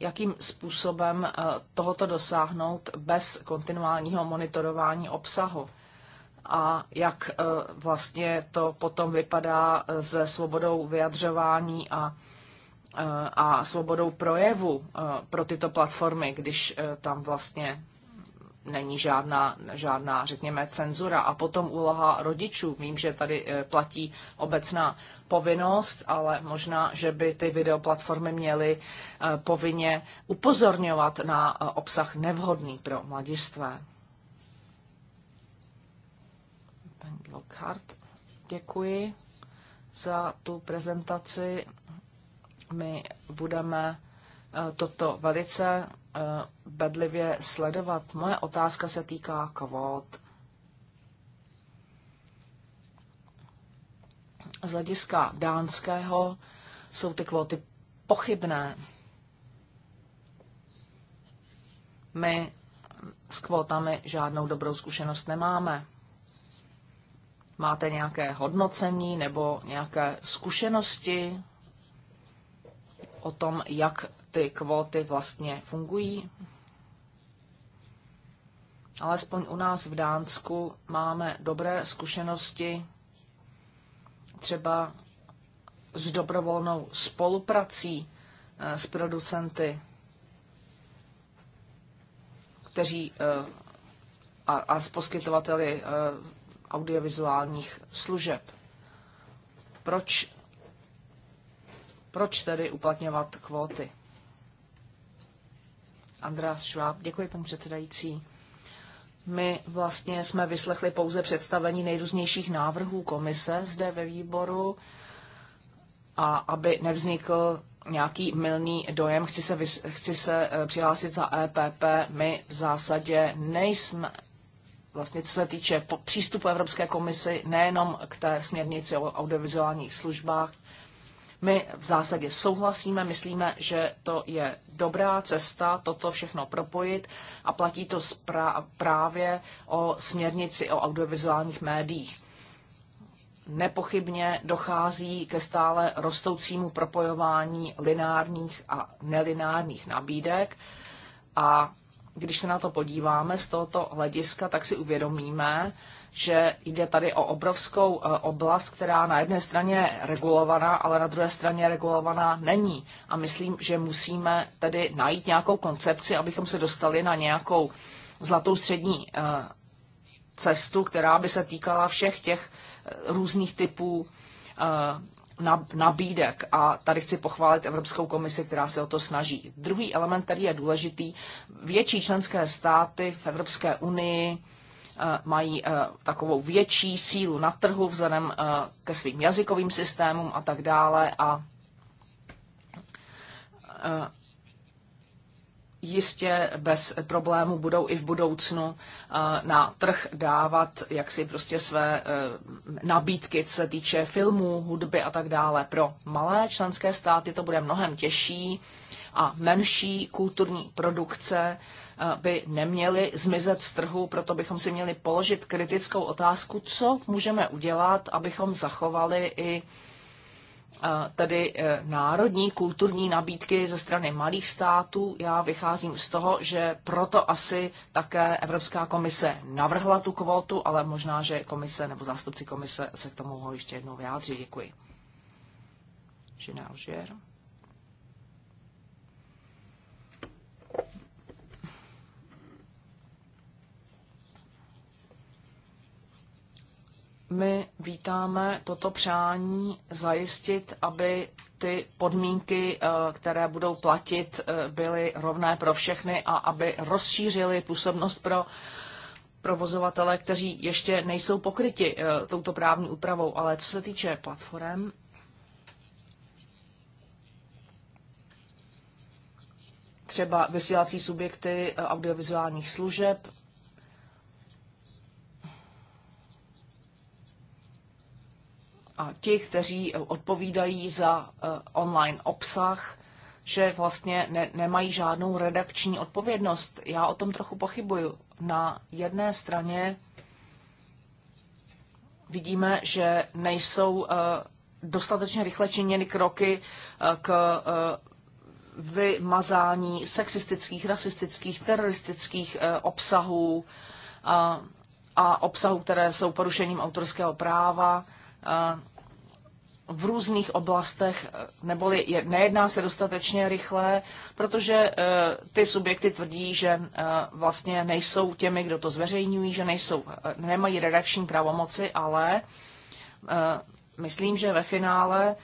jakým způsobem eh, tohoto dosáhnout bez kontinuálního monitorování obsahu a jak eh, vlastně to potom vypadá se svobodou vyjadřování a, eh, a svobodou projevu pro tyto platformy, když tam vlastně není žádná, žádná, řekněme, cenzura. A potom úloha rodičů. Vím, že tady eh, platí obecná povinnost, ale možná, že by ty videoplatformy měly eh, povinně upozorňovat na eh, obsah nevhodný pro mladistvé. Paní Lockhart, děkuji za tu prezentaci. My budeme toto velice Eh, bedlivě sledovat. Moje otázka se týká kvót. Z hlediska dánského jsou ty kvóty pochybné. My s kvótami žádnou dobrou zkušenost nemáme. Máte nějaké hodnocení nebo nějaké zkušenosti o tom, jak ty kvóty vlastně fungují. Alespoň u nás v Dánsku máme dobré zkušenosti třeba s dobrovolnou spoluprací eh, s producenty, kteří eh, a, a s poskytovateli eh, audiovizuálních služeb. Proč, proč tedy uplatňovat kvóty? András Schwab. Děkuji, pan předsedající. My vlastně jsme vyslechli pouze představení nejrůznějších návrhů komise zde ve výboru a aby nevznikl nějaký milný dojem, chci se, vys- chci se eh, přihlásit za EPP. My v zásadě nejsme, vlastně co se týče přístupu Evropské komisy, nejenom k té směrnici o audiovizuálních službách, my v zásadě souhlasíme, myslíme, že to je dobrá cesta toto všechno propojit a platí to právě o směrnici o audiovizuálních médiích. Nepochybně dochází ke stále rostoucímu propojování lineárních a nelinárních nabídek a když se na to podíváme z tohoto hlediska, tak si uvědomíme, že jde tady o obrovskou eh, oblast, která na jedné straně je regulovaná, ale na druhé straně regulovaná není. A myslím, že musíme tedy najít nějakou koncepci, abychom se dostali na nějakou zlatou střední eh, cestu, která by se týkala všech těch eh, různých typů Eh, nabídek a tady chci pochválit Evropskou komisi, která se o to snaží. Druhý element, který je důležitý, větší členské státy v Evropské unii eh, mají eh, takovou větší sílu na trhu vzhledem ke svým jazykovým systémům a tak dále a jistě bez problému budou i v budoucnu eh, na trh dávat jaksi prostě své eh, nabídky, co se týče filmů, hudby a tak dále. Pro malé členské státy to bude mnohem těžší a menší kulturní produkce eh, by neměly zmizet z trhu, proto bychom si měli položit kritickou otázku, co můžeme udělat, abychom zachovali i tedy e, národní kulturní nabídky ze strany malých států. Já vycházím z toho, že proto asi také Evropská komise navrhla tu kvótu, ale možná, že komise nebo zástupci komise se k tomu mohou ještě jednou vyjádřit. Děkuji. Žina Alžér. My vítáme toto přání zajistit, aby ty podmínky, eh, které budou platit, eh, byly rovné pro všechny a aby rozšířili působnost pro provozovatele, kteří ještě nejsou pokryti eh, touto právní úpravou. Ale co se týče platform, třeba vysílací subjekty audiovizuálních služeb, a ti, kteří eh, odpovídají za eh, online obsah, že vlastně ne, nemají žádnou redakční odpovědnost. Já o tom trochu pochybuju. Na jedné straně vidíme, že nejsou eh, dostatečně rychle činěny kroky k vymazání sexistických, rasistických, teroristických obsahů a obsahů, které jsou porušením autorského práva v různých oblastech, neboli je, nejedná se dostatečně rychle, protože eh, ty subjekty tvrdí, že eh, vlastně nejsou těmi, kdo to zveřejňují, že nejsou, eh, nemají redakční pravomoci, ale myslím, že ve finále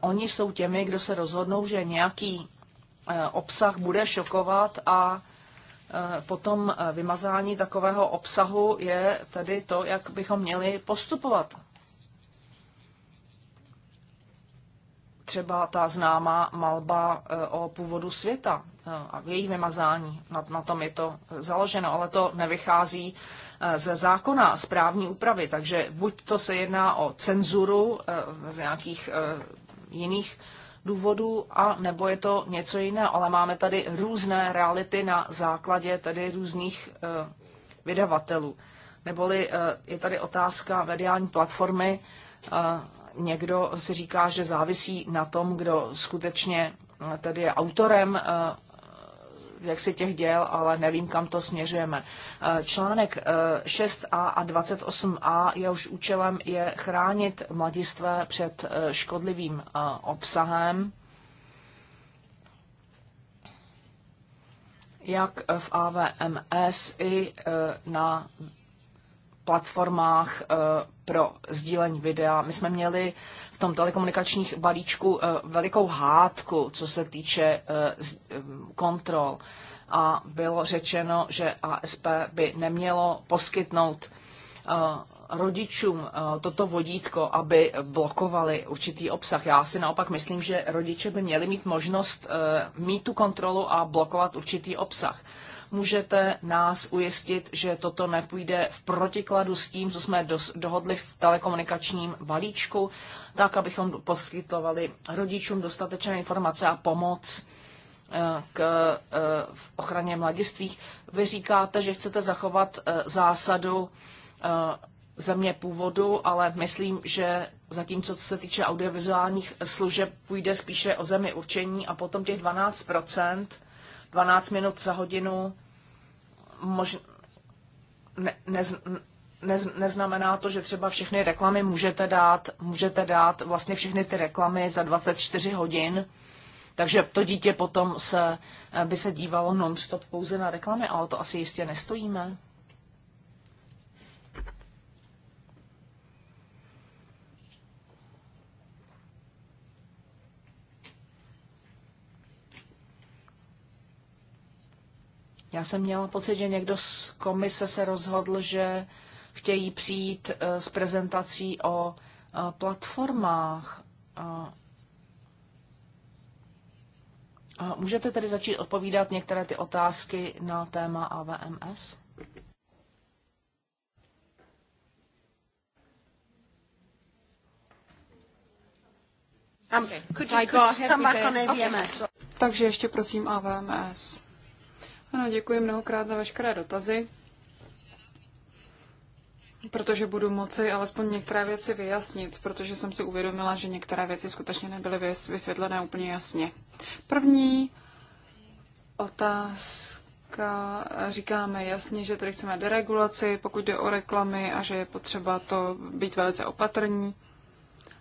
oni jsou těmi, kdo se rozhodnou, že nějaký obsah bude šokovat a Eh, potom eh, vymazání takového obsahu je tedy to, jak bychom měli postupovat. Třeba ta známá malba eh, o původu světa a její vymazání, na, na tom je to založeno, ale to nevychází ze zákona z úpravy, takže buď to se jedná o cenzuru z nějakých jiných důvodů, a nebo je to něco jiného, ale máme tady různé reality na základě tedy různých eh, vydavatelů. Neboli eh, je tady otázka mediální platformy. Eh, někdo si říká, že závisí na tom, kdo skutečně tedy je autorem jak si těch děl, ale nevím, kam to směřujeme. Eh, článek 6a eh, a 28a jehož účelem je chránit mladistvé před eh, škodlivým obsahem, jak v AVMS i na platformách pro sdílení videa. My jsme měli v tom telekomunikačních balíčku eh, velikou hádku, co se týče eh, eh, kontrol. A bylo řečeno, že ASP by nemělo poskytnout rodičům toto vodítko, aby blokovali určitý obsah. Já si naopak myslím, že rodiče by měli mít možnost mít tu kontrolu a blokovat určitý obsah. Můžete nás ujistit, že toto nepůjde v protikladu s tím, co jsme dohodli v telekomunikačním balíčku, tak abychom poskytovali rodičům dostatečné informace a pomoc eh, k eh, ochraně mladistvých. Vy říkáte, že chcete zachovat eh, zásadu země původu, ale myslím, že zatímco co se týče audiovizuálních služeb půjde spíše o zemi určení a potom těch 12 12 minut za hodinu mož... ne, ne, ne, neznamená to, že třeba všechny reklamy můžete dát, můžete dát vlastně všechny ty reklamy za 24 hodin, takže to dítě potom se, eh, by se dívalo non-stop pouze na reklamy, ale to asi jistě nestojíme. Já jsem měla pocit, že někdo z komise se rozhodl, že chtějí přijít eh, s prezentací o eh, platformách. můžete tedy začít odpovídat některé ty otázky na téma AVMS? Okay. Could you, could you come back on AVMS? Okay. Takže ještě prosím AVMS. Ano, děkuji mnohokrát za veškeré dotazy, protože budu moci alespoň některé věci vyjasnit, protože jsem si uvědomila, že některé věci skutečně nebyly vysvětlené úplně jasně. První otázka, říkáme jasně, že tady chceme deregulaci, pokud jde o reklamy a že je potřeba to být velice opatrní.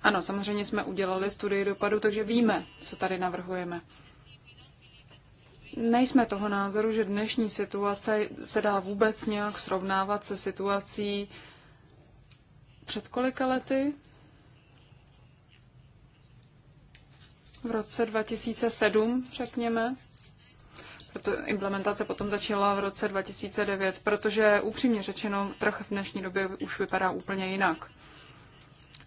Ano, samozřejmě jsme udělali studii dopadu, takže víme, co tady navrhujeme nejsme toho názoru, že dnešní situace se dá vůbec nějak srovnávat se situací před kolika lety. V roce 2007, řekněme. Proto implementace potom začala v roce 2009, protože upřímně řečeno, trh v dnešní době už vypadá úplně jinak.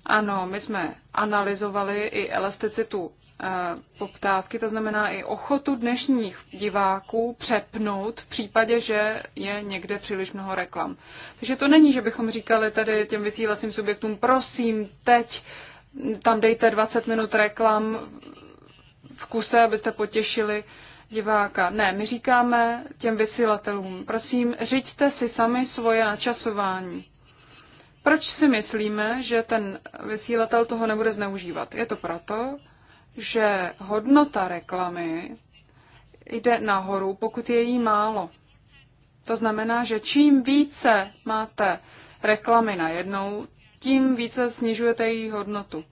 Ano, my jsme analyzovali i elasticitu Eh, poptávky, to znamená i ochotu dnešních diváků přepnout v případě, že je někde příliš mnoho reklam. Takže to není, že bychom říkali tady těm vysílacím subjektům, prosím, teď tam dejte 20 minut reklam v kuse, abyste potěšili diváka. Ne, my říkáme těm vysílatelům, prosím, řiďte si sami svoje načasování. Proč si myslíme, že ten vysílatel toho nebude zneužívat? Je to proto, že hodnota reklamy jde nahoru, pokud je jí málo. To znamená, že čím více máte reklamy na jednou, tím více snižujete její hodnotu.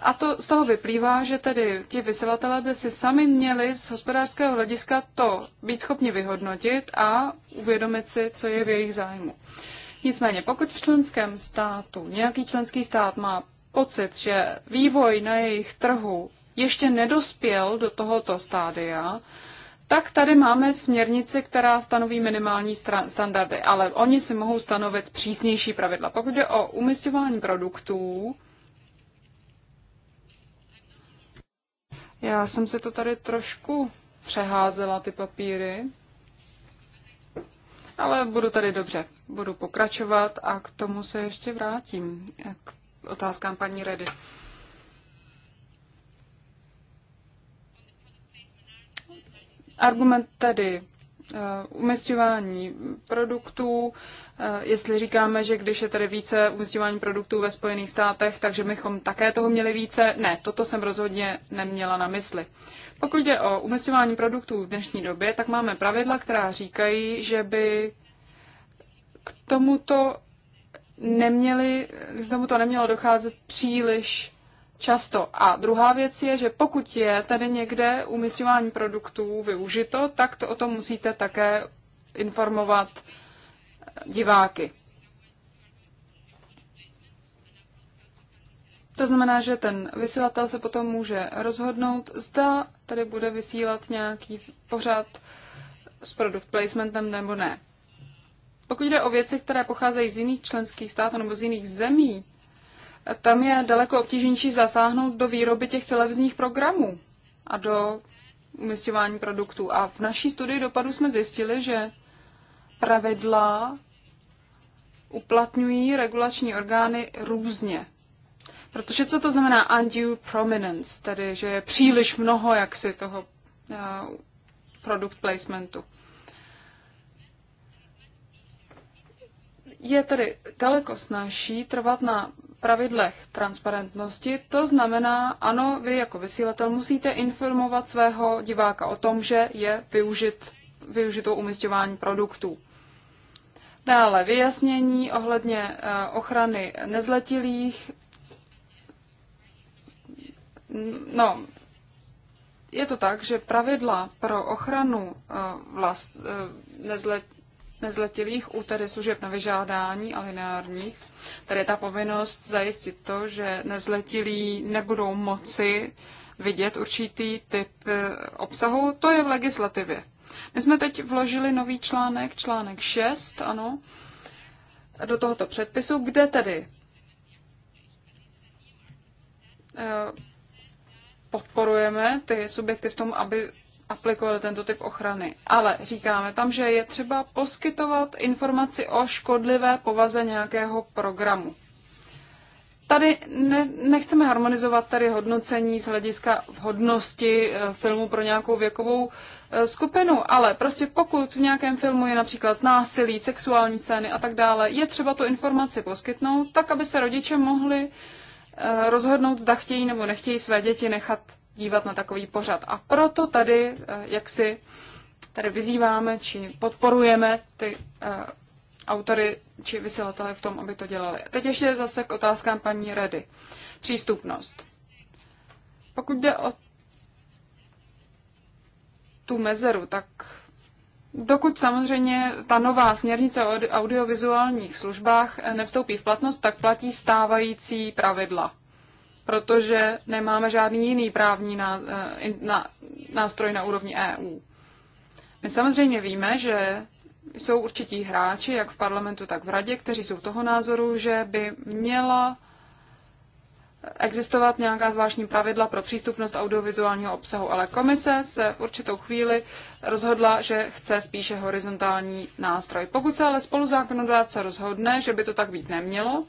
A to z toho vyplývá, že tedy ti vysílatelé by si sami měli z hospodářského hlediska to být schopni vyhodnotit a uvědomit si, co je v jejich zájmu. Nicméně, pokud v členském státu nějaký členský stát má pocit, že vývoj na jejich trhu ještě nedospěl do tohoto stádia, tak tady máme směrnici, která stanoví minimální standardy, ale oni si mohou stanovit přísnější pravidla. Pokud jde o umistování produktů, já jsem si to tady trošku přeházela, ty papíry, ale budu tady dobře. Budu pokračovat a k tomu se ještě vrátím. K otázkám paní Redy. Argument tedy eh, umistování produktů, eh, jestli říkáme, že když je tady více umistování produktů ve Spojených státech, takže bychom také toho měli více. Ne, toto jsem rozhodně neměla na mysli. Pokud jde o umistování produktů v dnešní době, tak máme pravidla, která říkají, že by k tomuto neměli, k tomu to nemělo docházet příliš často. A druhá věc je, že pokud je tady někde umisťování produktů využito, tak to o tom musíte také informovat eh, diváky. To znamená, že ten vysílatel se potom může rozhodnout, zda tady bude vysílat nějaký pořad s product placementem nebo ne. Pokud jde o věci, které pocházejí z jiných členských států nebo z jiných zemí, tam je daleko obtížnější zasáhnout do výroby těch televizních programů a do umistování produktů. A v naší studii dopadu jsme zjistili, že pravidla uplatňují regulační orgány různě. Protože co to znamená undue prominence, tedy že je příliš mnoho jaksi toho uh, eh, product placementu. je tedy daleko snažší trvat na pravidlech transparentnosti. To znamená, ano, vy jako vysílatel musíte informovat svého diváka o tom, že je využit, využito umistování produktů. Dále vyjasnění ohledně eh, ochrany nezletilých. No, je to tak, že pravidla pro ochranu eh, vlast, eh, nezlet, nezletilých u tedy služeb na vyžádání a lineárních. Tady je ta povinnost zajistit to, že nezletilí nebudou moci vidět určitý typ eh, obsahu, to je v legislativě. My jsme teď vložili nový článek, článek 6, ano, do tohoto předpisu, kde tedy eh, podporujeme ty subjekty v tom, aby aplikovali tento typ ochrany. Ale říkáme tam, že je třeba poskytovat informaci o škodlivé povaze nějakého programu. Tady ne, nechceme harmonizovat tady hodnocení z hlediska vhodnosti eh, filmu pro nějakou věkovou eh, skupinu, ale prostě pokud v nějakém filmu je například násilí, sexuální scény a tak dále, je třeba tu informaci poskytnout, tak aby se rodiče mohli eh, rozhodnout, zda chtějí nebo nechtějí své děti nechat dívat na takový pořad. A proto tady, eh, jak si tady vyzýváme, či podporujeme ty eh, autory či vysílatele v tom, aby to dělali. teď ještě zase k otázkám paní Redy. Přístupnost. Pokud jde o tu mezeru, tak dokud samozřejmě ta nová směrnice o audiovizuálních službách nevstoupí v platnost, tak platí stávající pravidla protože nemáme žádný jiný právní eh, nástroj na úrovni EU. My samozřejmě víme, že jsou určití hráči, jak v parlamentu, tak v radě, kteří jsou toho názoru, že by měla existovat nějaká zvláštní pravidla pro přístupnost audiovizuálního obsahu, ale komise se v určitou chvíli rozhodla, že chce spíše horizontální nástroj. Pokud se ale spoluzákonodárce rozhodne, že by to tak být nemělo,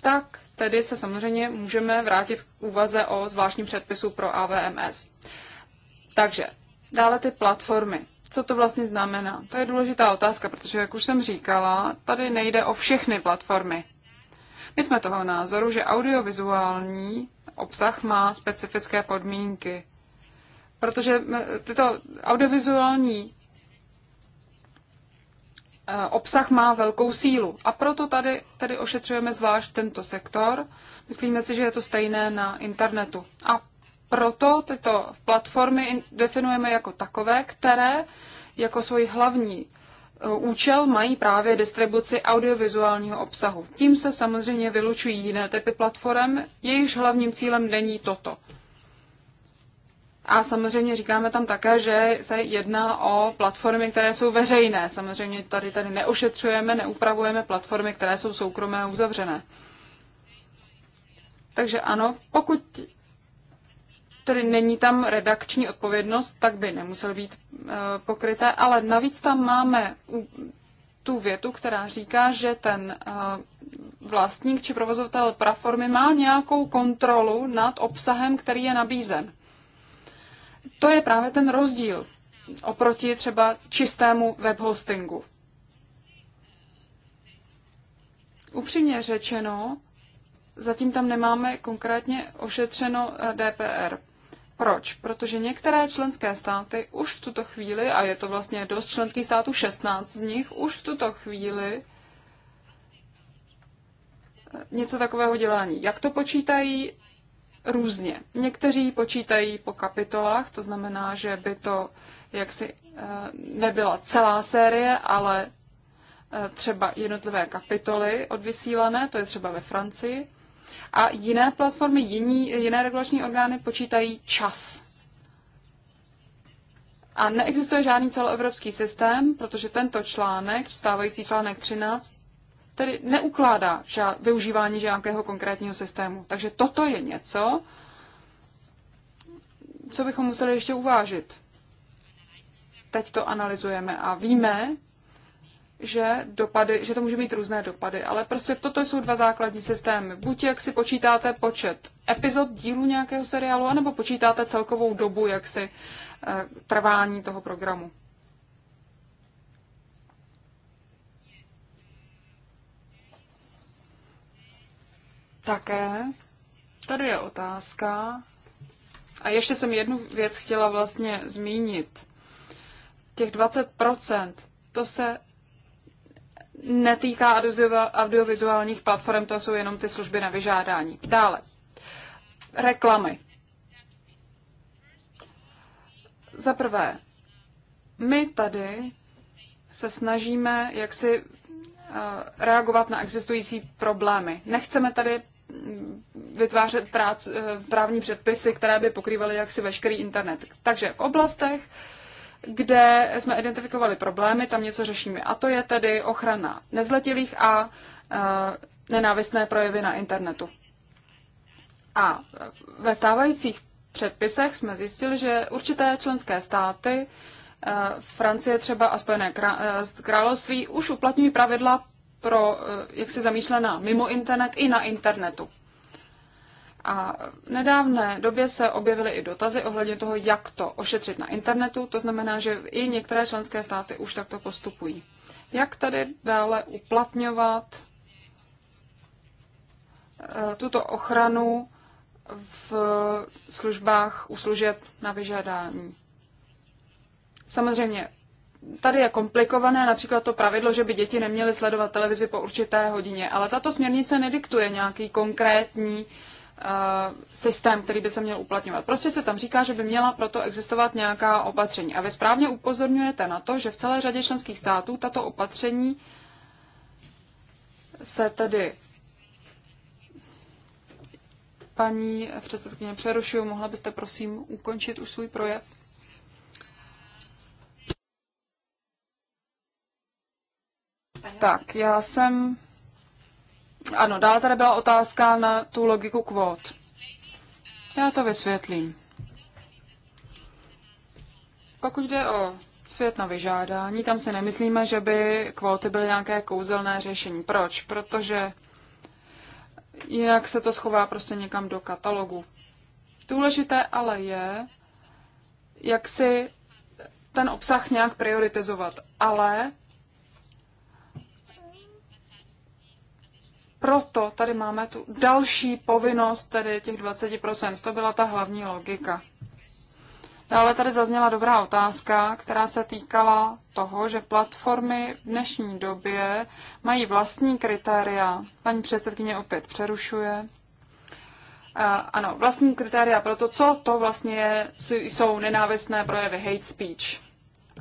tak tedy se samozřejmě můžeme vrátit k úvaze o zvláštním předpisu pro AVMS. Takže dále ty platformy. Co to vlastně znamená? To je důležitá otázka, protože, jak už jsem říkala, tady nejde o všechny platformy. My jsme toho názoru, že audiovizuální obsah má specifické podmínky, protože tyto audiovizuální Eh, obsah má velkou sílu. A proto tady, tady ošetřujeme zvlášť tento sektor. Myslíme si, že je to stejné na internetu. A proto tyto platformy definujeme jako takové, které jako svůj hlavní eh, účel mají právě distribuci audiovizuálního obsahu. Tím se samozřejmě vylučují jiné typy platform, jejichž hlavním cílem není toto. A samozřejmě říkáme tam také, že se jedná o platformy, které jsou veřejné. Samozřejmě tady, tady neošetřujeme, neupravujeme platformy, které jsou soukromé a uzavřené. Takže ano, pokud tedy není tam redakční odpovědnost, tak by nemusel být eh, pokryté, ale navíc tam máme tu větu, která říká, že ten eh, vlastník či provozovatel platformy má nějakou kontrolu nad obsahem, který je nabízen. To je právě ten rozdíl oproti třeba čistému web hostingu. Upřímně řečeno, zatím tam nemáme konkrétně ošetřeno eh, DPR. Proč? Protože některé členské státy už v tuto chvíli, a je to vlastně dost členských států, 16 z nich, už v tuto chvíli eh, něco takového dělání. Jak to počítají, různě. Někteří počítají po kapitolách, to znamená, že by to jaksi eh, nebyla celá série, ale eh, třeba jednotlivé kapitoly odvysílané, to je třeba ve Francii. A jiné platformy, jiní, jiné regulační orgány počítají čas. A neexistuje žádný celoevropský systém, protože tento článek, stávající článek 13, tedy neukládá žád, využívání nějakého konkrétního systému. Takže toto je něco, co bychom museli ještě uvážit. Teď to analyzujeme a víme, že, dopady, že to může mít různé dopady, ale prostě toto jsou dva základní systémy. Buď jak si počítáte počet epizod dílu nějakého seriálu, anebo počítáte celkovou dobu, jak si eh, trvání toho programu. Také tady je otázka. A ještě jsem jednu věc chtěla vlastně zmínit. Těch 20%, to se netýká audiovizuálních platform, to jsou jenom ty služby na vyžádání. Dále, reklamy. Za prvé, my tady se snažíme jaksi eh, reagovat na existující problémy. Nechceme tady vytvářet prác, eh, právní předpisy, které by pokrývaly jaksi veškerý internet. Takže v oblastech, kde jsme identifikovali problémy, tam něco řešíme. A to je tedy ochrana nezletilých a eh, nenávistné projevy na internetu. A ve stávajících předpisech jsme zjistili, že určité členské státy eh, Francie třeba a Spojené království už uplatňují pravidla pro, eh, jak se zamýšlená mimo internet i na internetu. A v nedávné době se objevily i dotazy ohledně toho, jak to ošetřit na internetu, to znamená, že i některé členské státy už takto postupují. Jak tady dále uplatňovat eh, tuto ochranu v službách u služeb na vyžádání? Samozřejmě tady je komplikované například to pravidlo, že by děti neměly sledovat televizi po určité hodině, ale tato směrnice nediktuje nějaký konkrétní eh, systém, který by se měl uplatňovat. Prostě se tam říká, že by měla proto existovat nějaká opatření. A vy správně upozorňujete na to, že v celé řadě členských států tato opatření se tedy paní předsedkyně přerušuju. Mohla byste prosím ukončit už svůj projev? Tak, já jsem... Ano, dále tady byla otázka na tu logiku kvót. Já to vysvětlím. Pokud jde o svět na vyžádání, tam si nemyslíme, že by kvóty byly nějaké kouzelné řešení. Proč? Protože jinak se to schová prostě někam do katalogu. Důležité ale je, jak si ten obsah nějak prioritizovat. Ale proto tady máme tu další povinnost, tedy těch 20%. To byla ta hlavní logika. Dále tady zazněla dobrá otázka, která se týkala toho, že platformy v dnešní době mají vlastní kritéria. Paní předsedkyně opět přerušuje. Eh, ano, vlastní kritéria pro to, co to vlastně je, jsou nenávistné projevy hate speech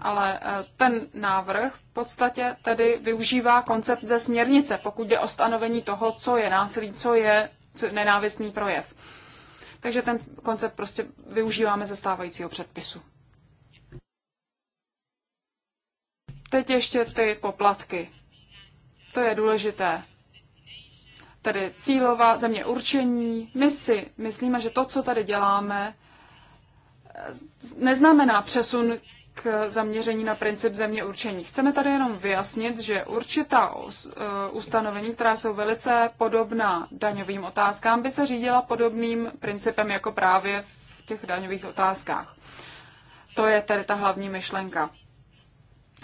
ale eh, ten návrh v podstatě tedy využívá koncept ze směrnice, pokud jde o stanovení toho, co je násilí, co je nenávistný projev. Takže ten koncept prostě využíváme ze stávajícího předpisu. Teď ještě ty poplatky. To je důležité. Tedy cílová země určení. My si myslíme, že to, co tady děláme, eh, neznamená přesun k zaměření na princip země určení. Chceme tady jenom vyjasnit, že určitá uh, ustanovení, která jsou velice podobná daňovým otázkám, by se řídila podobným principem jako právě v těch daňových otázkách. To je tedy ta hlavní myšlenka.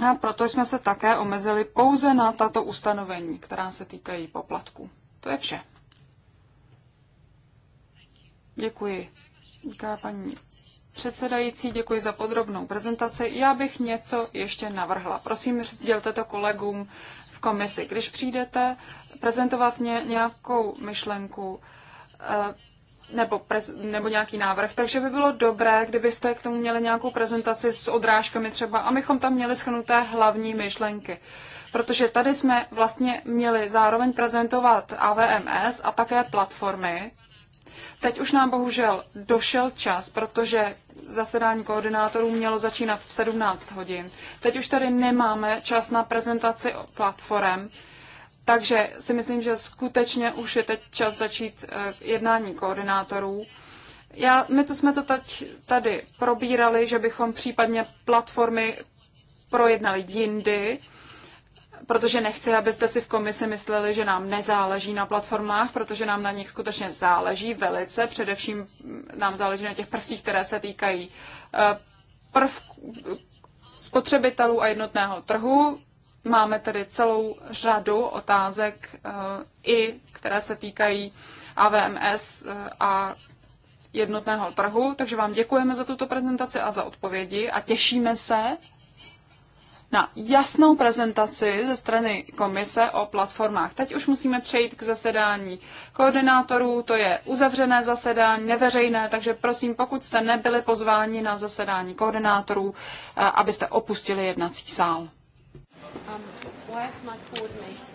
A proto jsme se také omezili pouze na tato ustanovení, která se týkají poplatku. To je vše. Děkuji. Díká paní předsedající, děkuji za podrobnou prezentaci. Já bych něco ještě navrhla. Prosím, sdělte to kolegům v komisi. Když přijdete prezentovat ně, nějakou myšlenku eh, nebo, prez, nebo nějaký návrh, takže by bylo dobré, kdybyste k tomu měli nějakou prezentaci s odrážkami třeba, abychom tam měli schnuté hlavní myšlenky protože tady jsme vlastně měli zároveň prezentovat AVMS a také platformy. Teď už nám bohužel došel čas, protože zasedání koordinátorů mělo začínat v 17 hodin. Teď už tady nemáme čas na prezentaci platform, takže si myslím, že skutečně už je teď čas začít eh, jednání koordinátorů. Já, my to jsme to teď tady probírali, že bychom případně platformy projednali jindy, protože nechci, abyste si v komisi mysleli, že nám nezáleží na platformách, protože nám na nich skutečně záleží velice. Především nám záleží na těch prvcích, které se týkají eh, prvků, spotřebitelů a jednotného trhu. Máme tedy celou řadu otázek, eh, i které se týkají AVMS eh, a jednotného trhu. Takže vám děkujeme za tuto prezentaci a za odpovědi a těšíme se na jasnou prezentaci ze strany komise o platformách. Teď už musíme přejít k zasedání koordinátorů, to je uzavřené zasedání, neveřejné, takže prosím, pokud jste nebyli pozváni na zasedání koordinátorů, eh, abyste opustili jednací sál. Um,